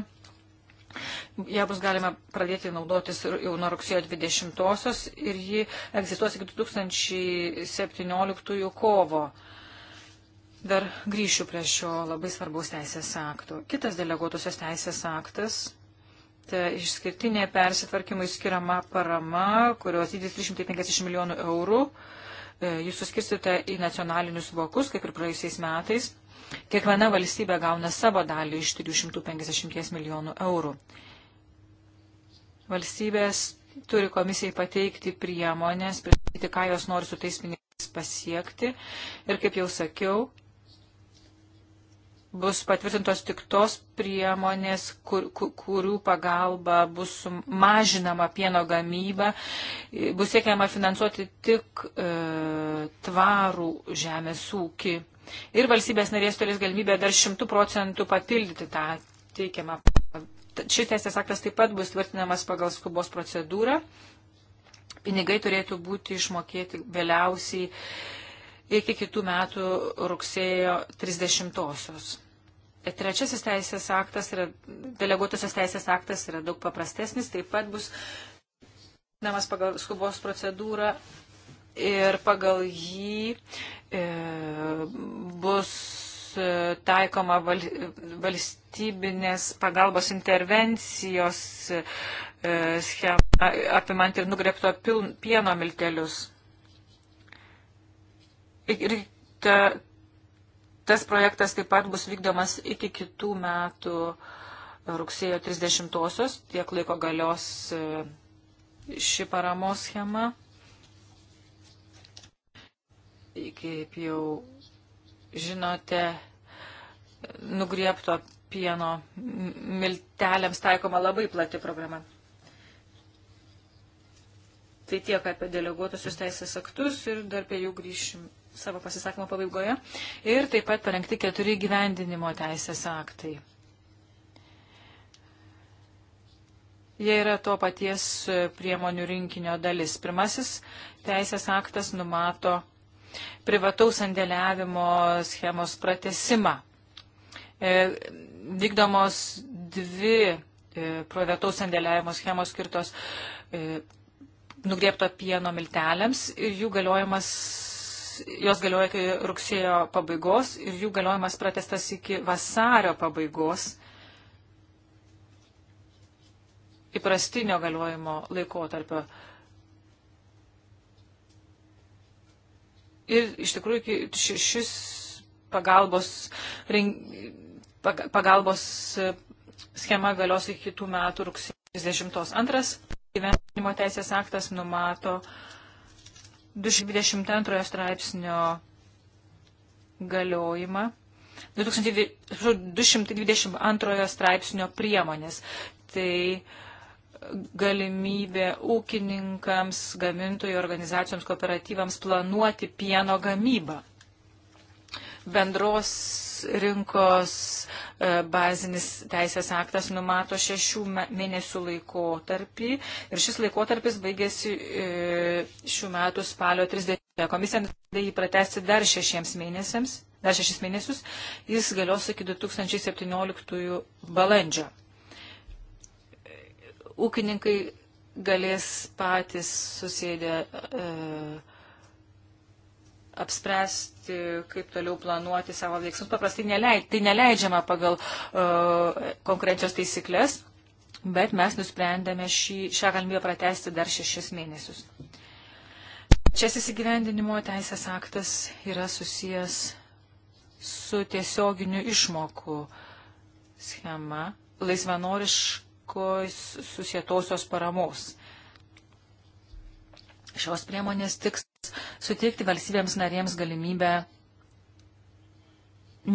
Ja bus galima pradėti naudotis jau nuo rugsėjo 20-osios ir ji egzistuos iki 2017 kovo. Dar grįšiu prie šio labai svarbaus teisės akto. Kitas deleguotusios teisės aktas E, išskirtinė persitvarkymui skiriama parama, kurios dydis 350 milijonų eurų, e, jūs suskirstite į nacionalinius vokus, kaip ir praėjusiais metais. Kiekviena valstybė gauna savo dalį iš 350 milijonų eurų. Valstybės turi komisijai pateikti priemonės, pristatyti, ką jos nori su tais pinigais pasiekti. Ir kaip jau sakiau, bus patvirtintos tik tos priemonės, kur, kur, kurių pagalba bus mažinama pieno gamyba, bus siekiama finansuoti tik e, tvarų žemės ūkį. Ir valstybės narės turės galimybę dar šimtų procentų papildyti tą teikiamą. Šis teisės aktas taip pat bus tvirtinamas pagal skubos procedūrą. Pinigai turėtų būti išmokėti vėliausiai iki kitų metų rugsėjo 30-osios. Trečiasis teisės aktas yra, deleguotusios teisės aktas yra daug paprastesnis, taip pat bus namas pagal skubos procedūrą ir pagal jį e, bus e, taikoma val, valstybinės pagalbos intervencijos e, schema apimant ir nugrepto pieno miltelius. Ir ta, tas projektas taip pat bus vykdomas iki kitų metų rugsėjo 30-osios, tiek laiko galios e, ši paramos schema. Kaip jau žinote, nugriepto pieno milteliams taikoma labai plati programa. Tai tiek apie deleguotusius teisės aktus ir dar prie jų grįšim savo pasisakymo pabaigoje. Ir taip pat parengti keturi gyvendinimo teisės aktai. Jie yra to paties priemonių rinkinio dalis. Pirmasis teisės aktas numato privataus sandėliavimo schemos pratesimą. E, vykdomos dvi e, privataus sandėliavimo schemos skirtos e, nugriepto pieno milteliams ir jų galiojimas jos galioja iki rugsėjo pabaigos ir jų galiojimas pratestas iki vasario pabaigos įprastinio galiojimo laikotarpio. Ir iš tikrųjų šis pagalbos, pagalbos e, schema galios iki kitų metų rugsėjo 30. Antras gyvenimo teisės aktas numato uh, 222 straipsnio galiojimą. 222 straipsnio priemonės. Tai galimybė ūkininkams, gamintojų organizacijoms, kooperatyvams planuoti pieno gamybą. Bendros rinkos e, bazinis teisės aktas numato šešių mėnesių laikotarpį ir šis laikotarpis baigėsi e, šių metų spalio 30. Komisija nusprendė jį pratesti dar šešiems mėnesiams, dar šešis mėnesius, jis galios iki 2017 balandžio. Ūkininkai galės patys susėdę. E, apspręsti, kaip toliau planuoti savo veiksmus. Paprastai neleid, tai neleidžiama pagal uh, e, konkurencijos taisyklės, bet mes nusprendėme šį, šią galimybę pratesti dar šešis mėnesius. Šias įsigyvendinimo teisės aktas yra susijęs su tiesioginiu išmokų schema laisvanoriškos susietosios paramos. Šios priemonės tiks suteikti valstybėms narėms galimybę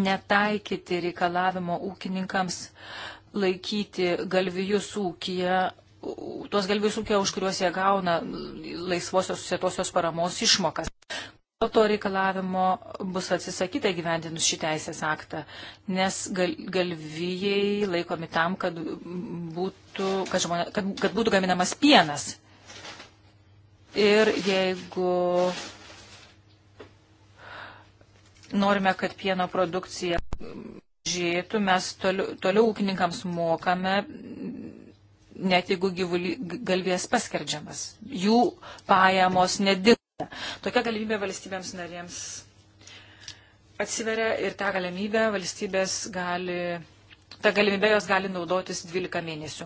netaikyti reikalavimo ūkininkams laikyti galvijus ūkiją, tuos galvijus ūkiją, už kuriuos jie gauna laisvosios susietosios paramos išmokas. Dėl to reikalavimo bus atsisakyta gyvendinus šį teisės aktą, nes gal, galvijai laikomi tam, kad būtų, kad, žmonė, kad, kad būtų gaminamas pienas. Ir jeigu norime, kad pieno produkcija žėtų, mes toliau, toliau ūkininkams mokame, net jeigu gyvulį galvės paskerdžiamas. Jų pajamos nedidina. Tokia galimybė valstybėms narėms atsiveria ir tą galimybę valstybės gali ta galimybė jos gali naudotis 12 mėnesių.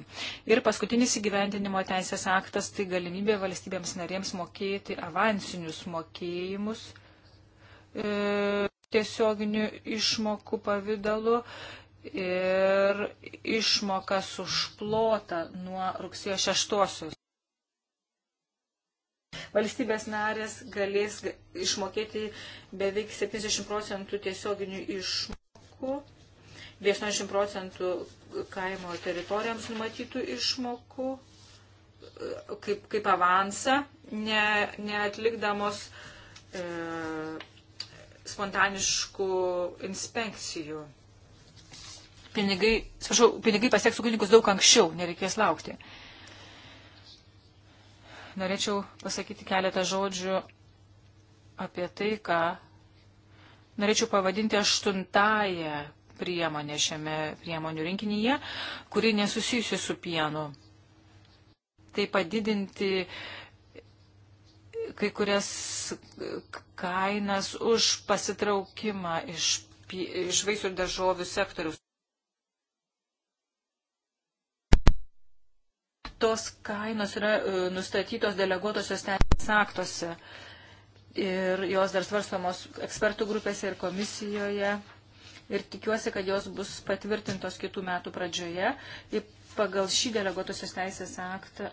Ir paskutinis įgyvendinimo teisės aktas tai galimybė valstybėms narėms mokėti avansinius mokėjimus e, tiesioginių išmokų pavydalu ir išmokas užplota nuo rugsėjo 6 valstybės narės galės išmokėti beveik 70 procentų tiesioginių išmokų bei 80 procentų kaimo teritorijoms numatytų išmokų kaip, kaip avansą, ne, neatlikdamos e, spontaniškų inspekcijų. Pinigai, sprašau, pinigai pasieks ūkininkus daug anksčiau, nereikės laukti. Norėčiau pasakyti keletą žodžių apie tai, ką norėčiau pavadinti aštuntąją priemonė šiame priemonių rinkinyje, kuri nesusijusi su pienu. Tai padidinti kai kurias kainas už pasitraukimą iš, iš vaisių ir daržovių sektorius. Tos kainos yra e, nustatytos deleguotosios teisės aktuose ir jos dar svarstamos ekspertų grupėse ir komisijoje ir tikiuosi, kad jos bus patvirtintos kitų metų pradžioje. Ir pagal šį deleguotusios teisės aktą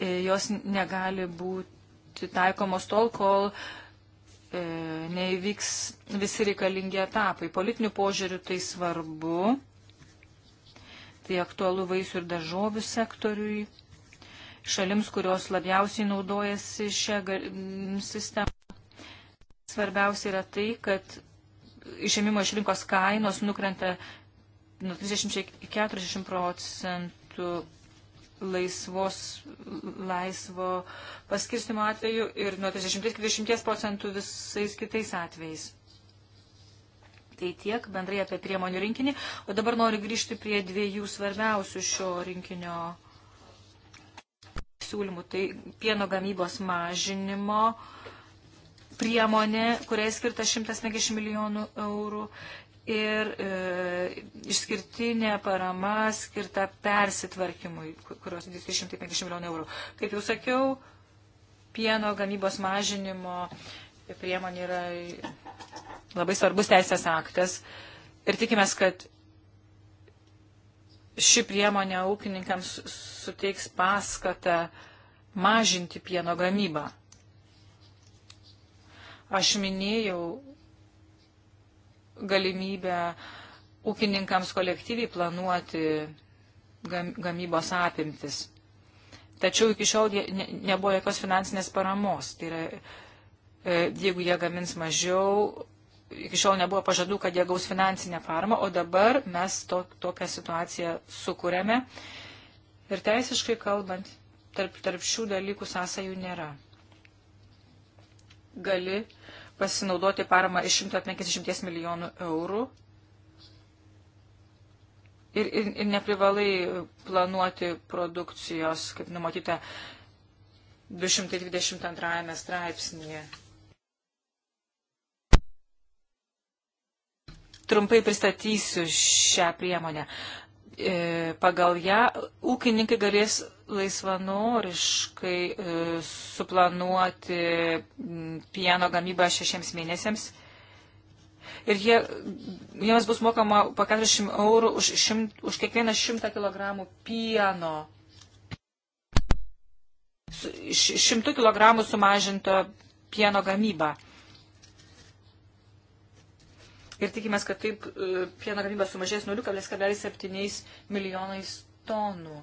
e, jos negali būti taikomos tol, kol e, neįvyks visi reikalingi etapai. Politinių požiūrių tai svarbu, tai aktualu vaisių ir daržovių sektoriui, šalims, kurios labiausiai naudojasi šią sistemą. Svarbiausia yra tai, kad išėmimo iš rinkos kainos nukrenta nuo 30 iki 40 procentų laisvos, laisvo paskirstimo atveju ir nuo 30-20 procentų visais kitais atvejais. Tai tiek bendrai apie priemonių rinkinį. O dabar noriu grįžti prie dviejų svarbiausių šio rinkinio siūlymų. Tai pieno gamybos mažinimo priemonė, kuriai skirta 150 milijonų eurų ir e, išskirtinė parama skirta persitvarkymui, kurios 250 milijonų eurų. Kaip jau sakiau, pieno gamybos mažinimo priemonė yra labai svarbus teisės aktas ir tikimės, kad ši priemonė ūkininkams suteiks paskatą mažinti pieno gamybą. Aš minėjau galimybę ūkininkams kolektyviai planuoti gamybos apimtis. Tačiau iki šiol nebuvo jokios finansinės paramos. Tai yra, e, jeigu jie gamins mažiau, iki šiol nebuvo pažadų, kad jie gaus finansinę paramą, o dabar mes to, tokią situaciją sukūrėme. Ir teisiškai kalbant, tarp, tarp šių dalykų sąsajų nėra. Gali pasinaudoti paramą iš 150 milijonų eurų ir, ir, ir neprivalai planuoti produkcijos, kaip numatyta 222 straipsnėje. Trumpai pristatysiu šią priemonę. E, pagal ją ūkininkai galės laisvanoriškai e, suplanuoti pieno gamybą šešiems mėnesiams. Ir jie, jiems bus mokama po 40 eurų už, šimt, už kiekvieną 100 kg pieno. 100 kg sumažinto pieno gamybą. Ir tikimės, kad taip e, pieno gamyba sumažės 0,7 milijonais tonų.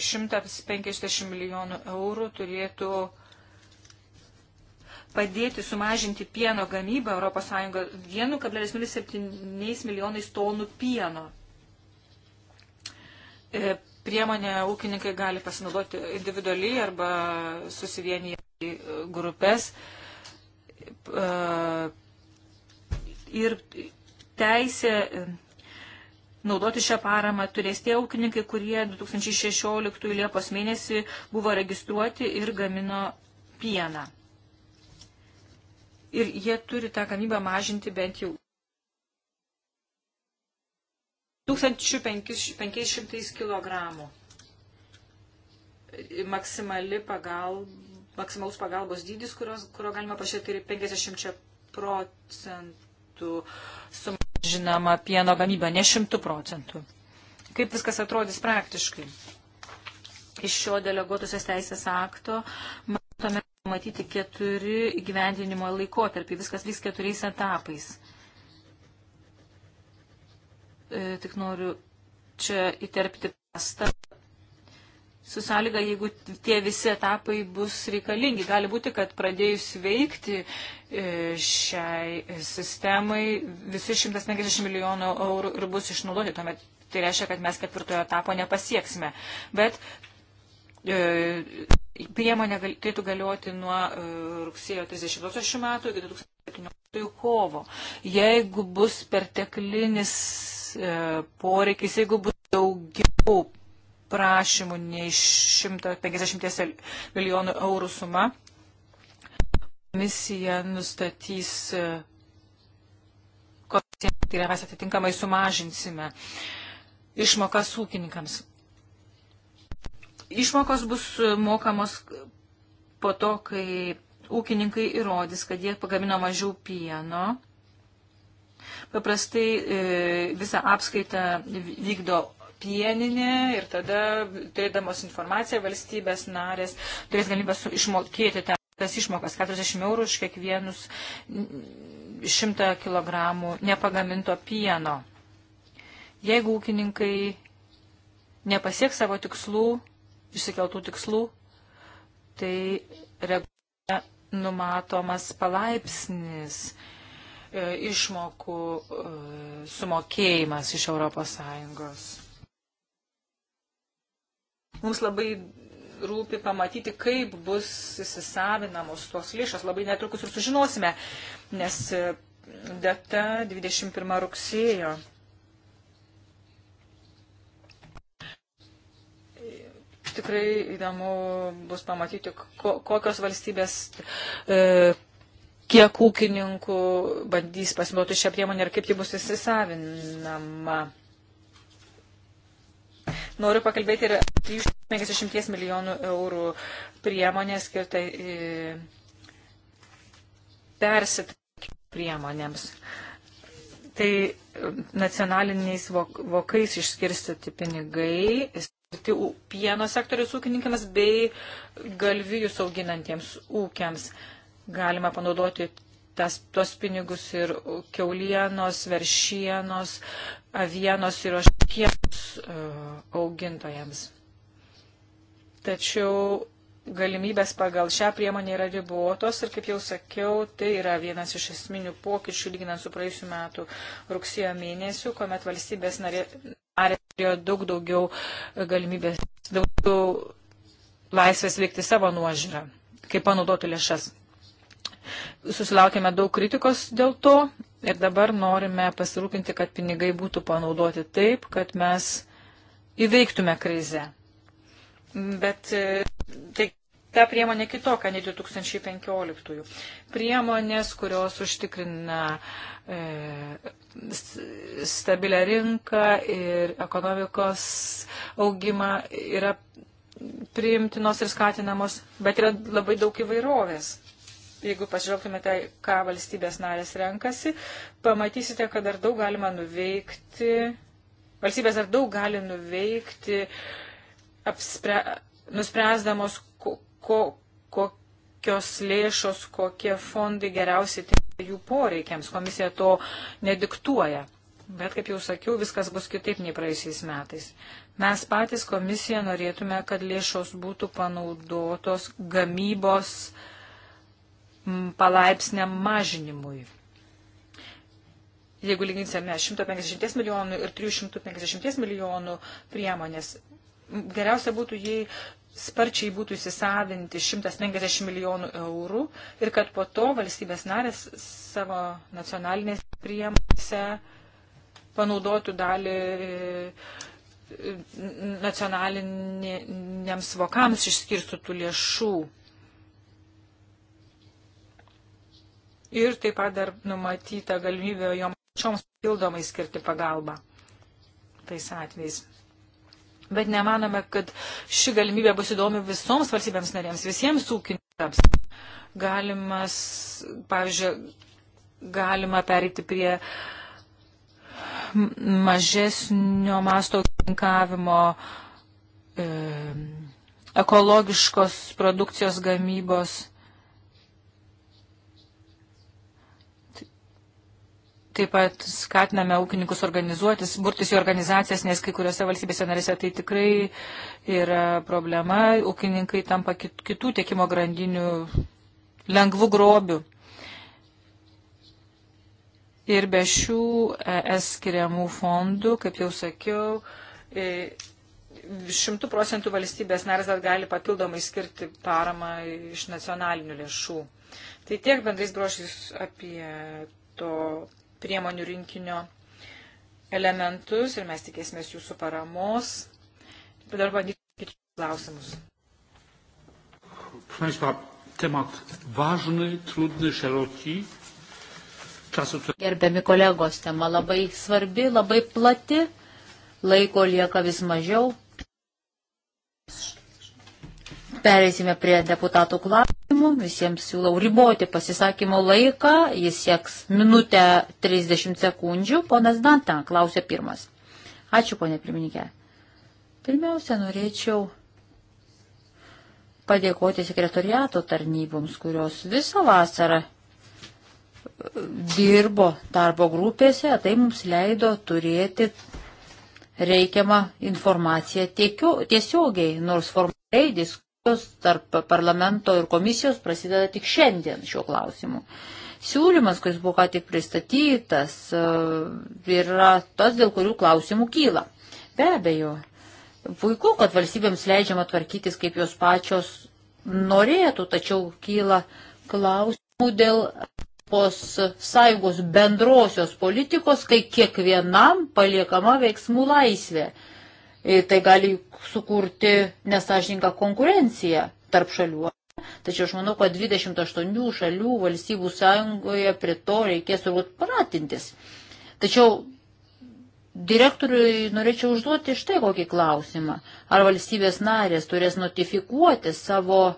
150 milijonų eurų turėtų padėti sumažinti pieno gamybą ES 1,07 milijonais tonų pieno. E, priemonę ūkininkai gali pasinaudoti individualiai arba susivienyje grupės. E, ir teisė Naudoti šią paramą turės tie ūkininkai, kurie 2016 Liepos mėnesį buvo registruoti ir gamino pieną. Ir jie turi tą gamybą mažinti bent jau 1500 kg. Maksimali pagal, maksimalus pagalbos dydis, kurios, kurio galima pašėti 50 tai procentų sumą žinoma, pieno gamybą, ne šimtų procentų. Kaip viskas atrodys praktiškai? Iš šio deleguotusios teisės akto matome matyti keturi įgyvendinimo laikotarpiai. Viskas vyks keturiais etapais. E, tik noriu čia įterpti pastabą su sąlyga, jeigu tie visi etapai bus reikalingi. Gali būti, kad pradėjus veikti e, šiai sistemai, visi 150 milijonų eurų ir bus išnaudoti. Tuomet tai reiškia, kad mes ketvirtojo etapo nepasieksime. Bet e, priemonė gal, turėtų galioti nuo e, rugsėjo 30 šių metų iki 2017 kovo. Jeigu bus perteklinis e, poreikis, jeigu bus daugiau prašymų nei 150 milijonų eurų suma. Komisija nustatys, e, koeficientą, tai yra mes atitinkamai sumažinsime išmokas ūkininkams. Išmokos bus mokamos po to, kai ūkininkai įrodys, kad jie pagamino mažiau pieno. Paprastai e, visą apskaitą vykdo pieninė ir tada, turėdamos informaciją, valstybės narės turės galimybę išmokėti tą, tas išmokas 40 eurų už kiekvienus 100 kg nepagaminto pieno. Jeigu ūkininkai nepasieks savo tikslų, išsikeltų tikslų, tai reguliuoja numatomas palaipsnis e, išmokų e, sumokėjimas iš ES. Mums labai rūpi pamatyti, kaip bus įsisavinamos tos lėšos. Labai netrukus ir sužinosime, nes e, data 21 rugsėjo. Tikrai įdomu bus pamatyti, kokios valstybės, e, kiek ūkininkų bandys pasinaudoti šią priemonę ir kaip ji bus įsisavinama. Noriu pakalbėti ir 350 milijonų eurų priemonė skirtai e, persitvarkymo priemonėms. Tai e, nacionaliniais vokais išskirstyti pinigai, skirti pieno sektorius ūkininkams bei galvijus auginantiems ūkiams. Galima panaudoti tas, tos pinigus ir keulienos, veršienos, avienos ir oškiems e, augintojams. Tačiau galimybės pagal šią priemonę yra ribotos ir, kaip jau sakiau, tai yra vienas iš esminių pokyčių lyginant su praėjusiu metu rugsėjo mėnesiu, kuomet valstybės narė turėjo daug daugiau galimybės, daugiau laisvės veikti savo nuožiūrą, kaip panaudoti lėšas. Susilaukėme daug kritikos dėl to Ir dabar norime pasirūpinti, kad pinigai būtų panaudoti taip, kad mes įveiktume krizę. Bet e, tai ta priemonė kitokia nei 2015. Priemonės, kurios užtikrina e, stabilę rinką ir ekonomikos augimą, yra priimtinos ir skatinamos, bet yra labai daug įvairovės jeigu pažvelgtumėte, ką valstybės narės renkasi, pamatysite, kad dar daug galima nuveikti, valstybės dar daug gali nuveikti, apspre, nuspręsdamos, ko, ko, kokios lėšos, kokie fondai geriausiai tinka jų poreikiams. Komisija to nediktuoja. Bet, kaip jau sakiau, viskas bus kitaip nei praėjusiais metais. Mes patys komisija norėtume, kad lėšos būtų panaudotos gamybos uh, palaipsniam mažinimui. Jeigu lyginsime 150 milijonų ir 350 milijonų priemonės, geriausia būtų, jei sparčiai būtų įsisavinti 150 milijonų eurų ir kad po to valstybės narės savo nacionalinės priemonėse panaudotų dalį e, nacionaliniams vokams išskirstytų lėšų. ir taip pat dar numatyta galimybė joms pačioms pildomai skirti pagalbą tais atvejais. Bet nemanome, kad ši galimybė bus įdomi visoms valstybėms narėms, visiems ūkininkams. Galimas, pavyzdžiui, galima pereiti prie mažesnio masto ūkininkavimo, e, ekologiškos produkcijos gamybos Taip pat skatiname ūkininkus organizuotis, burtis į organizacijas, nes kai kuriuose valstybėse narėse tai tikrai yra problema. Ūkininkai tampa kitų tiekimo grandinių lengvų grobių. Ir be šių ES skiriamų fondų, kaip jau sakiau, e, šimtų procentų valstybės narės dar gali papildomai skirti paramą iš nacionalinių lėšų. Tai tiek bendrais brošiais apie to priemonių rinkinio elementus ir mes tikėsime jūsų paramos. Dabar bandykite kitus klausimus. Proszę Państwa, temat ważny, trudny, szeroki. Czasu... Gerbiami kolegos, tema labai svarbi, labai plati, laiko lieka vis mažiau. Pereisime prie deputatų klausimų. Visiems siūlau riboti pasisakymo laiką. Jis sieks minutę 30 sekundžių. Ponas Danta klausė pirmas. Ačiū, ponė pirmininkė. Pirmiausia, norėčiau padėkoti sekretoriato tarnyboms, kurios visą vasarą dirbo darbo grupėse, tai mums leido turėti reikiamą informaciją tiekiu, tiesiogiai, nors formaliai diskusijos tarp parlamento ir komisijos prasideda tik šiandien šiuo klausimu. Siūlymas, kuris buvo ką tik pristatytas, e, yra tas, dėl kurių klausimų kyla. Be abejo, puiku, kad valstybėms leidžiama tvarkytis, kaip jos pačios norėtų, tačiau kyla klausimų dėl sąjungos bendrosios politikos, kai kiekvienam paliekama veiksmų laisvė. E, tai gali sukurti nesažininką konkurenciją tarp šalių. Tačiau aš manau, kad 28 šalių valstybių sąjungoje prie to reikės turbūt pratintis. Tačiau direktoriui norėčiau užduoti štai kokį klausimą. Ar valstybės narės turės notifikuoti savo e,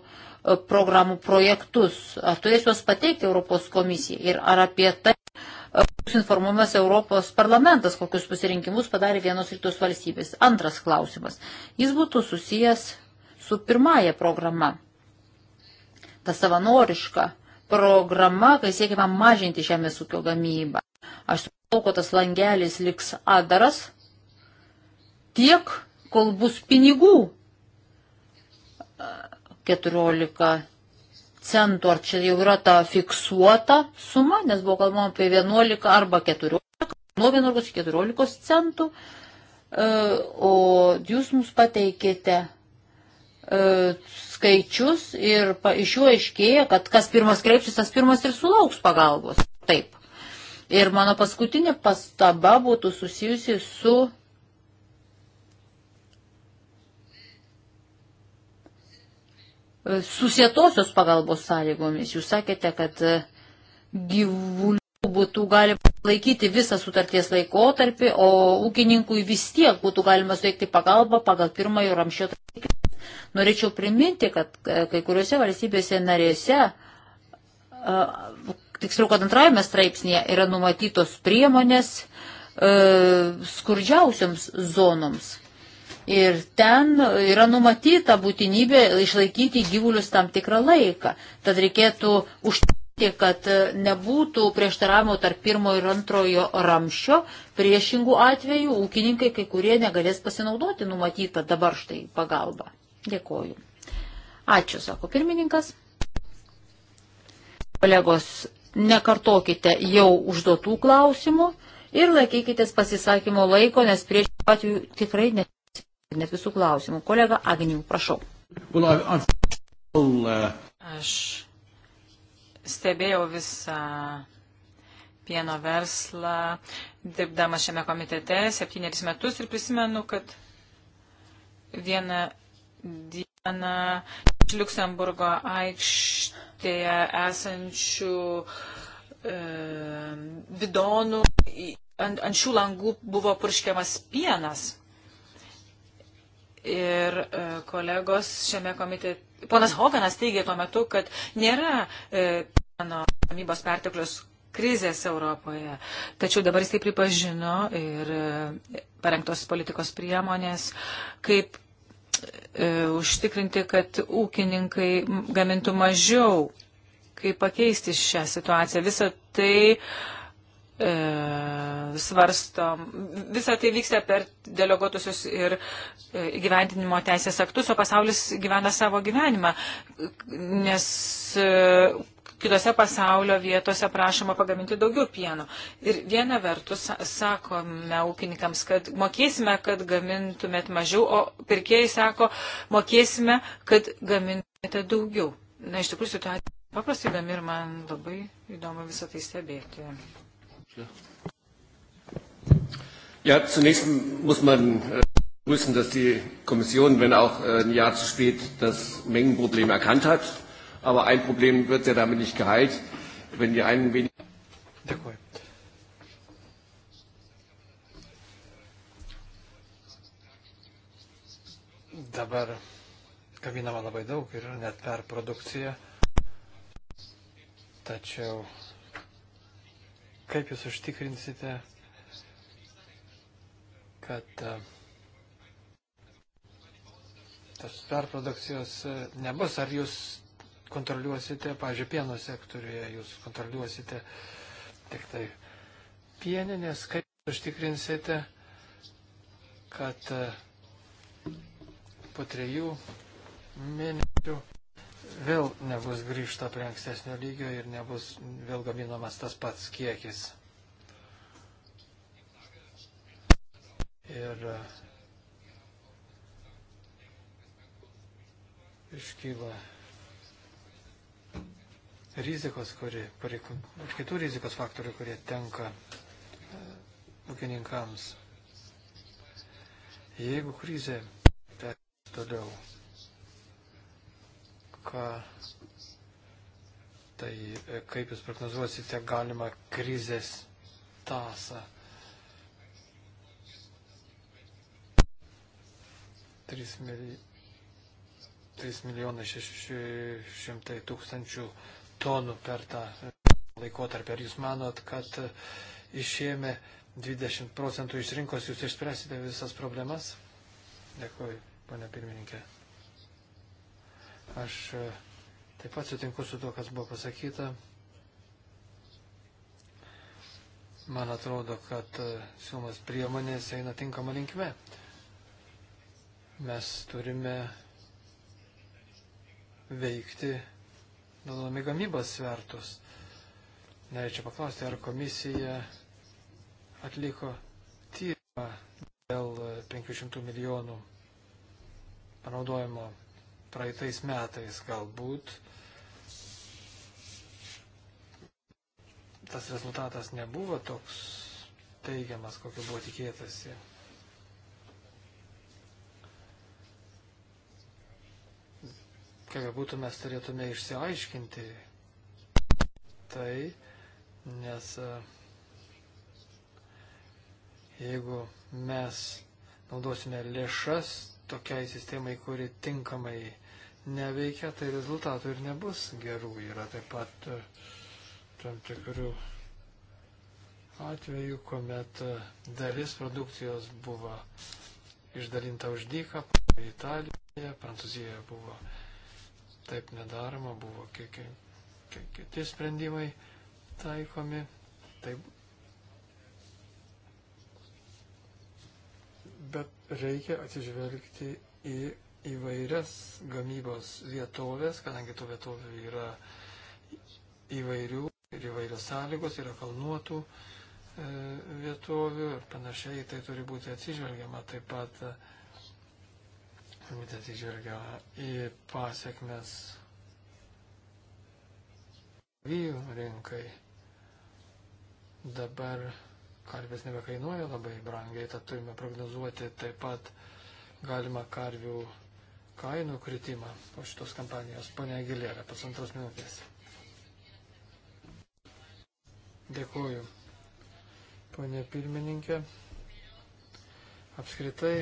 programų projektus, ar turės juos pateikti Europos komisijai ir ar apie tai bus informuojamas Europos parlamentas, kokius pasirinkimus padarė vienos rytos valstybės. Antras klausimas. Jis būtų susijęs su pirmąja programa. Ta savanoriška programa, kai siekime mažinti žemės ūkio gamybą. Aš supratau, kad tas langelis liks adaras tiek, kol bus pinigų 14 centų, ar čia jau yra ta fiksuota suma, nes buvo kalbama apie 11 arba 14, nuo 11 iki 14 centų, e, o jūs mums pateikėte e, skaičius ir iš jų aiškėja, kad kas pirmas kreipsis, tas pirmas ir sulauks pagalbos. Taip. Ir mano paskutinė pastaba būtų susijusi su susietosios pagalbos sąlygomis. Jūs sakėte, kad e, gyvulių būtų galima laikyti visą sutarties laikotarpį, o ūkininkui vis tiek būtų galima suteikti pagalbą pagal pirmąjį ramšio taisyklę. Norėčiau priminti, kad e, kai kuriuose valstybėse narėse, e, tiksliau, kad antrajame straipsnėje yra numatytos priemonės skurdžiausiams zonoms. Ir ten yra numatyta būtinybė išlaikyti gyvulius tam tikrą laiką. Tad reikėtų užtikrinti, kad nebūtų prieštaravimo tarp pirmo ir antrojo ramščio. Priešingų atvejų ūkininkai kai kurie negalės pasinaudoti numatytą dabar štai pagalbą. Dėkoju. Ačiū, sako pirmininkas. Kolegos, nekartokite jau užduotų klausimų ir laikykitės pasisakymo laiko, nes prieš atveju tikrai ne net visų klausimų. Kolega Agnių, prašau. Well, I've, I've... Uh, Aš stebėjau visą pieno verslą, dirbdama šiame komitete septynerius metus ir prisimenu, kad vieną dieną iš Luksemburgo aikštėje esančių e, bidonų ant, ant šių langų buvo purškiamas pienas. Ir e, kolegos šiame komitete, ponas Hoganas teigė tuo metu, kad nėra e, mano gamybos perteklius krizės Europoje. Tačiau dabar jisai pripažino ir e, parengtos politikos priemonės, kaip e, užtikrinti, kad ūkininkai gamintų mažiau, kaip pakeisti šią situaciją. Visą tai e, E, svarstom. Visą tai vyksta per deleguotusius ir e, gyventinimo teisės aktus, o pasaulis gyvena savo gyvenimą, nes e, kitose pasaulio vietose prašoma pagaminti daugiau pieno. Ir viena vertus sakome ūkininkams, kad mokėsime, kad gamintumėt mažiau, o pirkėjai sako, mokėsime, kad gamintumėte daugiau. Na, iš tikrųjų situacija paprastai įdomi ir man labai įdomu visą tai stebėti. Ja, zunächst muss man äh, begrüßen, dass die Kommission, wenn auch äh, ein Jahr zu spät, das Mengenproblem erkannt hat. Aber ein Problem wird ja damit nicht geheilt. Wenn die einen wenig. Dėkui. Dabar gaminama labai daug ir net perprodukcija. Tačiau Kaip jūs užtikrinsite, kad e, tos perprodukcijos e, nebus? Ar jūs kontroliuosite, pažiūrėjau, pieno sektoriuje, jūs kontroliuosite tik tai pieninės, kaip užtikrinsite, kad e, po trejų mėnesių vėl nebus grįžta prie ankstesnio lygio ir nebus vėl gaminamas tas pats kiekis. Ir e, iškyla rizikos, kuri, ir kitų rizikos faktorių, kurie tenka e, ūkininkams. Jeigu krizė toliau ką, tai e, kaip jūs prognozuosite galima krizės tasą. 3 milijonai. 3 milijonai 600 tūkstančių tonų per tą laikotarpį. Ar jūs manot, kad išėmė 20 procentų iš rinkos, jūs išspręsite visas problemas? Dėkuoju, ponia pirmininkė. Aš e, taip pat sutinku su to, kas buvo pasakyta. Man atrodo, kad e, siūlomas priemonės eina tinkama linkme. Mes turime veikti naudodami gamybos svertus. Norėčiau paklausti, ar komisija atliko tyrimą dėl 500 e, milijonų panaudojimo praeitais metais. Galbūt tas rezultatas nebuvo toks teigiamas, kokio buvo tikėtasi. Kaip būtų, mes turėtume išsiaiškinti tai, nes e, jeigu mes naudosime lėšas tokiai sistemai, kuri tinkamai neveikia, tai rezultatų ir nebus gerų. Yra taip pat e, tam tikrų atvejų, kuomet e, dalis produkcijos buvo išdalinta už dyką, Italijoje, Prancūzijoje buvo taip nedaroma, buvo kiek, kiek kiti sprendimai taikomi. Taip, bet reikia atsižvelgti į įvairias gamybos vietovės, kadangi tų vietovių yra įvairių ir įvairios sąlygos, yra kalnuotų e, vietovių ir panašiai, tai turi būti atsižvelgiama taip pat, būti atsižvelgiama į pasiekmes vyjų rinkai. Dabar karvės nebekainuoja labai brangiai, tad turime prognozuoti taip pat galima karvių kainų kritimą po šitos kampanijos. Pone Agilėra, pusantros minutės. Dėkuoju. Pone pirmininkė, apskritai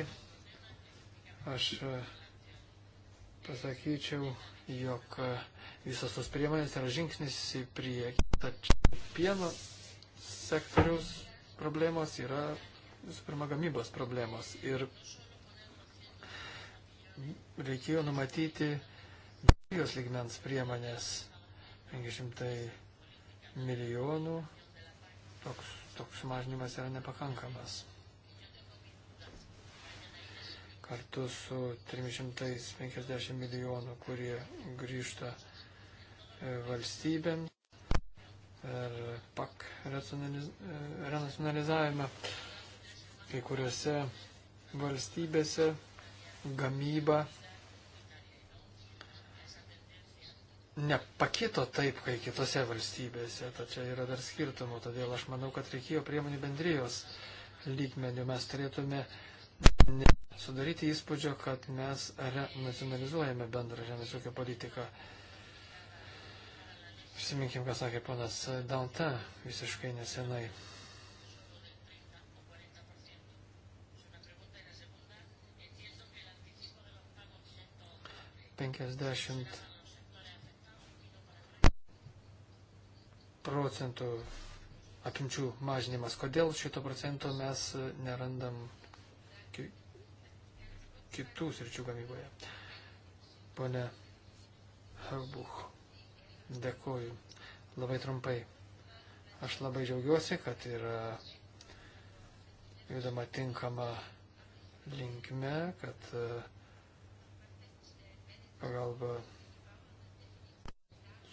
aš e, pasakyčiau, jog e, visos tos priemonės yra žingsnis į priekį. Tačiau pieno sektoriaus problemos yra visų pirma gamybos problemos. Ir reikėjo numatyti bendrijos lygmens priemonės 500 milijonų. Toks, toks mažinimas yra nepakankamas. Kartu su 350 milijonų, kurie grįžta e, valstybėm per pak renacionalizavimą kai kuriuose valstybėse gamyba nepakito taip, kai kitose valstybėse. Tačiau yra dar skirtumų, todėl aš manau, kad reikėjo priemonių bendrijos lygmenių. Mes turėtume sudaryti įspūdžio, kad mes renacionalizuojame bendrą žemės ūkio politiką. Prisiminkim, ką sakė ponas Dalta visiškai nesenai. 50 procentų apimčių mažinimas. Kodėl šito procento mes e, nerandam ki kitų sričių gamyboje? Pone Haubuch, dėkoju. Labai trumpai. Aš labai džiaugiuosi, kad yra judama tinkama linkme, kad uh, pagalba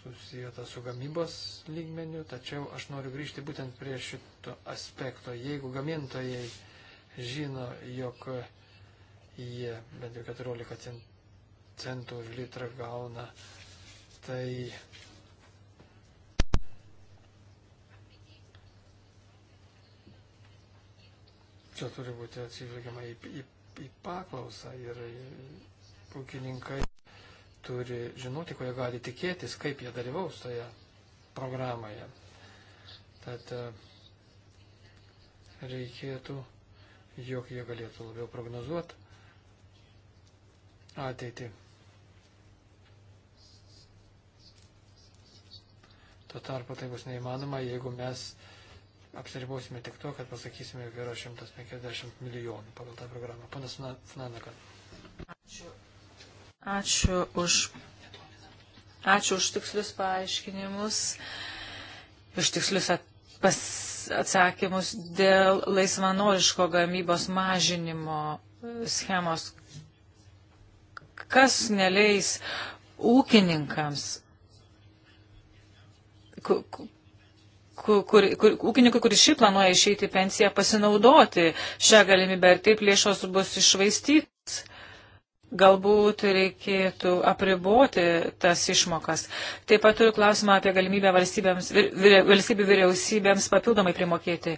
susijęta su gamybos lygmeniu, tačiau aš noriu grįžti būtent prie šito aspekto. Jeigu gamintojai žino, jog jie bent jau 14 centų už litrą gauna, tai čia turi būti atsižvelgiama į, į, į paklausą ir ūkininkai turi žinoti, ko jie gali tikėtis, kaip jie dalyvaus toje programoje. Tad e, reikėtų, jog jie galėtų labiau prognozuoti ateitį. Tuo tarpu tai bus neįmanoma, jeigu mes apsiribosime tik to, kad pasakysime, jog yra 150 milijonų pagal tą programą. Panas Flanagan. Ačiū. Ačiū už, ačiū už tikslius paaiškinimus, už tikslius at, pas, atsakymus dėl laisvanoriško gamybos mažinimo schemos. Kas neleis ūkininkams, kur, kur, kur, ūkininkui, kuris šį planuoja išeiti į pensiją, pasinaudoti šią galimybę ir taip lėšos bus išvaistytos. Galbūt reikėtų apriboti tas išmokas. Taip pat turiu klausimą apie galimybę valstybėms, vyri, valstybių vyriausybėms papildomai primokėti.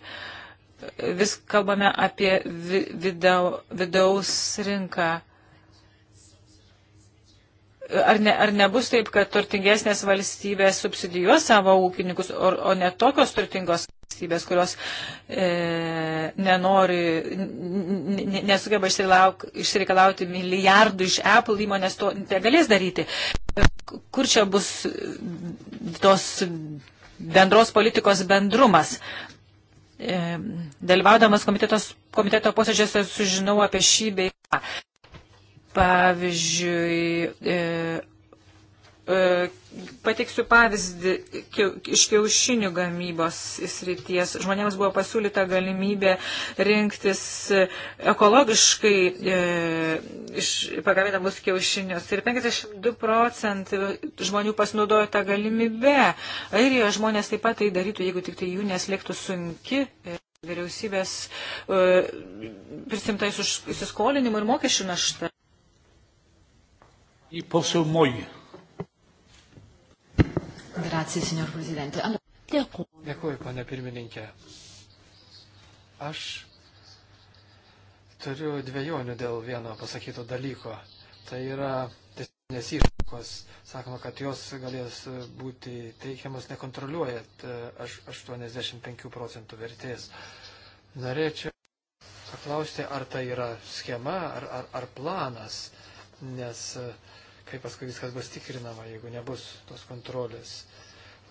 Vis kalbame apie vidau, vidaus rinką. Ar, ne, ar nebus taip, kad turtingesnės valstybės subsidijuos savo ūkininkus, o, o ne tokios turtingos? valstybės, kurios e, nenori, n, nesugeba išsireikalauti milijardų iš Apple įmonės, to negalės daryti. Kur čia bus tos bendros politikos bendrumas? E, dalyvaudamas komiteto posėdžiuose sužinau apie šį bei. Pavyzdžiui, e, E, pateiksiu pavyzdį iš kiaušinių gamybos srities. Žmonėms buvo pasiūlyta galimybė rinktis ekologiškai e, pagaminamus kiaušinius. Ir 52 procentai žmonių pasinaudojo tą galimybę. Airijoje žmonės taip pat tai darytų, jeigu tik tai jų neslėgtų sunki e, vyriausybės e, prisimtais už įsiskolinimą ir mokesčių naštą. Į posėlį mojį. Grazie, signor Presidente. Allora, dėkuoju. Dėkuoju, pane pirmininkė. Aš turiu dviejonių dėl vieno pasakyto dalyko. Tai yra tiesioginės išmokos. Sakoma, kad jos galės būti teikiamas nekontroliuojant 85 e, procentų vertės. Norėčiau paklausti, ar tai yra schema, ar, ar, ar planas, nes uh, kaip paskui viskas bus tikrinama, jeigu nebus tos kontrolės.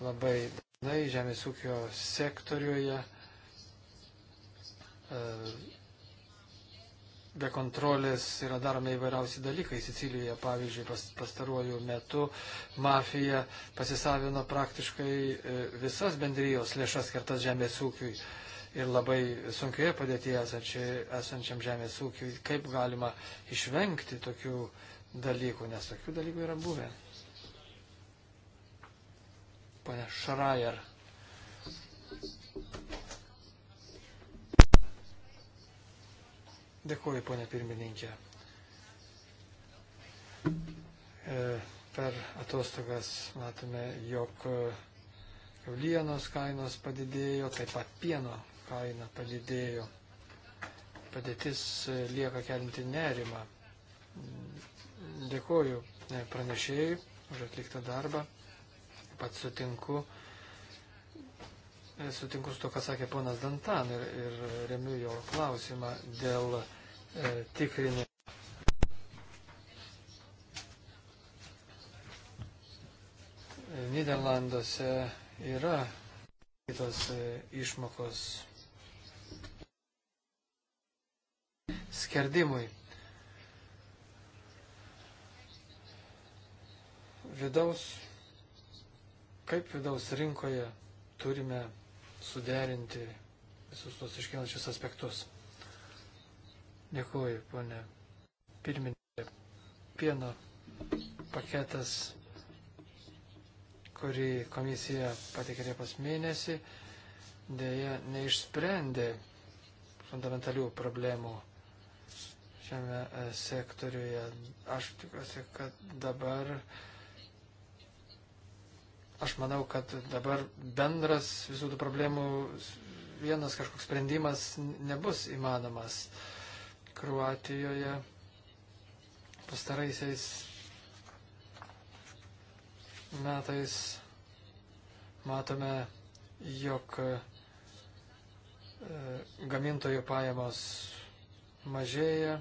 Labai dažnai žemės ūkio sektoriuje e, be kontrolės yra daromi įvairiausi dalykai. Sicilijoje, pavyzdžiui, pas, pastaruoju metu mafija pasisavino praktiškai e, visas bendrijos lėšas skirtas žemės ūkiui ir labai sunkioje padėtyje esančiam žemės ūkiui. Kaip galima išvengti tokių uh, dalykų, nes tokių dalykų yra buvę. Pane Šarajer. Dėkuoju, ponė pirmininkė. E, per atostogas matome, jog e, kiaulienos kainos padidėjo, taip pat pieno kaina padidėjo. Padėtis e, lieka kelinti nerimą Dėkuoju e, pranešėjui už atliktą darbą. Taip pat sutinku, e, sutinku su to, ką sakė ponas Dantan ir, ir remiu jo klausimą dėl e, tikrinimo. Niderlanduose yra kitos e, išmokos skerdimui. vidaus, kaip vidaus rinkoje turime suderinti visus tos iškilančius aspektus. Dėkuoju, ponė pirmininkė. Pieno paketas, kurį komisija patikė Liepos mėnesį, dėja neišsprendė fundamentalių problemų šiame sektoriuje. Aš tikiuosi, kad dabar Aš manau, kad dabar bendras visų tų problemų vienas kažkoks sprendimas nebus įmanomas. Kruatijoje pastaraisiais metais matome, jog e, gamintojų pajamos mažėja,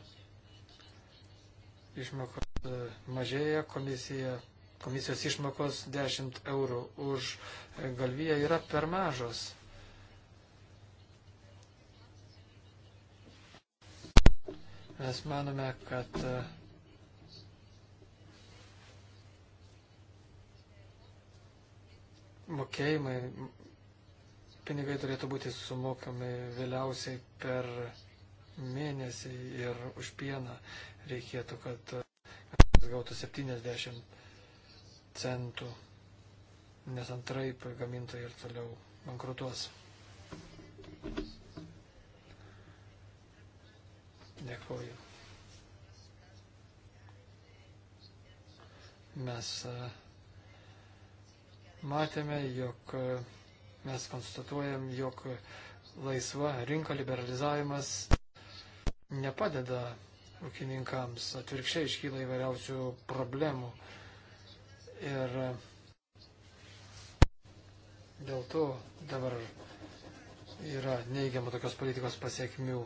išmokos e, mažėja, komisija komisijos išmokos 10 eurų už galviją yra per mažos. Mes manome, kad e, mokėjimai, pinigai turėtų būti sumokami vėliausiai per mėnesį ir už pieną reikėtų, kad e, gautų 70 centų, nes antraip gamintojai ir toliau bankrutuos. Dėkuoju. Mes e, matėme, jog e, mes konstatuojam, jog laisva rinka liberalizavimas nepadeda ūkininkams, atvirkščiai iškyla įvairiausių problemų. Ir e, dėl to dabar yra neigiamų tokios politikos pasiekmių.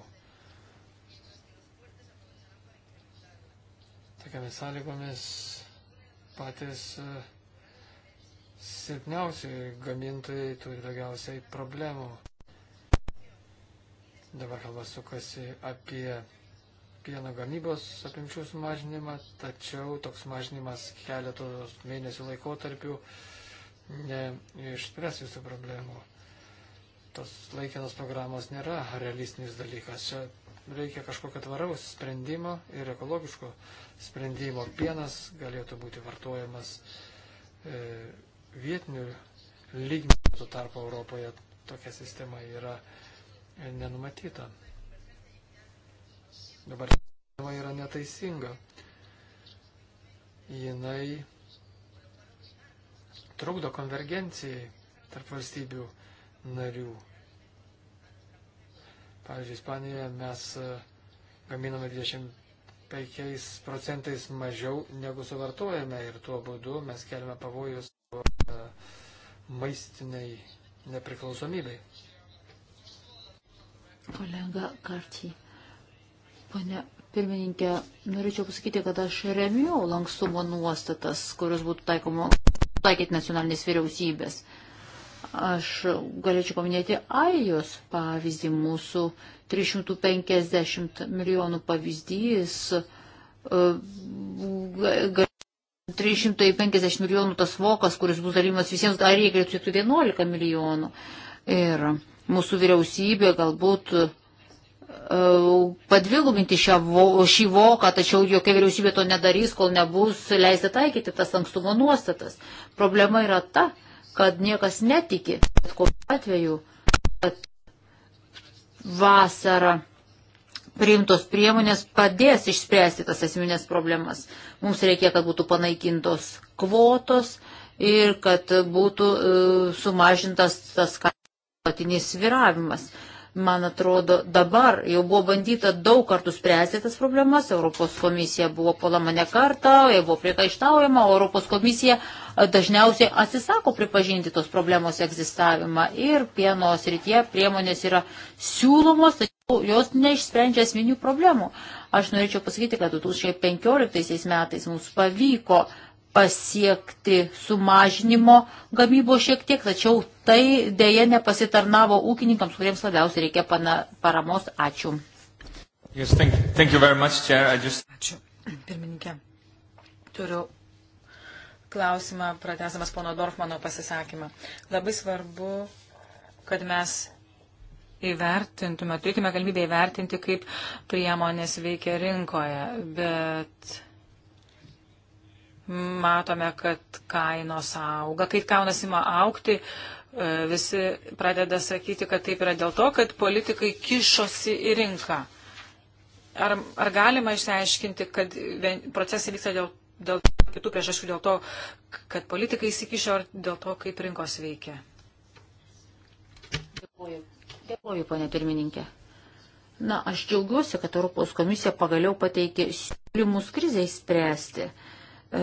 Tokiamis sąlygomis patys e, silpniausi gamintojai turi daugiausiai problemų. Dabar kalba sukasi apie pieno gamybos apimčių sumažinimą, tačiau toks mažinimas keletos mėnesių laikotarpių neišspręs visų problemų. Tos laikinos programos nėra realistinis dalykas. Čia reikia kažkokio tvaraus sprendimo ir ekologiško sprendimo. Pienas galėtų būti vartojamas e, vietinių lygmenių, tuo tarpu Europoje tokia sistema yra nenumatyta. Dabar sistema yra neteisinga. Jinai trukdo konvergencijai tarp valstybių narių. Pavyzdžiui, Ispanijoje mes e, gaminame 25 procentais mažiau negu suvartojame ir tuo būdu mes keliame pavojus e, maistiniai nepriklausomybei. Kolega Kartį. Pane pirmininkė, norėčiau pasakyti, kad aš remiu lankstumo nuostatas, kurios būtų taikomo, taikyti nacionalinės vyriausybės. Aš galėčiau paminėti Airijos pavyzdį, mūsų 350 milijonų pavyzdys, 350 e, milijonų tas vokas, kuris bus dalymas visiems, Airija galėtų 11 milijonų. Ir mūsų vyriausybė galbūt E, padvigubinti šią, šį voką, tačiau jokia vyriausybė to nedarys, kol nebus leista taikyti tas ankstumo nuostatas. Problema yra ta, kad niekas netiki, bet kokiu atveju, kad vasarą priimtos priemonės padės išspręsti tas esminės problemas. Mums reikia, kad būtų panaikintos kvotos ir kad būtų e, sumažintas tas patinis sviravimas. Uh, Man atrodo, dabar jau buvo bandyta daug kartų spręsti tas problemas, Europos komisija buvo polama ne kartą, jai buvo priekaištaujama, Europos komisija dažniausiai atsisako pripažinti tos problemos egzistavimą ir pieno srityje priemonės yra siūlomos, tačiau jos neišsprendžia esminių problemų. Aš norėčiau pasakyti, kad 2015 metais mums pavyko uh, pasiekti sumažinimo gamybos šiek tiek, tačiau tai dėje nepasitarnavo ūkininkams, kuriems labiausiai reikia pana, paramos. Ačiū. Yes, thank, thank you very much, Chair. I just... Ačiū, pirmininkė. Turiu klausimą, pratesamas pono Dorfmano pasisakymą. Labai svarbu, kad mes įvertintume, turėtume galimybę įvertinti, kaip priemonės veikia rinkoje, bet matome, kad kainos auga. Kai kainos ima aukti, e, visi pradeda sakyti, kad taip yra dėl to, kad politikai kišosi į rinką. Ar, ar galima išsiaiškinti, kad procesai vyksta dėl, dėl kitų priežasčių, dėl to, kad politikai įsikišo ar dėl to, kaip rinkos veikia? Dėkuoju. Dėkuoju, ponė pirmininkė. Na, aš džiaugiuosi, kad Europos komisija pagaliau pateikė siūlymus kriziai spręsti. Uh, E,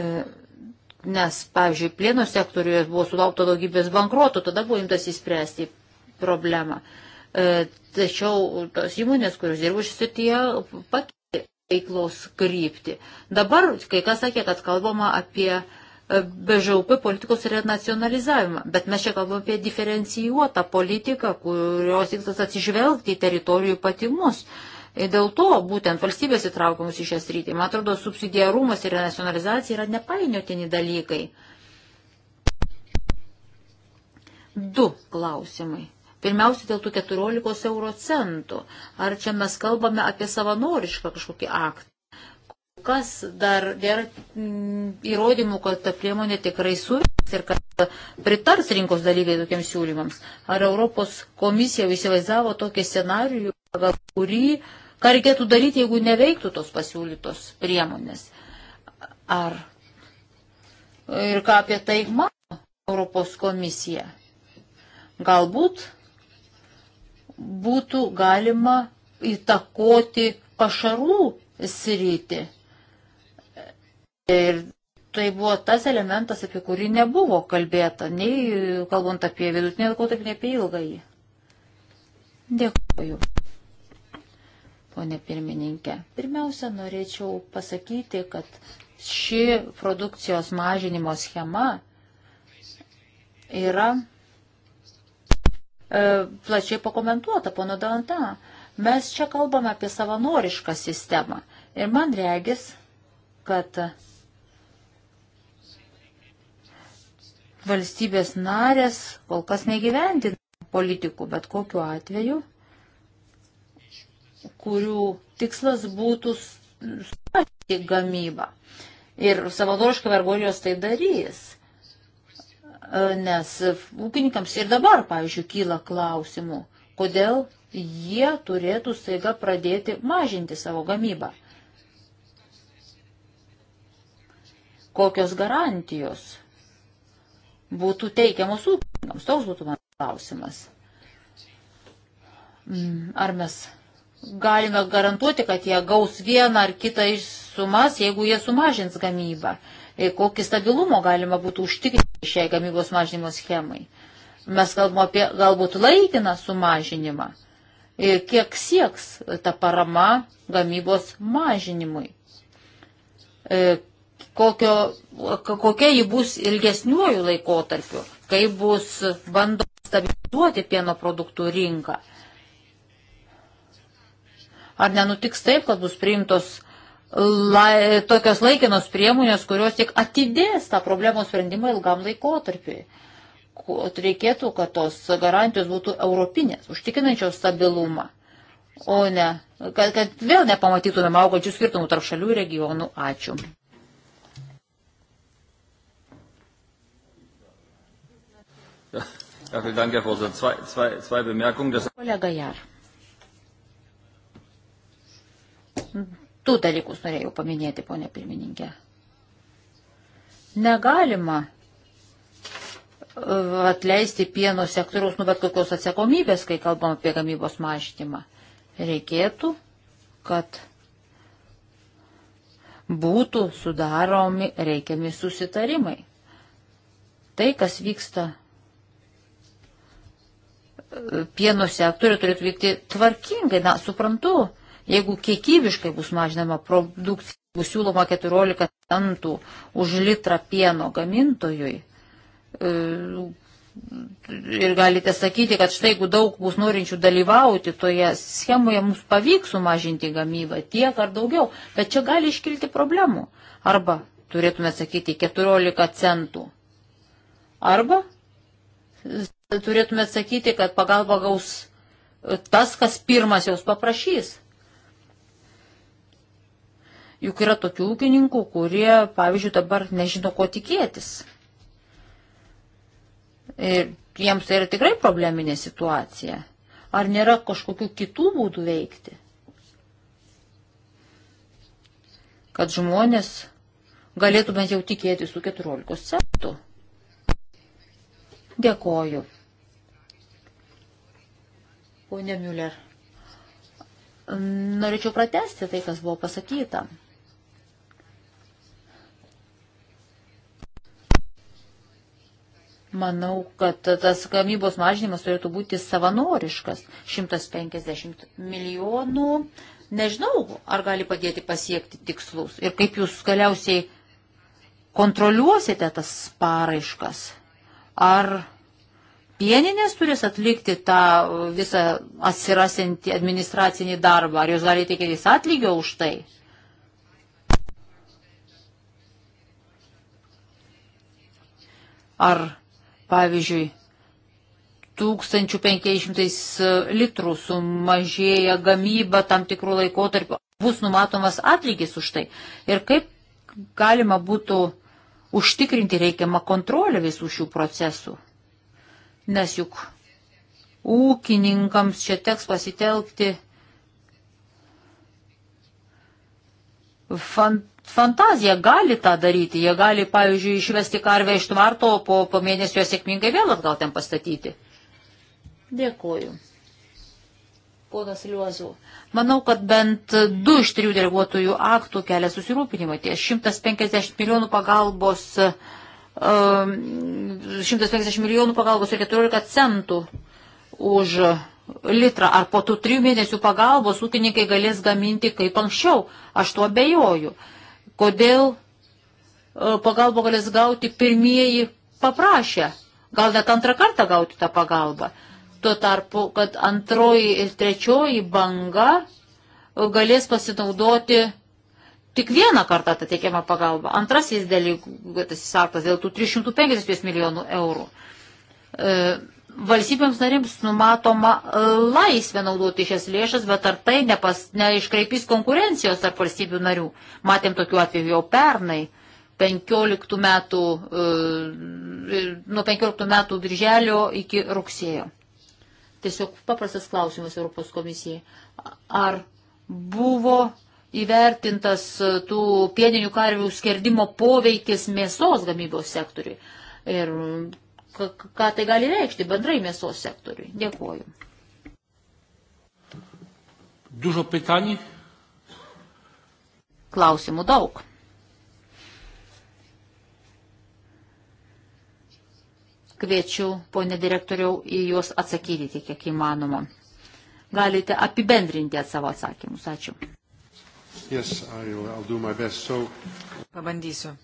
nes, pavyzdžiui, plieno sektoriuje buvo sulaukta daugybės bankruotų, tada buvo imtas įspręsti problemą. E, tačiau tos įmonės, kurios dirbo šį srityje, pakeitė veiklos kryptį. Dabar kai kas sakė, kad kalbama apie e, BŽUP politikos renacionalizavimą, bet mes čia kalbame apie diferencijuotą politiką, kurios tikslas atsižvelgti į teritorijų patimus. Uh, Dėl to būtent valstybės įtraukiamus į šią sritį, man atrodo, subsidiarumas ir nacionalizacija yra nepainiotini dalykai. Du klausimai. Pirmiausia, dėl tų 14 euro centų. Ar čia mes kalbame apie savanorišką kažkokį aktą? Kas dar nėra mm, įrodymų, kad ta priemonė tikrai suveiks ir kad pritars rinkos dalyviai tokiems siūlymams? Ar Europos komisija įsivaizdavo tokį scenarių, pagal kurį Ką reikėtų daryti, jeigu neveiktų tos pasiūlytos priemonės? Ar ir ką apie tai mano Europos komisija? Galbūt būtų galima įtakoti pašarų sritį. Ir tai buvo tas elementas, apie kurį nebuvo kalbėta, nei kalbant apie vidutinį laikotarpį, nei apie ilgąjį. Dėkuoju ponė pirmininkė. Pirmiausia, norėčiau pasakyti, kad ši produkcijos mažinimo schema yra e, plačiai pakomentuota, pono Dantą. Mes čia kalbame apie savanorišką sistemą. Ir man regis, kad valstybės narės kol kas negyvendina politikų, bet kokiu atveju kurių tikslas būtų suprasti gamybą. Ir savanoriškai vergorijos tai darys. Nes ūkininkams ir dabar, pavyzdžiui, kyla klausimų, kodėl jie turėtų staiga pradėti mažinti savo gamybą. Kokios garantijos būtų teikiamos ūkininkams? Toks būtų mano klausimas. Mm, ar mes galime garantuoti, kad jie gaus vieną ar kitą iš sumas, jeigu jie sumažins gamybą. E, kokį stabilumo galima būtų užtikrinti šiai gamybos mažinimo schemai. Mes kalbame apie galbūt laikiną sumažinimą. Ir e, kiek sieks ta parama gamybos mažinimui. E, kokio, kokia ji bus ilgesniuoju laikotarpiu, kai bus bandoma stabilizuoti pieno produktų rinką. Ar nenutiks taip, kad bus priimtos lai, tokios laikinos priemonės, kurios tik atidės tą problemos sprendimą ilgam laikotarpiui? Reikėtų, kad tos garantijos būtų europinės, užtikinančios stabilumą, o ne, kad, kad vėl nepamatytumėm augančių skirtumų tarp šalių ir regionų. Ačiū. Ja, vielen Dank, Herr Vorsitzender. Zwei, zwei, zwei Bemerkungen. Kollege Jahr. Du dalykus norėjau paminėti, ponė pirmininkė. Negalima uh, atleisti pieno sektoriaus nu bet kokios atsakomybės, kai kalbam apie gamybos mažinimą. Reikėtų, kad būtų sudaromi reikiami susitarimai. Tai, kas vyksta uh, pieno sektoriu, turėtų vykti tvarkingai. Na, suprantu, Jeigu kiekybiškai bus mažinama produkcija, bus siūloma 14 centų už litrą pieno gamintojui. E, ir galite sakyti, kad štai jeigu daug bus norinčių dalyvauti toje schemoje, mums pavyks sumažinti gamybą tiek ar daugiau, bet čia gali iškilti problemų. Arba turėtume sakyti 14 centų. Arba turėtume sakyti, kad pagalba gaus tas, kas pirmas jos paprašys. Juk yra tokių ūkininkų, kurie, pavyzdžiui, dabar nežino, ko tikėtis. Ir jiems tai yra tikrai probleminė situacija. Ar nėra kažkokių kitų būdų veikti? Kad žmonės galėtų bent jau tikėti su 14 centų. Dėkoju. Pone Müller, norėčiau pratesti tai, kas buvo pasakyta. Manau, kad tas gamybos mažinimas turėtų būti savanoriškas. 150 milijonų. Nežinau, ar gali padėti pasiekti tikslus. Ir kaip jūs galiausiai kontroliuosite tas paraiškas. Ar pieninės turės atlikti tą visą atsirasinti administracinį darbą. Ar jūs galite tikėtis atlygio už tai? Ar Pavyzdžiui, 1500 e, litrų sumažėja gamyba tam tikrų laikotarpių, bus numatomas atlygis už tai. Ir kaip galima būtų užtikrinti reikiamą kontrolę visų šių procesų. Nes juk ūkininkams čia teks pasitelkti fan, fantazija gali tą daryti. Jie gali, pavyzdžiui, išvesti karvę iš tvarto, po, po mėnesio sėkmingai vėl atgal ten pastatyti. Dėkuoju. Ponas Liuozu. Manau, kad bent du iš trijų deleguotojų aktų kelia susirūpinimą. Tie 150 milijonų pagalbos, um, 150 milijonų pagalbos ir 14 centų už uh, litrą, ar po tų trijų mėnesių pagalbos ūkininkai galės gaminti kaip anksčiau. Aš tuo bejoju. Kodėl e, pagalbą galės gauti pirmieji paprašę? Gal net antrą kartą gauti tą pagalbą? Tuo tarpu, kad antroji ir trečioji banga e, galės pasinaudoti tik vieną kartą tą teikiamą pagalbą. Antrasis dalykas, tas įsaktas dėl tų 350 milijonų eurų. E, valstybėms narims numatoma e, laisvė naudoti šias lėšas, bet ar tai nepas, neiškreipys konkurencijos tarp valstybių narių? Matėm tokiu atveju jau pernai. 15 metų, e, e, nuo 15 metų birželio iki rugsėjo. Tiesiog paprastas klausimas Europos komisijai. Ar buvo įvertintas tų pieninių karvių skerdimo poveikis mėsos gamybos sektoriui? Ir ką tai gali reikšti bendrai mėsos sektoriui. Dėkuoju. Dużo pytań. Klausimų daug. Kviečiu, ponė direktoriau, į juos atsakyti tiek, kiek įmanoma. Galite apibendrinti at savo atsakymus. Ačiū. Yes, I'll, I'll so... Pabandysiu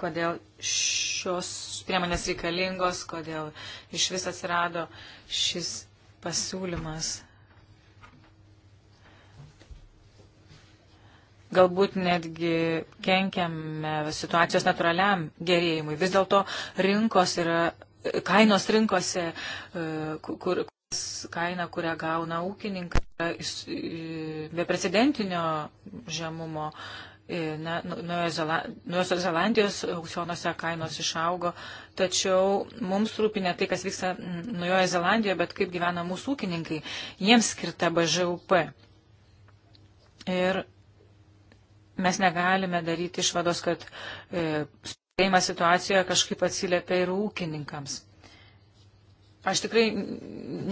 kodėl šios priemonės reikalingos, kodėl iš vis atsirado šis pasiūlymas. Galbūt netgi kenkiame situacijos natūraliam gerėjimui. Vis dėlto rinkos yra, kainos rinkose, e, kur kaina, kurią gauna ūkininkai, yra e, beprecedentinio žemumo. Uh, Na, nu- Nuojosios Zelandijos aukcionuose kainos išaugo, tačiau mums rūpinė tai, kas vyksta Nuojoje Zelandijoje, bet kaip gyvena mūsų ūkininkai. Jiems skirta BŽUP. Ir mes negalime daryti išvados, kad e, steimas situacijoje kažkaip atsiliepia ir ūkininkams. Aš tikrai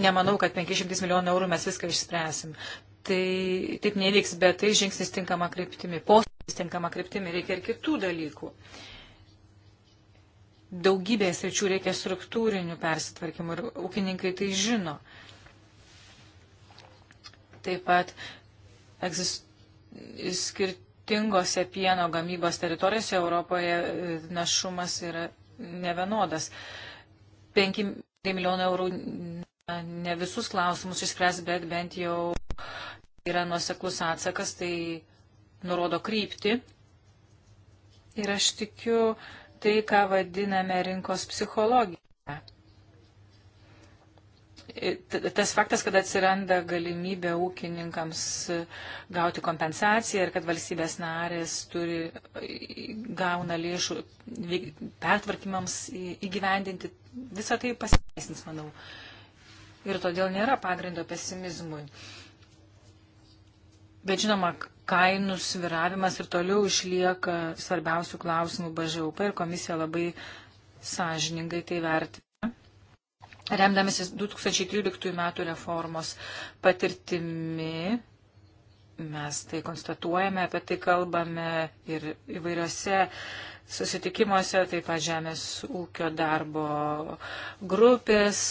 nemanau, kad 500 milijonų eurų mes viską išspręsim. Tai taip nevyks, bet tai žingsnis tinkama kryptimi. Po tinkama kryptimi, reikia ir kitų dalykų. Daugybės ryčių reikia struktūrinių persitvarkymų ir ūkininkai tai žino. Taip pat egzist... skirtingose pieno gamybos teritorijose Europoje e, našumas yra nevienodas. 5 milijonų eurų ne visus klausimus išspręs, bet bent jau yra nuoseklus atsakas, tai nurodo krypti. Ir aš tikiu tai, ką vadiname rinkos psichologija. Tas faktas, kad atsiranda galimybė ūkininkams gauti kompensaciją ir kad valstybės narės turi, gauna lėšų pertvarkymams įgyvendinti, visą tai pasiteisins, manau. Ir todėl nėra pagrindo pesimizmui. Uh, Bet žinoma, kainų sviravimas ir toliau išlieka svarbiausių klausimų BŽUP ir komisija labai sąžiningai tai vertina. Remdamasis 2013 metų reformos patirtimi, mes tai konstatuojame, apie tai kalbame ir įvairiose susitikimuose, taip pat žemės ūkio darbo grupės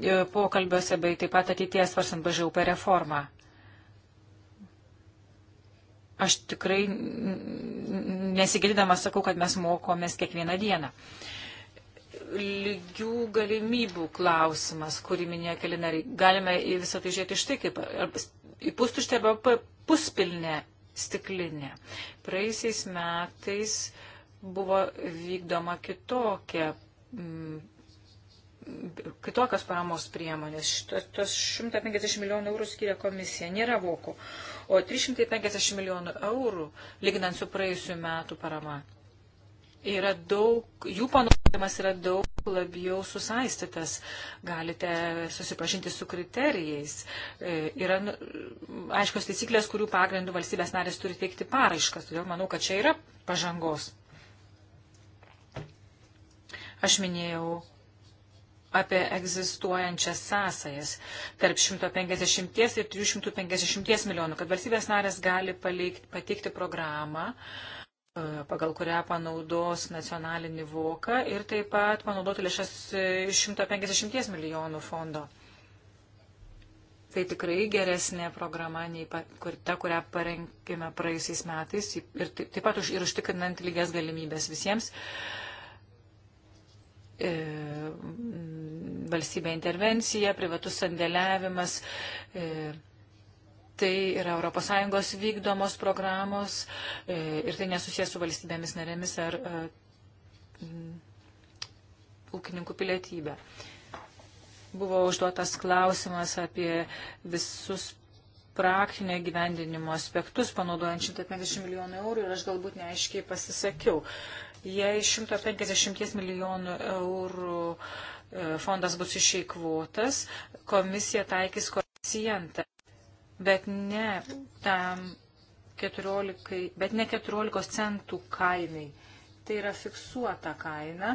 e, pokalbiuose, bei taip pat ateities varsant BŽUP reformą. Aš tikrai nesigildamas sakau, kad mes mokomės kiekvieną dieną. Lygių galimybių klausimas, kurį minėjo keli nariai. Galime į visą tai žiūrėti iš tai, kaip į pustuštę arba puspilnę stiklinę. Praeisiais metais buvo vykdoma kitokia kitokios paramos priemonės. Šitos, tos 150 milijonų eurų skiria komisija, nėra vokų. O 350 milijonų eurų, lyginant su praėjusiu metu parama, yra daug, jų panaudojimas yra daug labiau susaistytas. Galite susipažinti su kriterijais. E, yra nu, aiškios taisyklės, kurių pagrindų valstybės narės turi teikti paraiškas. Todėl manau, kad čia yra pažangos. Aš minėjau apie egzistuojančias sąsajas tarp 150 ir 350 milijonų, kad valstybės narės gali palikti, pateikti programą, e, pagal kurią panaudos nacionalinį voką ir taip pat panaudoti lėšas 150 milijonų fondo. Tai tikrai geresnė programa nei kur, ta, kurią parengėme praėjusiais metais ir taip pat už, ir užtikrinant lygias galimybės visiems. Uh, E, valstybė intervencija, privatus sandėliavimas. E, tai yra ES vykdomos programos e, ir tai nesusijęs su valstybėmis narėmis ar ūkininkų pilietybę. Buvo užduotas klausimas apie visus praktinio gyvendinimo aspektus, panaudojant 150 milijonų eurų ir aš galbūt neaiškiai pasisakiau. Jei 150 milijonų eurų e, fondas bus išeikvotas, komisija taikys koeficientą, bet ne tam 14, bet ne 14 centų kainai. Tai yra fiksuota kaina.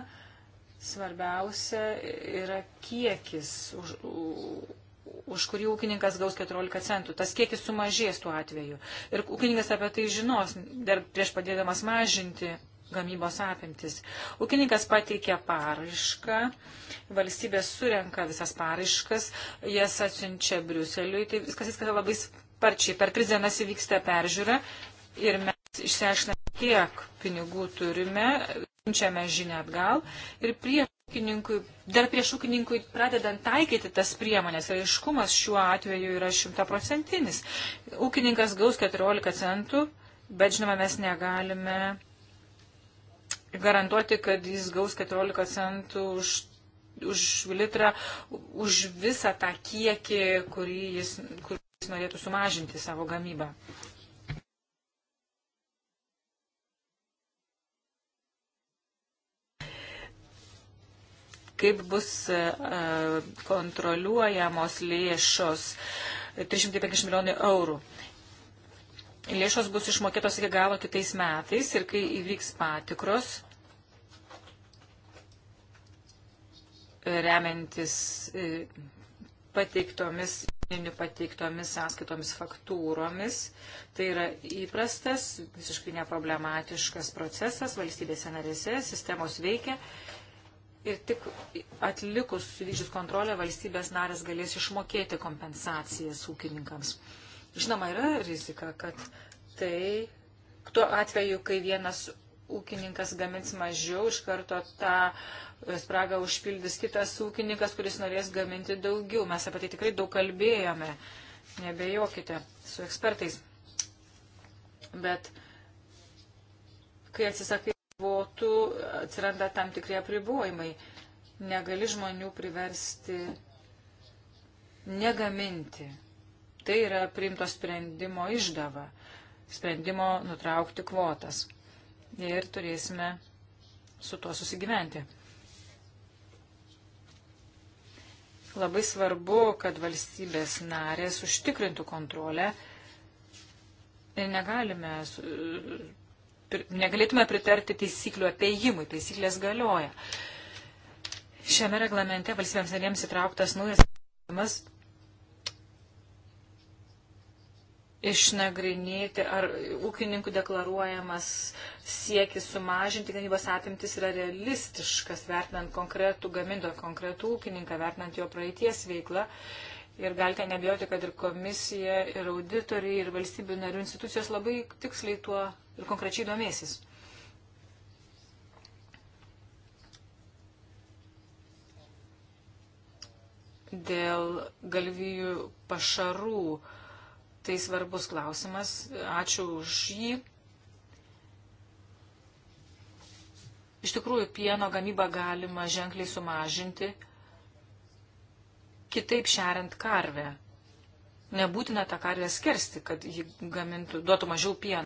Svarbiausia yra kiekis, už, už kurį ūkininkas gaus 14 centų. Tas kiekis sumažės tuo atveju. Ir ūkininkas apie tai žinos, dar prieš padėdamas mažinti gamybos apimtis. Ūkininkas pateikia paraišką, valstybė surenka visas paraiškas, jas atsiunčia Briuseliui, tai viskas viskas labai sparčiai. Per tris dienas įvyksta peržiūra ir mes išsiaiškiname, kiek pinigų turime, siunčiame žinę atgal ir prieš ūkininkui, dar prieš ūkininkui pradedant taikyti tas priemonės, aiškumas šiuo atveju yra šimtaprocentinis. Ūkininkas gaus 14 centų, bet žinoma, mes negalime garantuoti, kad jis gaus 14 centų už, už litrą, už visą tą kiekį, kurį jis, kurį jis norėtų sumažinti savo gamybą. kaip bus e, e, kontroliuojamos lėšos 350 milijonų eurų. Lėšos bus išmokėtos iki galo kitais metais ir kai įvyks patikros, remiantis e, pateiktomis, pateiktomis sąskaitomis faktūromis. Tai yra įprastas, visiškai neproblematiškas procesas valstybėse narėse, sistemos veikia. Ir tik atlikus vykdžius kontrolę valstybės narės galės išmokėti kompensacijas ūkininkams. Žinoma, yra rizika, kad tai tuo atveju, kai vienas ūkininkas gamins mažiau, iš karto tą spragą užpildys kitas ūkininkas, kuris norės gaminti daugiau. Mes apie tai tikrai daug kalbėjome, nebejokite, su ekspertais. Bet kai atsisakai kvotų, atsiranda tam tikrie apribojimai. Negali žmonių priversti negaminti tai yra priimto sprendimo išdava, sprendimo nutraukti kvotas. Ir turėsime su tuo susigyventi. Labai svarbu, kad valstybės narės užtikrintų kontrolę ir negalime, negalėtume pritarti taisyklių apiejimui, taisyklės galioja. Šiame reglamente valstybėms narėms įtrauktas naujas išnagrinėti, ar ūkininkų deklaruojamas siekis sumažinti gamybos apimtis yra realistiškas, vertinant konkretų gamintoją, konkretų ūkininką, vertinant jo praeities veiklą. Ir galite nebijoti, kad ir komisija, ir auditoriai, ir valstybių narių institucijos labai tiksliai tuo ir konkrečiai domėsis. Dėl galvijų pašarų uh, Tai svarbus klausimas. Ačiū už jį. Iš tikrųjų, pieno gamybą galima ženkliai sumažinti, kitaip šeriant karvę. Nebūtina tą karvę skersti, kad ji gamintų, duotų mažiau pieno.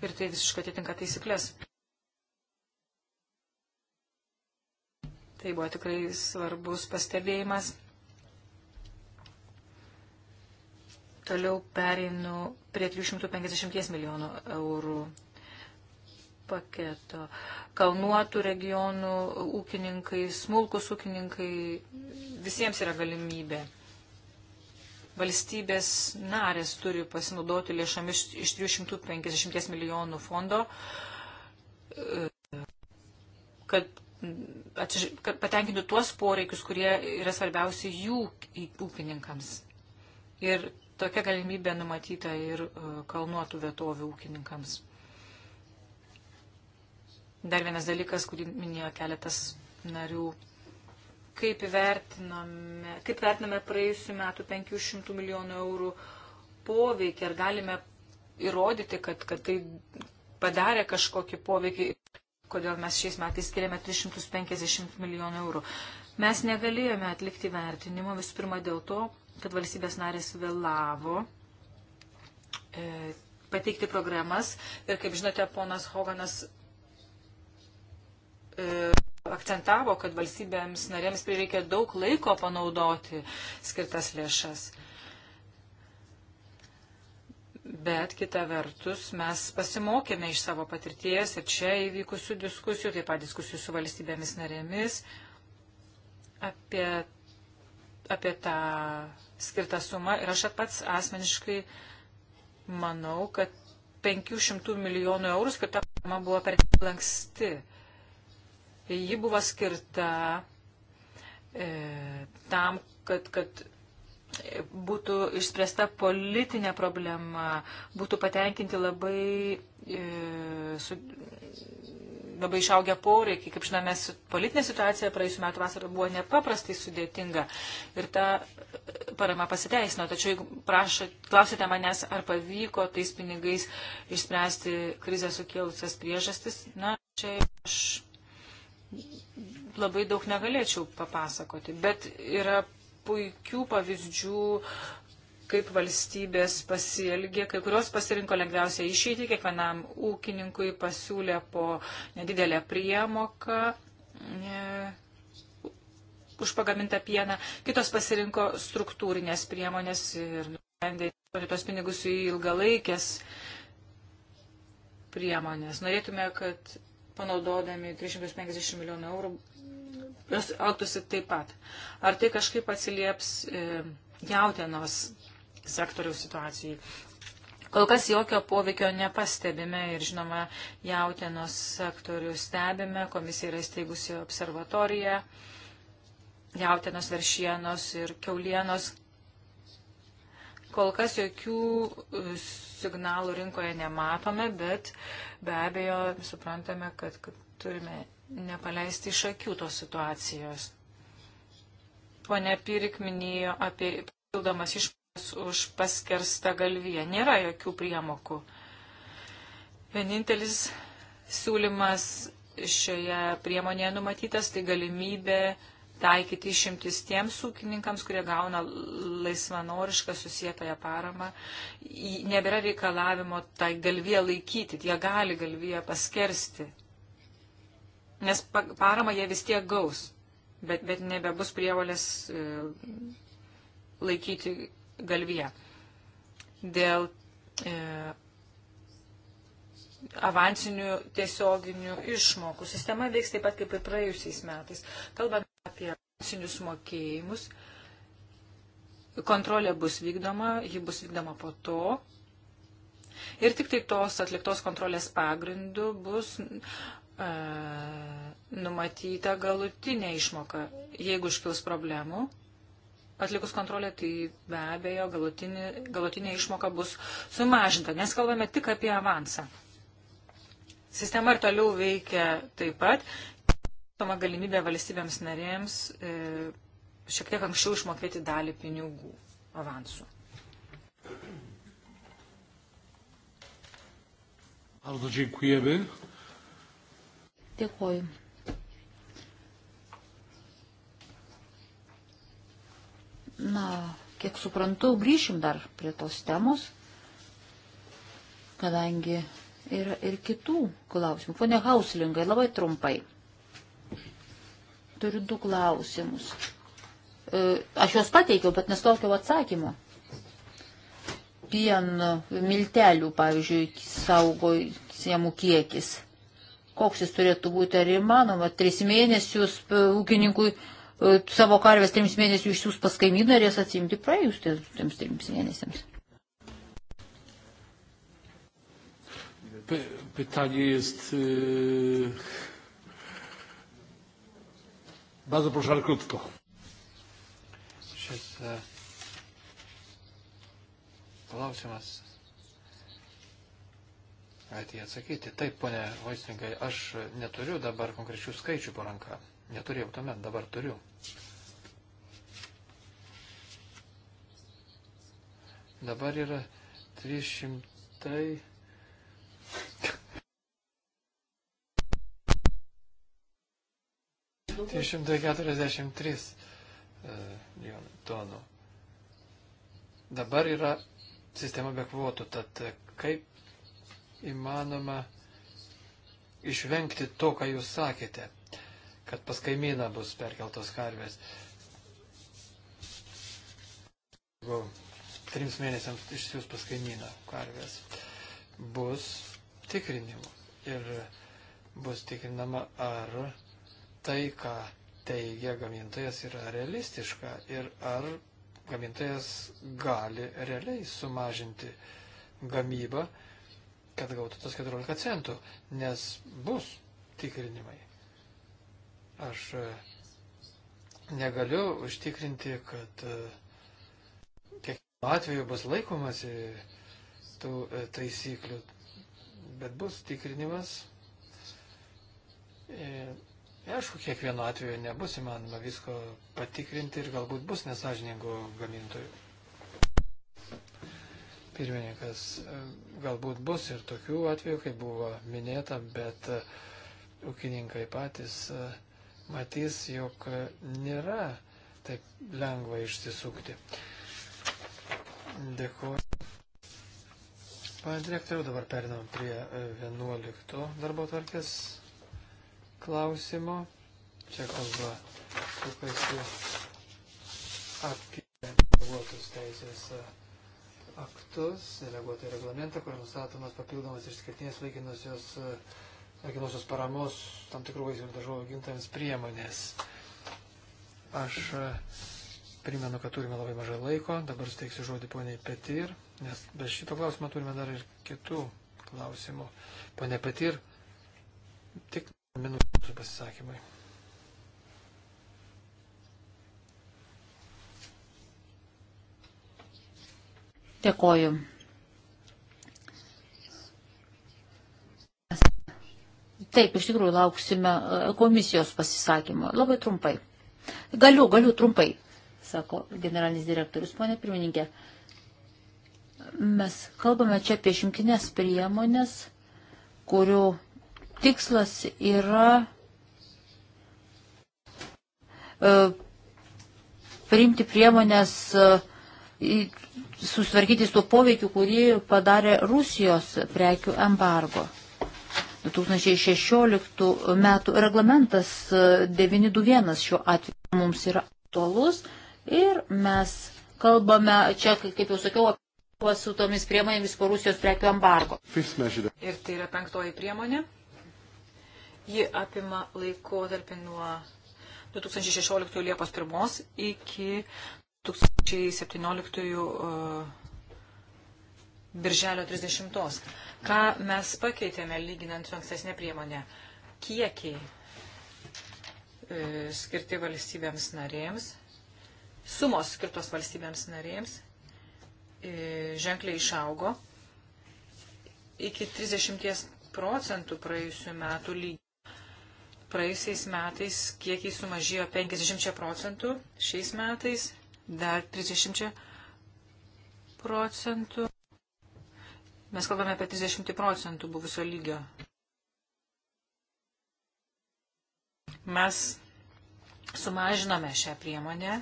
Ir tai visiškai atitinka taisyklės. Tai buvo tikrai svarbus pastebėjimas. Toliau pereinu prie 350 milijonų eurų paketo. Kalnuotų regionų ūkininkai, smulkus ūkininkai, visiems yra galimybė. Valstybės narės turi pasinaudoti lėšomis iš 350 milijonų fondo, kad, atsiž... kad patenkintų tuos poreikius, kurie yra svarbiausi jų ūkininkams. Ir Tokia galimybė numatyta ir e, kalnuotų vietovių ūkininkams. Dar vienas dalykas, kurį minėjo keletas narių. Kaip vertiname, kaip vertiname praėjusiu metu 500 milijonų eurų poveikį, ar galime įrodyti, kad, kad tai padarė kažkokį poveikį, kodėl mes šiais metais skiriame 350 milijonų eurų. Mes negalėjome atlikti vertinimo visų pirma dėl to, kad valstybės narės vėlavo e, pateikti programas ir, kaip žinote, ponas Hoganas e, akcentavo, kad valstybėms narėms prireikia daug laiko panaudoti skirtas lėšas. Bet kita vertus, mes pasimokėme iš savo patirties ir čia įvykusių diskusijų, taip pat diskusijų su valstybėmis narėmis apie, apie tą skirtą sumą ir aš pats asmeniškai manau, kad 500 milijonų eurų skirta parama buvo per lanksti. Ji buvo skirta e, tam, kad, kad būtų išspręsta politinė problema, būtų patenkinti labai e, su, labai išaugę poreikiai. Kaip žinome, politinė situacija praėjusiu metu vasarą buvo nepaprastai sudėtinga ir ta e, parama pasiteisino. Tačiau jeigu prašot, klausite manęs, ar pavyko tais pinigais išspręsti krizę sukėlusias priežastis, na, čia aš labai daug negalėčiau papasakoti, bet yra puikių pavyzdžių kaip valstybės pasielgė. Kai kurios pasirinko lengviausią išeitį, kiekvienam ūkininkui pasiūlė po nedidelę priemoką ne, už pagamintą pieną, kitos pasirinko struktūrinės priemonės ir nusprendė tos pinigus į ilgalaikės priemonės. Norėtume, kad panaudodami 350 milijonų eurų, jos auktusi taip pat. Ar tai kažkaip atsilieps e, jautienos sektoriaus situacijai. Kol kas jokio poveikio nepastebime ir, žinoma, jautienos sektorių stebime, komisija yra įsteigusi observatoriją, jautienos veršienos ir keulienos. Kol kas jokių e, signalų rinkoje nematome, bet be abejo suprantame, kad, kad turime nepaleisti iš akių tos situacijos. Pone Pirik minėjo apie pildomas išmokas už paskerstą galviją. Nėra jokių priemokų. Vienintelis siūlymas šioje priemonėje numatytas tai galimybė taikyti išimtis tiems ūkininkams, kurie gauna laisvanorišką susietąją paramą. Nebėra reikalavimo tai galvėje laikyti, jie gali galvėje paskersti. Nes paramą jie vis tiek gaus, bet, bet nebebus prievalės e, laikyti galvyje. Dėl e, avansinių tiesioginių išmokų. Sistema veiks taip pat kaip ir praėjusiais metais. Kalbant apie avansinius mokėjimus, kontrolė bus vykdoma, ji bus vykdoma po to. Ir tik tai tos atliktos kontrolės pagrindu bus e, numatyta galutinė išmoka. Jeigu iškils problemų, atlikus kontrolę, tai be abejo galutinė, galutinė išmoka bus sumažinta, nes kalbame tik apie avansą. Sistema ir toliau veikia taip pat. Toma galimybė valstybėms narėms e, šiek tiek anksčiau išmokėti dalį pinigų avansų. Bardzo dziękujemy. Dėkuoju. Na, kiek suprantu, grįšim dar prie tos temos, kadangi yra ir kitų klausimų. Pone Hauslingai, labai trumpai. Turiu du klausimus. E, aš juos pateikiau, bet nestokiau atsakymo. Pien miltelių, pavyzdžiui, saugojimų kiekis. Koks jis turėtų būti, ar įmanoma, tris mėnesius e, ūkininkui savo karvės trims mėnesių išsiūs pas kaimyną ir jas atsimti praėjus tiems trims mėnesiams. Pytanie jest yy... bardzo proszę, ale krótko. Šis klausimas atėjo tai atsakyti. Taip, ponė Vaisninkai, aš neturiu dabar konkrečių skaičių po ranką. Neturėjau tuomet, dabar turiu. Dabar yra 300. Trys šimtai keturiasdešimt trys e, tonų. Dabar yra sistema be kvotų, tad kaip įmanoma išvengti to, ką jūs sakėte, kad pas kaimyną bus perkeltos karvės. Jeigu trims mėnesiams išsiūs pas kaimyną karvės, bus tikrinimų. Ir bus tikrinama, ar tai, ką teigia gamintojas, yra realistiška ir ar gamintojas gali realiai sumažinti gamybą, kad gautų tas 14 centų, nes bus tikrinimai. Aš e, negaliu užtikrinti, kad e, kiekvienu atveju bus laikomasi tų e, taisyklių, bet bus tikrinimas. Ir, aišku, kiekvienu atveju nebus įmanoma visko patikrinti ir galbūt bus nesažiningų gamintojų. Pirmininkas, galbūt bus ir tokių atvejų, kaip buvo minėta, bet ūkininkai patys uh, matys, jog nėra taip lengva išsisukti. Dėkuoju. Pane direktoriau, dabar perinam prie 11 e, darbo tvarkės klausimo. Čia kalba sukasi apie darbuotus teisės e, aktus, deleguotą reglamentą, kur nustatomas papildomas išskirtinės laikinosios uh, laikinosios paramos tam tikrų vaisių ir daržovių gintams priemonės. Aš e, primenu, kad turime labai mažai laiko. Dabar steiksiu žodį poniai Petir, nes be šito klausimo turime dar ir kitų klausimų. Pone Petir, tik minutų pasisakymai. Dėkoju. Taip, iš tikrųjų lauksime e, komisijos pasisakymo. Labai trumpai. Galiu, galiu trumpai, sako generalinis direktorius, ponė pirmininkė. Mes kalbame čia apie šimtinės priemonės, kurių tikslas yra e, priimti priemonės e, susvarkyti su poveikiu, kurį padarė Rusijos prekių embargo. 2016 metų reglamentas 921 e, šiuo atveju mums yra aktualus ir mes kalbame čia, kaip jau sakiau, apie su tomis priemonėmis po Rusijos prekių embargo. Ir tai yra penktoji priemonė. Ji apima laikotarpį nuo 2016 Liepos 1 iki 2017 birželio 30. Ką mes pakeitėme lyginant su ankstesnė priemonė? Kiekiai e, skirti valstybėms narėms, sumos skirtos valstybėms narėms e, ženkliai išaugo iki 30 procentų praėjusių metų lygių. Praėjusiais metais kiekiai sumažėjo 50 procentų, šiais metais dar 30 procentų. Mes kalbame apie 30 procentų buvusio lygio. Mes sumažinome šią priemonę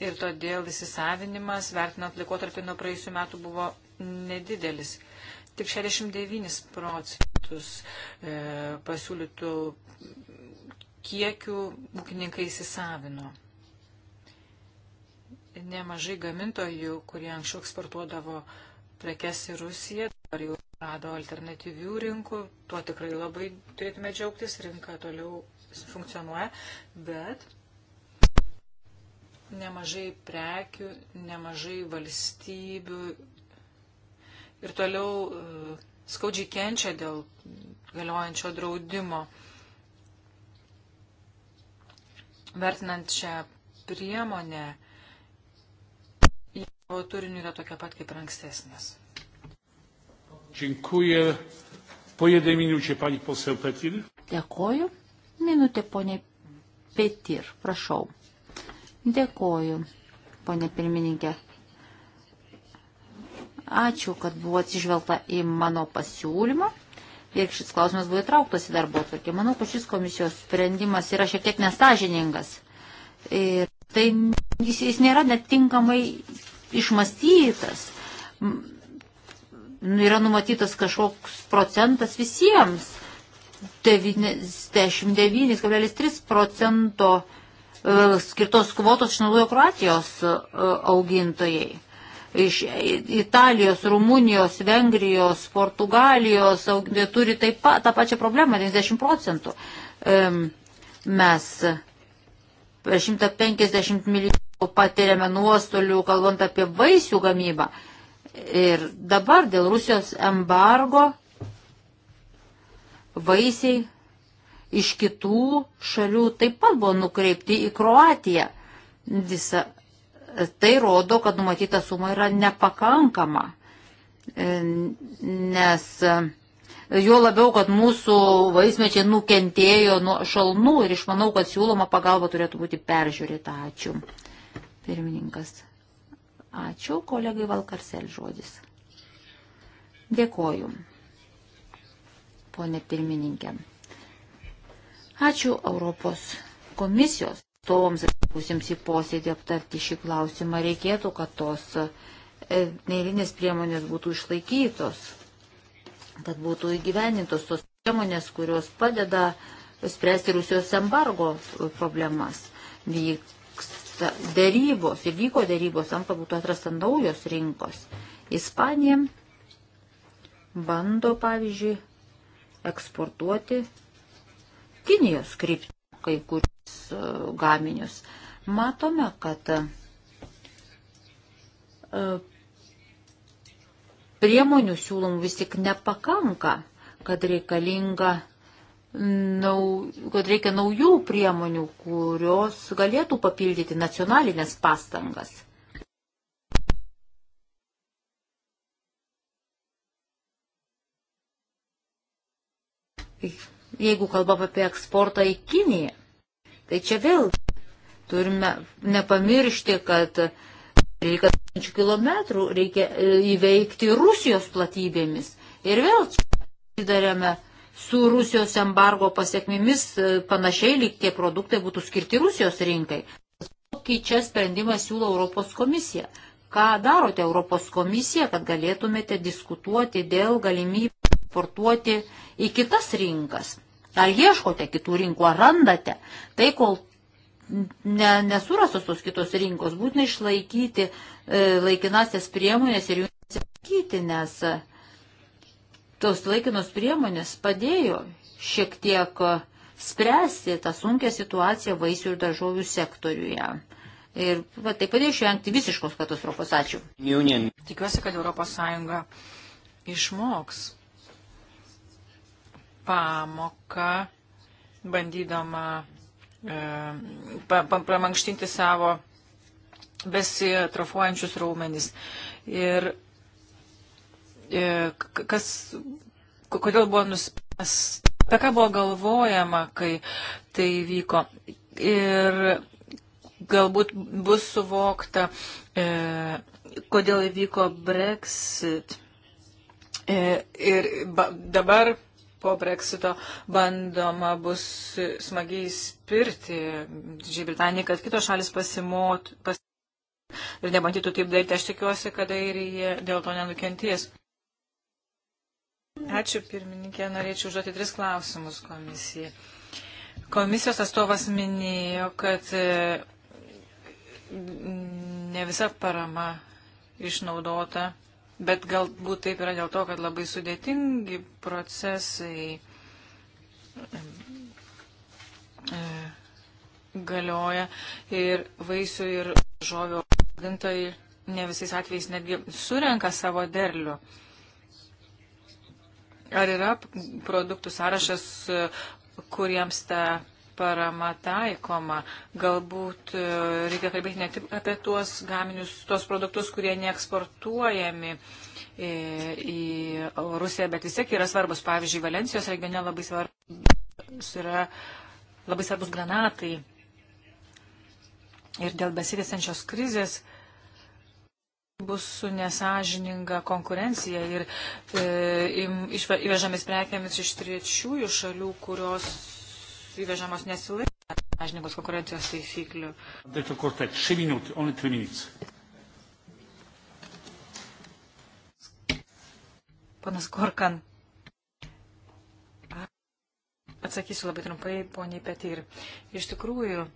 ir todėl įsisavinimas, vertinant laikotarpį nuo praėjusių metų, buvo nedidelis. Tik 69 procentus e, pasiūlytų kiekių ūkininkai įsisavino nemažai gamintojų, kurie anksčiau eksportuodavo prekes į Rusiją, dabar jau rado alternatyvių rinkų, tuo tikrai labai turėtume džiaugtis, rinka toliau funkcionuoja, bet nemažai prekių, nemažai valstybių ir toliau e, skaudžiai kenčia dėl galiojančio draudimo. Vertinant šią priemonę, o turiniu yra tokia pat kaip ir ankstesnės. Dziękuję. Po jednej minucie pani poseł Petir. Dėkoju. Minutė ponė Petir, prašau. Dėkoju, ponė pirmininkė. Ačiū, kad buvo atsižvelgta į mano pasiūlymą ir šis klausimas buvo įtrauktas į darbo atvarkį. Manau, kad šis komisijos sprendimas yra šiek tiek nesažiningas. Ir tai jis, jis nėra netinkamai išmastytas. Yra numatytas kažkoks procentas visiems. 99,3 procento e, skirtos kvotos išnaudojo Kroatijos e, augintojai. Iš Italijos, Rumunijos, Vengrijos, Portugalijos augintojai turi taip pat tą pačią problemą, 90 procentų. Mes per 150 milijonų patiriame nuostolių, kalbant apie vaisių gamybą. Ir dabar dėl Rusijos embargo vaisiai iš kitų šalių taip pat buvo nukreipti į Kroatiją. Visa, tai rodo, kad numatyta suma yra nepakankama, nes jo labiau, kad mūsų vaismečiai nukentėjo nuo šalnų ir išmanau, kad siūloma pagalba turėtų būti peržiūrėta. Ačiū. Pirmininkas. Ačiū, kolegai Valkarsel žodis. Dėkoju, ponė pirmininkė. Ačiū Europos komisijos atstovams atvykusiems į posėdį aptarti šį klausimą. Reikėtų, kad tos e, neįlinės priemonės būtų išlaikytos, kad būtų įgyvenintos tos priemonės, kurios padeda spręsti Rusijos embargo problemas. Vyk, vyksta dėrybos ir vyko dėrybos tam, kad būtų atrasta naujos rinkos. Ispanija bando, pavyzdžiui, eksportuoti Kinijos kryptį kai kurius e, gaminius. Matome, kad e, priemonių siūlomų vis tik nepakanka, kad reikalinga nau, kad reikia naujų priemonių, kurios galėtų papildyti nacionalinės pastangas. Jeigu kalbam apie eksportą į Kiniją, tai čia vėl turime nepamiršti, kad reikia tūkstančių kilometrų reikia e, įveikti Rusijos platybėmis. Ir vėl čia susidarėme su Rusijos embargo pasiekmėmis e, panašiai lyg tie produktai būtų skirti Rusijos rinkai. Kokį čia sprendimą siūlo Europos komisija? Ką darote Europos komisija, kad galėtumėte diskutuoti dėl galimybių eksportuoti į kitas rinkas? Ar ieškote kitų rinkų, ar randate? Tai kol ne, nesurastos tos kitos rinkos, būtina išlaikyti e, laikinasias priemonės ir jų atsakyti, nes e, tos laikinos priemonės padėjo šiek tiek e, spręsti tą sunkę situaciją vaisių ir daržovių sektoriuje. Ir va, tai padėjo išvengti visiškos katastrofos. Ačiū. Union. Tikiuosi, kad ES išmoks pamoką, bandydama e, pa, pa, pramankštinti savo besitrofuojančius raumenis. Ir E, kas, kodėl buvo nuspręs, apie ką buvo galvojama, kai tai vyko. Ir galbūt bus suvokta, e, kodėl įvyko Brexit. E, ir ba, dabar po Brexito bandoma bus smagiai spirti Didžiai Britanijai, kad kitos šalis pasimotų. Pas... Ir nebandytų taip daryti, aš tikiuosi, kad airija dėl to nenukentės. Ačiū pirmininkė, norėčiau užduoti tris klausimus komisijai. Komisijos atstovas minėjo, kad e, ne visa parama išnaudota, bet galbūt taip yra dėl to, kad labai sudėtingi procesai e, galioja ir vaisių ir žovio augintojai ne visais atvejais netgi surenka savo derlių. Ar yra produktų sąrašas, kuriems ta parama taikoma? Galbūt e, reikia kalbėti ne tik apie tuos gaminius, tuos produktus, kurie neeksportuojami e, į Rusiją, bet vis tiek yra svarbus. Pavyzdžiui, Valencijos regione labai svarbus yra labai svarbus granatai. Ir dėl besitėsiančios krizės bus su nesažininga konkurencija ir e, įvežamis prekiamis iš trečiųjų šalių, kurios įvežamos nesilaiko nesažiningos konkurencijos taisyklių. Panas Korkan. Atsakysiu labai trumpai, poniai Petir. Iš tikrųjų,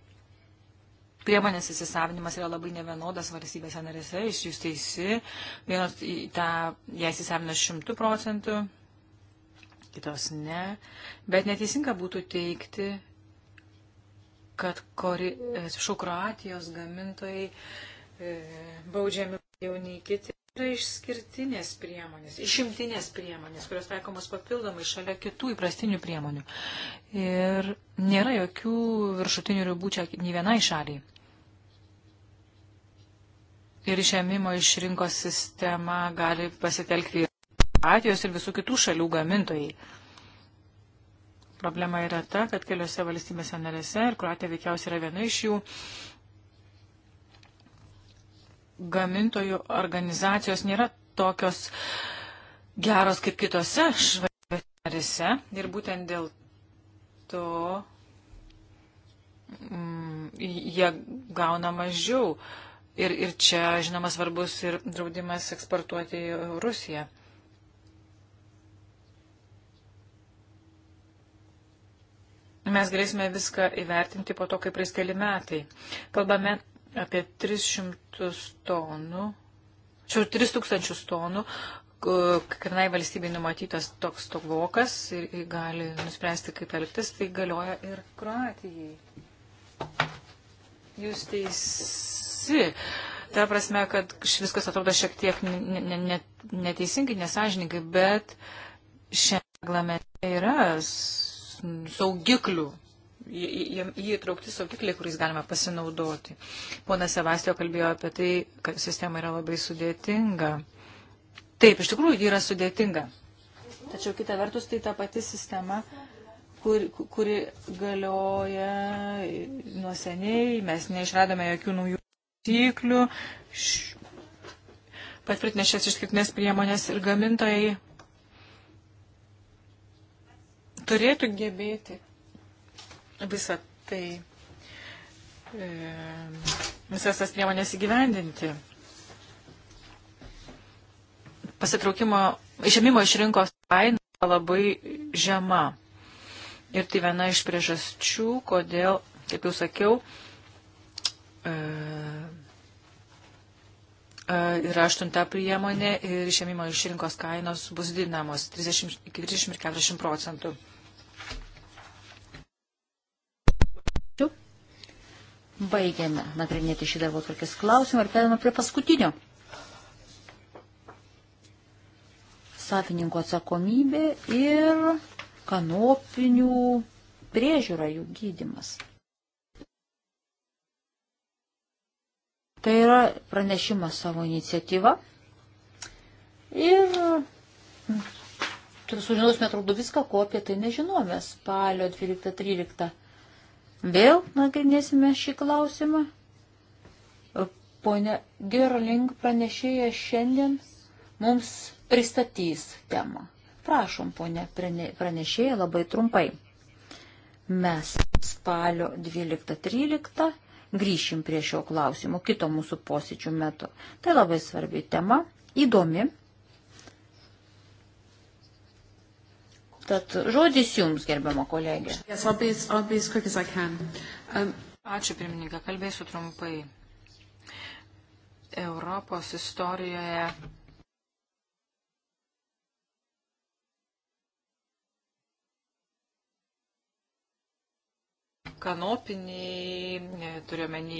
priemonės įsisavinimas yra labai nevienodas valstybėse narėse, iš jūs teisi, vienos tą, ją įsisavina šimtų procentų, kitos ne, bet neteisinga būtų teikti, kad kori, atsiprašau, Kroatijos gamintojai e, baudžiami jau nei kiti. Yra tai išskirtinės priemonės, išimtinės priemonės, kurios taikomos papildomai šalia kitų įprastinių priemonių. Ir nėra jokių viršutinių ribų čia nei vienai šaliai ir išėmimo iš rinkos sistema gali pasitelkti Atijos ir visų kitų šalių gamintojai. Problema yra ta, kad keliose valstybėse narėse, ir Kroatija veikiausiai yra viena iš jų, gamintojų organizacijos nėra tokios geros kaip kitose švarise. Ir būtent dėl to mm, jie gauna mažiau. Uh, Ir, ir čia, žinoma, svarbus ir draudimas eksportuoti į Rusiją. Mes galėsime viską įvertinti po to, kai praeis keli metai. Kalbame apie 300 tonų, čia 3000 tonų, kiekvienai valstybei numatytas toks tokvokas ir gali nuspręsti, kaip elgtis, tai galioja ir Kroatijai. Jūs teis, visi. Ta prasme, kad viskas atrodo šiek tiek neteisingai, nesažininkai, bet šiame reglamente yra saugiklių. Jie įtraukti saugikliai, kuriais galima pasinaudoti. Pona Sebastijo kalbėjo apie tai, kad sistema yra labai sudėtinga. Taip, iš tikrųjų, ji yra sudėtinga. Tačiau kita vertus, tai ta pati sistema, kur, kuri galioja nuo seniai, mes neišradome jokių naujų taisyklių, patvirtinę šias išskirtinės priemonės ir gamintojai turėtų gebėti visą tai, e, visas tas priemonės įgyvendinti. Pasitraukimo, išėmimo iš rinkos kaina labai žema. Ir tai viena iš priežasčių, kodėl, kaip jau sakiau, e, yra aštunta priemonė ir išėmimo iš rinkos kainos bus didinamos 30, iki 30 ir 40 procentų. Baigiame nagrinėti šį darbo tvarkės klausimą ir perėmame prie paskutinio. Savininko atsakomybė ir kanopinių priežiūra jų gydimas. Tai yra pranešimas savo iniciatyva. Ir sužinosime atrodo viską, ko apie tai nežinome spalio 12-13. Vėl nagrinėsime šį klausimą. Pone Gerling pranešėja šiandien mums pristatys temą. Prašom, ponė pranešėja, labai trumpai. Mes spalio 12-13 grįšim prie šio klausimo kito mūsų posėdžių metu. Tai labai svarbi tema, įdomi. Tad žodis jums, gerbiama kolegė. Yes, I'll be, I'll be as as um... Ačiū, pirmininkė, kalbėsiu trumpai. Europos istorijoje kanopiniai, turiuomenį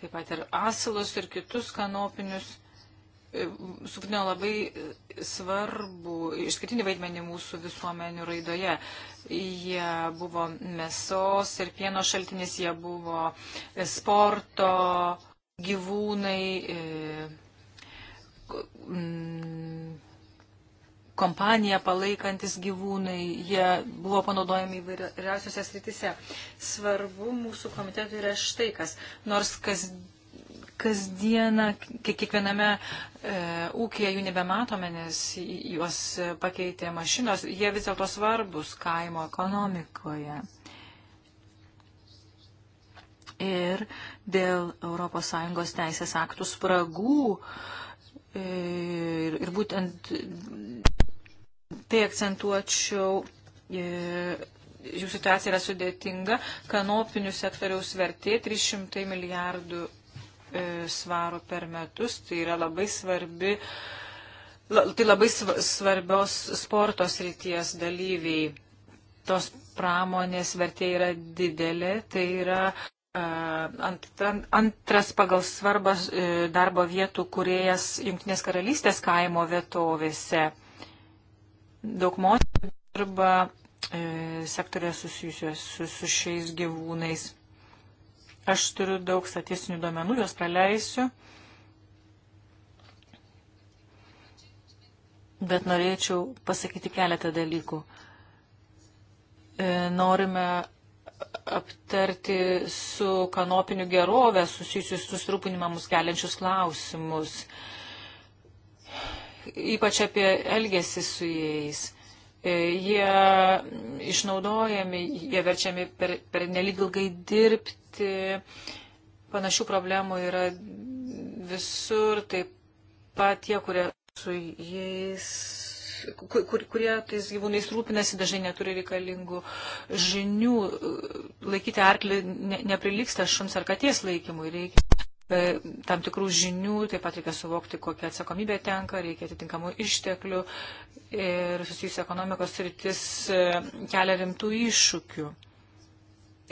taip pat ir asilus ir kitus kanopinius, e, supnio labai svarbu, išskirtinį vaidmenį mūsų visuomenių raidoje. Jie buvo mėsos ir pieno šaltinis, jie buvo sporto gyvūnai. E, mm, kompaniją palaikantis gyvūnai, jie buvo panaudojami įvairiausiose sritise. Svarbu mūsų komitetui yra štai kas. Nors kas, kasdieną, kiekviename e, ūkėje jų nebematome, nes juos pakeitė mašinos, jie vis dėlto svarbus kaimo ekonomikoje. Ir dėl ES teisės aktų spragų, e, Ir, ir būtent Tai akcentuočiau. E, jų situacija yra sudėtinga. Kanopinių sektoriaus vertė 300 milijardų e, svarų per metus. Tai yra labai svarbi, tai labai svarbios sportos ryties dalyviai. Tos pramonės vertė yra didelė. Tai yra e, antras pagal svarbas darbo vietų kuriejas Junktinės karalystės kaimo vietovėse daug moterų dirba e, sektorė susijusios su, su šiais gyvūnais. Aš turiu daug statistinių duomenų, juos praleisiu. Bet norėčiau pasakyti keletą dalykų. E, norime aptarti su kanopiniu gerovę susijusius susirūpinimą mus keliančius klausimus. E, ypač apie elgesį su jais. E, jie išnaudojami, jie verčiami per, per nelik ilgai dirbti. Panašių problemų yra visur, taip pat tie, kurie su jais kur, kur, kurie tais gyvūnais rūpinasi, dažnai neturi reikalingų žinių. Laikyti arklį ne, neprilyksta šuns ar katės laikymui. Reikia tam tikrų žinių, taip pat reikia suvokti, kokia atsakomybė tenka, reikia atitinkamų išteklių ir susijusi ekonomikos rytis e, kelia rimtų iššūkių.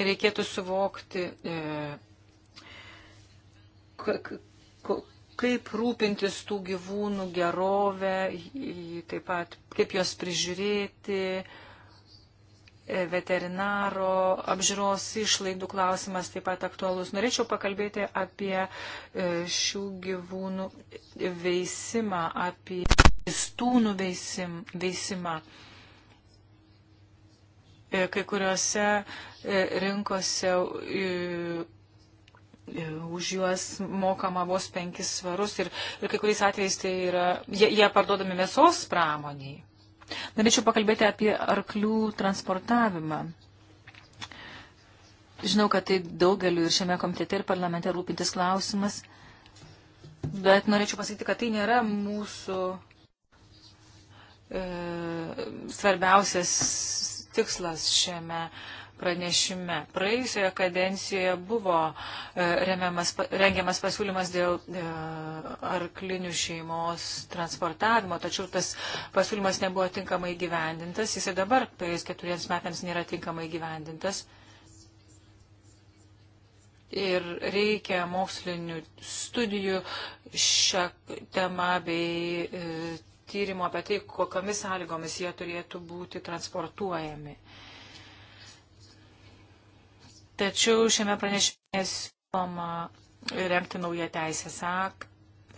Reikėtų suvokti, e, kaip rūpintis tų gyvūnų gerovę, taip pat kaip juos prižiūrėti, veterinaro apžiūros išlaidų klausimas taip pat aktualus. Norėčiau pakalbėti apie e, šių gyvūnų veisimą, apie stūnų veisim, veisimą. E, kai kuriuose e, rinkose už juos mokama vos penkis svarus ir, ir kai kuriais atvejais tai yra, jie, jie parduodami mėsos pramoniai. Norėčiau pakalbėti apie arklių transportavimą. Žinau, kad tai daugeliu ir šiame komitete ir parlamente rūpintis klausimas, bet norėčiau pasakyti, kad tai nėra mūsų e, svarbiausias tikslas šiame pranešime. Praėjusioje kadencijoje buvo e, remiamas, rengiamas pasiūlymas dėl e, arklinių šeimos transportavimo, tačiau tas pasiūlymas nebuvo tinkamai gyvendintas. Jis ir dabar, praėjus keturiems metams, nėra tinkamai gyvendintas. Ir reikia mokslinių studijų šią temą bei e, tyrimo apie tai, kokiamis sąlygomis jie turėtų būti transportuojami. Tačiau šiame pranešime siūloma renkti naują teisės aktą.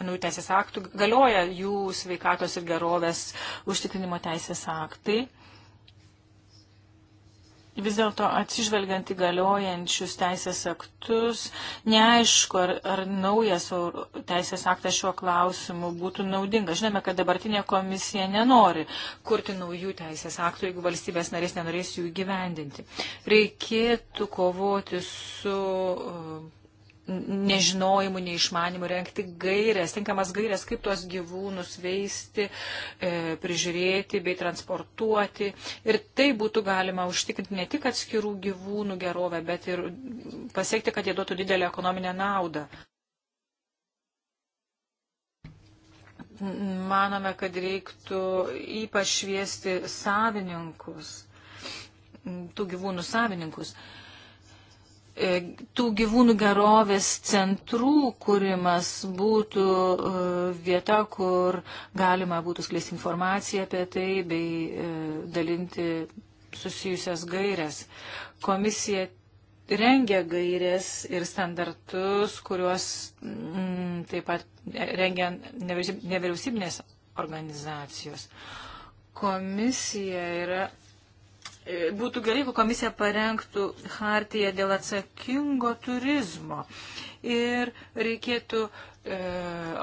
Naujų teisės aktų galioja jų sveikatos ir gerovės užtikrinimo teisės aktai vis dėlto atsižvelgiant į galiojančius teisės aktus, neaišku, ar, ar naujas teisės aktas šiuo klausimu būtų naudingas. Žinome, kad dabartinė komisija nenori kurti naujų teisės aktų, jeigu valstybės narės nenorės jų įgyvendinti. Reikėtų kovoti su nežinojimų, neišmanimų, renkti gairias, tinkamas gairias, kaip tuos gyvūnus veisti, e, prižiūrėti bei transportuoti. Ir tai būtų galima užtikrinti ne tik atskirų gyvūnų gerovę, bet ir pasiekti, kad jie duotų didelę ekonominę naudą. Manome, kad reiktų ypač šviesti savininkus, tų gyvūnų savininkus. E, E, tų gyvūnų gerovės centrų kūrimas būtų e, vieta, kur galima būtų skleisti informaciją apie tai bei e, dalinti susijusias gairias. Komisija rengia gairės ir standartus, kuriuos m, mm, taip pat rengia nevyriausybinės organizacijos. Komisija yra E, būtų gerai, jeigu komisija parengtų hartiją dėl atsakingo turizmo. Ir reikėtų e,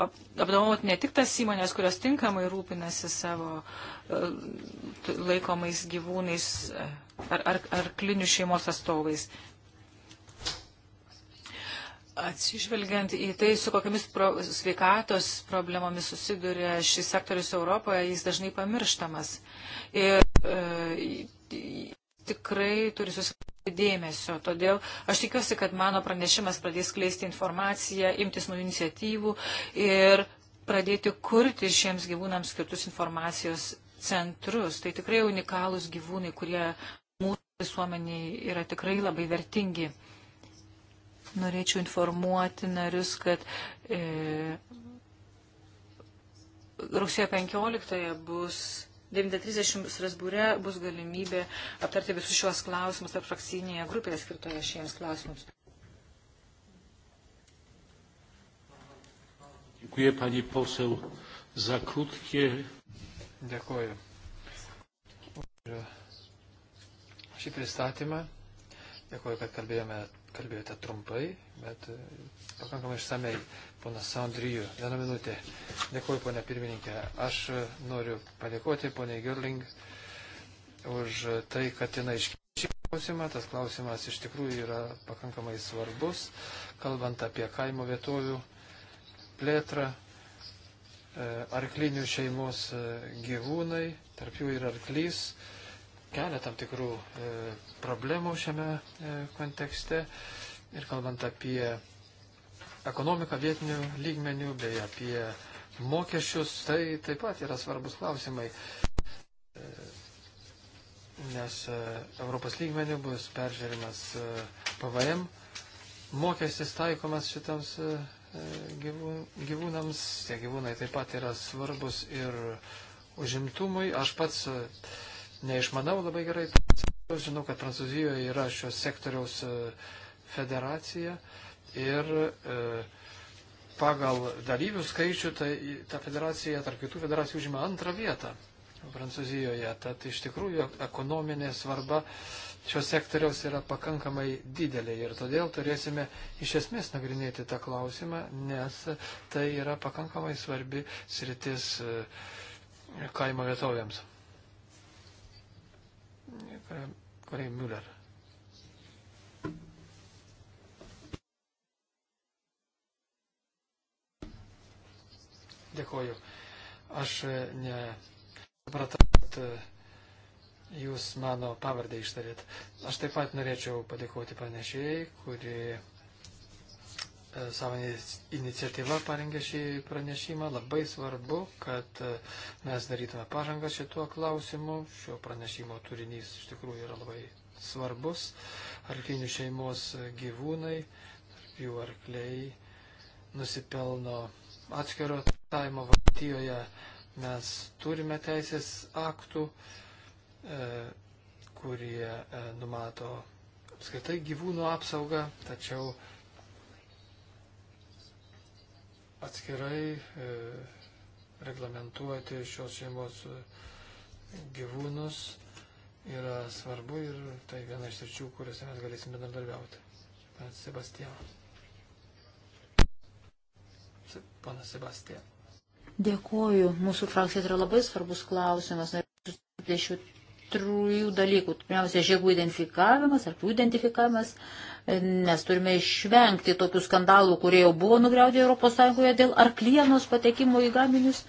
apdovanoti ne tik tas įmonės, kurios tinkamai rūpinasi savo e, laikomais gyvūnais e, ar, ar, ar klinių šeimos atstovais. Atsižvelgiant į tai, su kokiamis pro, sveikatos problemomis susiduria šis sektorius Europoje, jis dažnai pamirštamas. Ir e, tikrai turi susitikti dėmesio. Todėl aš tikiuosi, kad mano pranešimas pradės kleisti informaciją, imtis naujų iniciatyvų ir pradėti kurti šiems gyvūnams skirtus informacijos centrus. Tai tikrai unikalūs gyvūnai, kurie mūsų visuomeniai yra tikrai labai vertingi. Norėčiau informuoti narius, kad e, rugsėjo 15 bus 9.30 Strasbūre bus galimybė aptarti visus šios klausimus tarp frakcinėje grupėje skirtoje šiems klausimams. Dziękuję pani poseł za krótkie. Dziękuję. Šį pristatymą dėkuoju, kad kalbėjome, kalbėjote trumpai, bet pakankamai išsamei. Ponas Sandriju, vieną minutę. Dėkuoju, ponė pirmininkė. Aš e, noriu padėkoti poniai Gerling už tai, kad jinai iškėlė klausimą. Tas klausimas iš tikrųjų yra pakankamai svarbus, kalbant apie kaimo vietovių plėtrą. E, arklinių šeimos e, gyvūnai, tarp jų ir arklys, kelia tam tikrų problemų šiame kontekste. Ir kalbant apie ekonomiką vietinių lygmenių bei apie mokesčius, tai taip pat yra svarbus klausimai. E, nes e, Europos lygmenių bus peržiūrimas e, PVM mokestis taikomas šitams gyvūnams. Tie gyvūnai taip pat yra svarbus ir užimtumui. Aš pats neišmanau labai gerai. Žinau, kad Prancūzijoje yra šios sektoriaus federacija. Uh, ir e, pagal dalyvių skaičių tai ta federacija tarp kitų federacijų užima antrą vietą Prancūzijoje. Tad iš tikrųjų ekonominė svarba šios sektoriaus yra pakankamai didelė ir todėl turėsime iš esmės nagrinėti tą klausimą, nes tai yra pakankamai svarbi sritis e, kaimo vietovėms. Kolegė Müller. Dėkoju. Aš e, ne supratau, kad e, jūs mano pavardę ištarėt. Aš taip pat norėčiau padėkoti pranešėjai, kuri e, savo iniciatyvą parengė šį pranešimą. Labai svarbu, kad mes darytume pažangą šituo klausimu. Šio pranešimo turinys iš tikrųjų yra labai svarbus. Arklinių šeimos gyvūnai, jų arkliai nusipelno atskiro Taimo Vokietijoje mes turime teisės aktų, e, kurie e, numato apskaitai gyvūnų apsaugą, tačiau atskirai e, reglamentuoti šios šeimos gyvūnus yra svarbu ir tai viena iš sričių, kuriuose mes galėsim bendradarbiauti. Sebastian. Ponas Sebastian. Dėkuoju. Mūsų frakcija tai yra labai svarbus klausimas. Dėl šių trijų dalykų. Pirmiausia, žiegų identifikavimas ar jų identifikavimas. Mes turime išvengti tokių skandalų, kurie jau buvo nugriaudė ES dėl arklienos patekimo į gaminius e,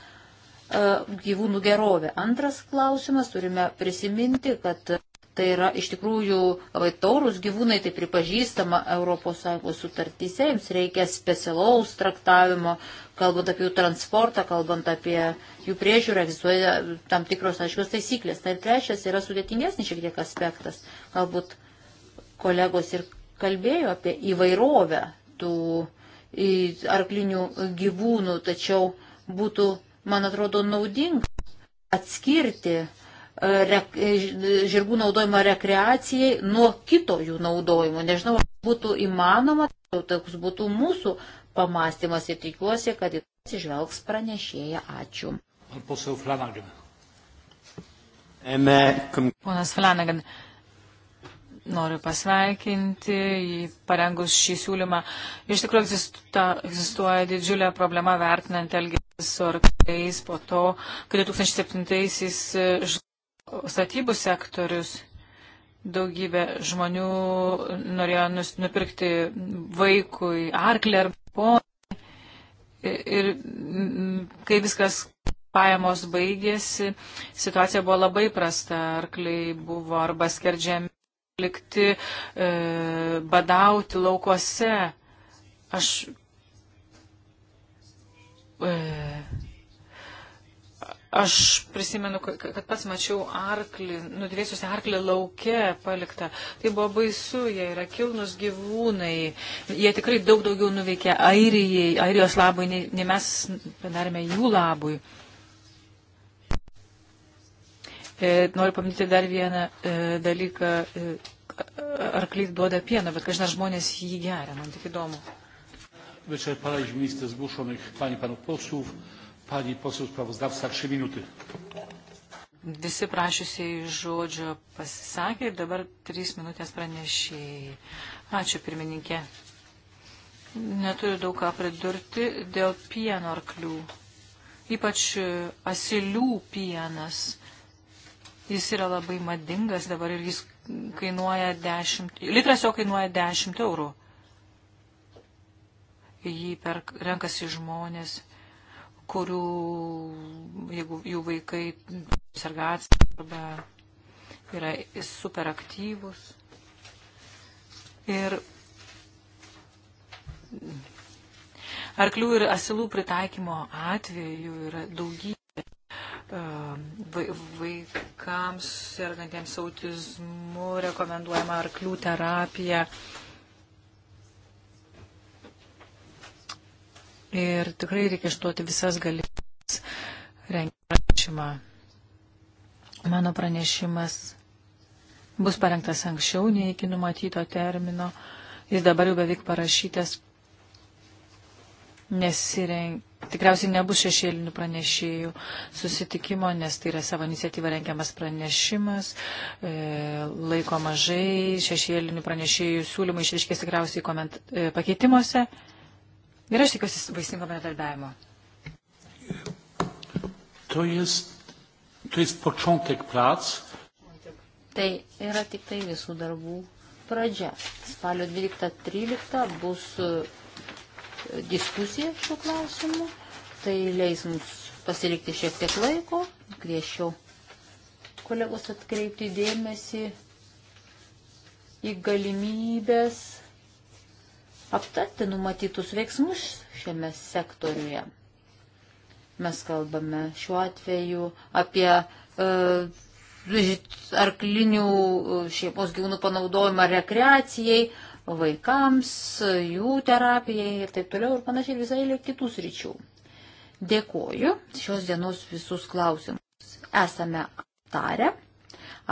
gyvūnų gerovę. Antras klausimas, turime prisiminti, kad Tai yra iš tikrųjų labai taurus gyvūnai, tai pripažįstama ES sutartyse, jums reikia specialaus traktavimo, kalbant apie jų transportą, kalbant apie jų priežiūrą, egzistuoja tam tikros aiškios taisyklės. Tai ir trečias yra sudėtingesnis šiek tiek aspektas. Galbūt kolegos ir kalbėjo apie įvairovę tų arklinių gyvūnų, tačiau būtų, man atrodo, naudinga atskirti uh, žirgų naudojimo rekreacijai nuo kito jų naudojimo. Nežinau, ar būtų įmanoma, tačiau toks būtų mūsų pamastymas ir tikiuosi, kad į tai atsižvelgs pranešėja. Ačiū. Ponas Flanagan, noriu pasveikinti, parengus šį siūlymą. Iš tikrųjų egzistuoja, egzistuoja didžiulė problema vertinant elgesį su arkliais po to, kai 2007-aisiais statybų sektorius. Daugybė žmonių norėjo nus, nupirkti vaikui arklį ar ponį. Ir, ir kai viskas pajamos baigėsi, situacija buvo labai prasta. Arkliai buvo arba skerdžiami likti e, badauti laukuose. Aš. E, Aš prisimenu, kad pats mačiau arklį, nudvėsusi arklį lauke paliktą. Tai buvo baisu, jie yra kilnus gyvūnai. Jie tikrai daug daugiau nuveikė Airijai, Airijos labui, nei, nei mes padarėme jų labui. E, noriu paminėti dar vieną e, dalyką. E, arklys duoda pieną, bet kažkaip žmonės jį geria, man tik įdomu. Wyczerpaliśmy listę zgłoszonych pani panów posłów. Pani posėdžio spravozdavsa, 3 minutį. Visi prašysiai žodžio pasisakė ir dabar 3 minutės pranešėjai. Ačiū pirmininkė. Neturiu daug ką pridurti dėl pieno arklių. Ypač e, asilių pienas. Jis yra labai madingas dabar ir jis kainuoja 10, litras jo kainuoja 10 eurų. Jį per, renkasi žmonės kurių, jeigu jų vaikai serga arba yra superaktyvus. Ir arklių ir asilų pritaikymo atveju yra daugybė e, vaikams sergantiems autizmu rekomenduojama arklių terapija. Uh, ir tikrai reikia išduoti visas galimybes rengti pranešimą. Mano pranešimas bus parengtas anksčiau nei iki numatyto termino. Jis dabar jau beveik parašytas, nesireng... tikriausiai nebus šešėlinių pranešėjų susitikimo, nes tai yra savo iniciatyva rengiamas pranešimas, e, laiko mažai, šešėlinių pranešėjų siūlymai išriškės tikriausiai koment... e, pakeitimuose. Ir aš tikiuosi vaisingo bendradarbiavimo. To jest, to jest początek prac. Tai yra tik tai visų darbų pradžia. Spalio 12-13 bus e, diskusija šiuo klausimu. Tai leis mums pasilikti šiek tiek laiko. Kviešiu kolegos atkreipti dėmesį į galimybės aptarti numatytus veiksmus šiame sektoriuje. Mes kalbame šiuo atveju apie e, arklinių e, šeimos gyvūnų panaudojimą rekreacijai, vaikams, jų terapijai ir taip toliau ir panašiai visai lėk kitus ryčių. Dėkoju šios dienos visus klausimus. Esame aptarę.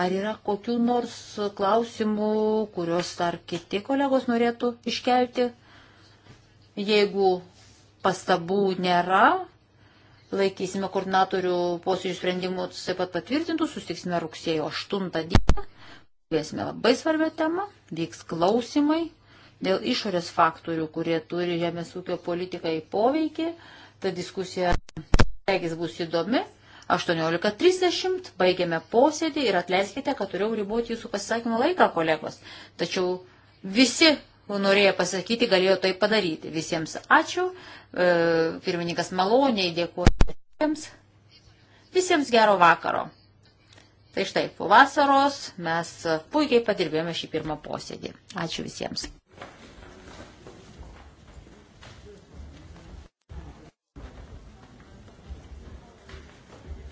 Ar yra kokių nors klausimų, kuriuos dar kiti kolegos norėtų iškelti? Jeigu pastabų nėra, laikysime koordinatorių posėdžių sprendimus taip pat patvirtintų, sustiksime rugsėjo 8 dieną, kalbėsime labai svarbią temą, vyks klausimai dėl išorės faktorių, kurie turi žemės ūkio politikai poveikį, ta diskusija, reikės, bus įdomi. 18.30 baigėme posėdį ir atleiskite, kad turėjau riboti jūsų pasisakymo laiką, kolegos. Tačiau visi norėjo pasakyti, galėjo tai padaryti. Visiems ačiū. E, pirmininkas maloniai dėkuoju visiems. Visiems gero vakaro. Tai štai, po vasaros mes puikiai padirbėjome šį pirmą posėdį. Ačiū visiems.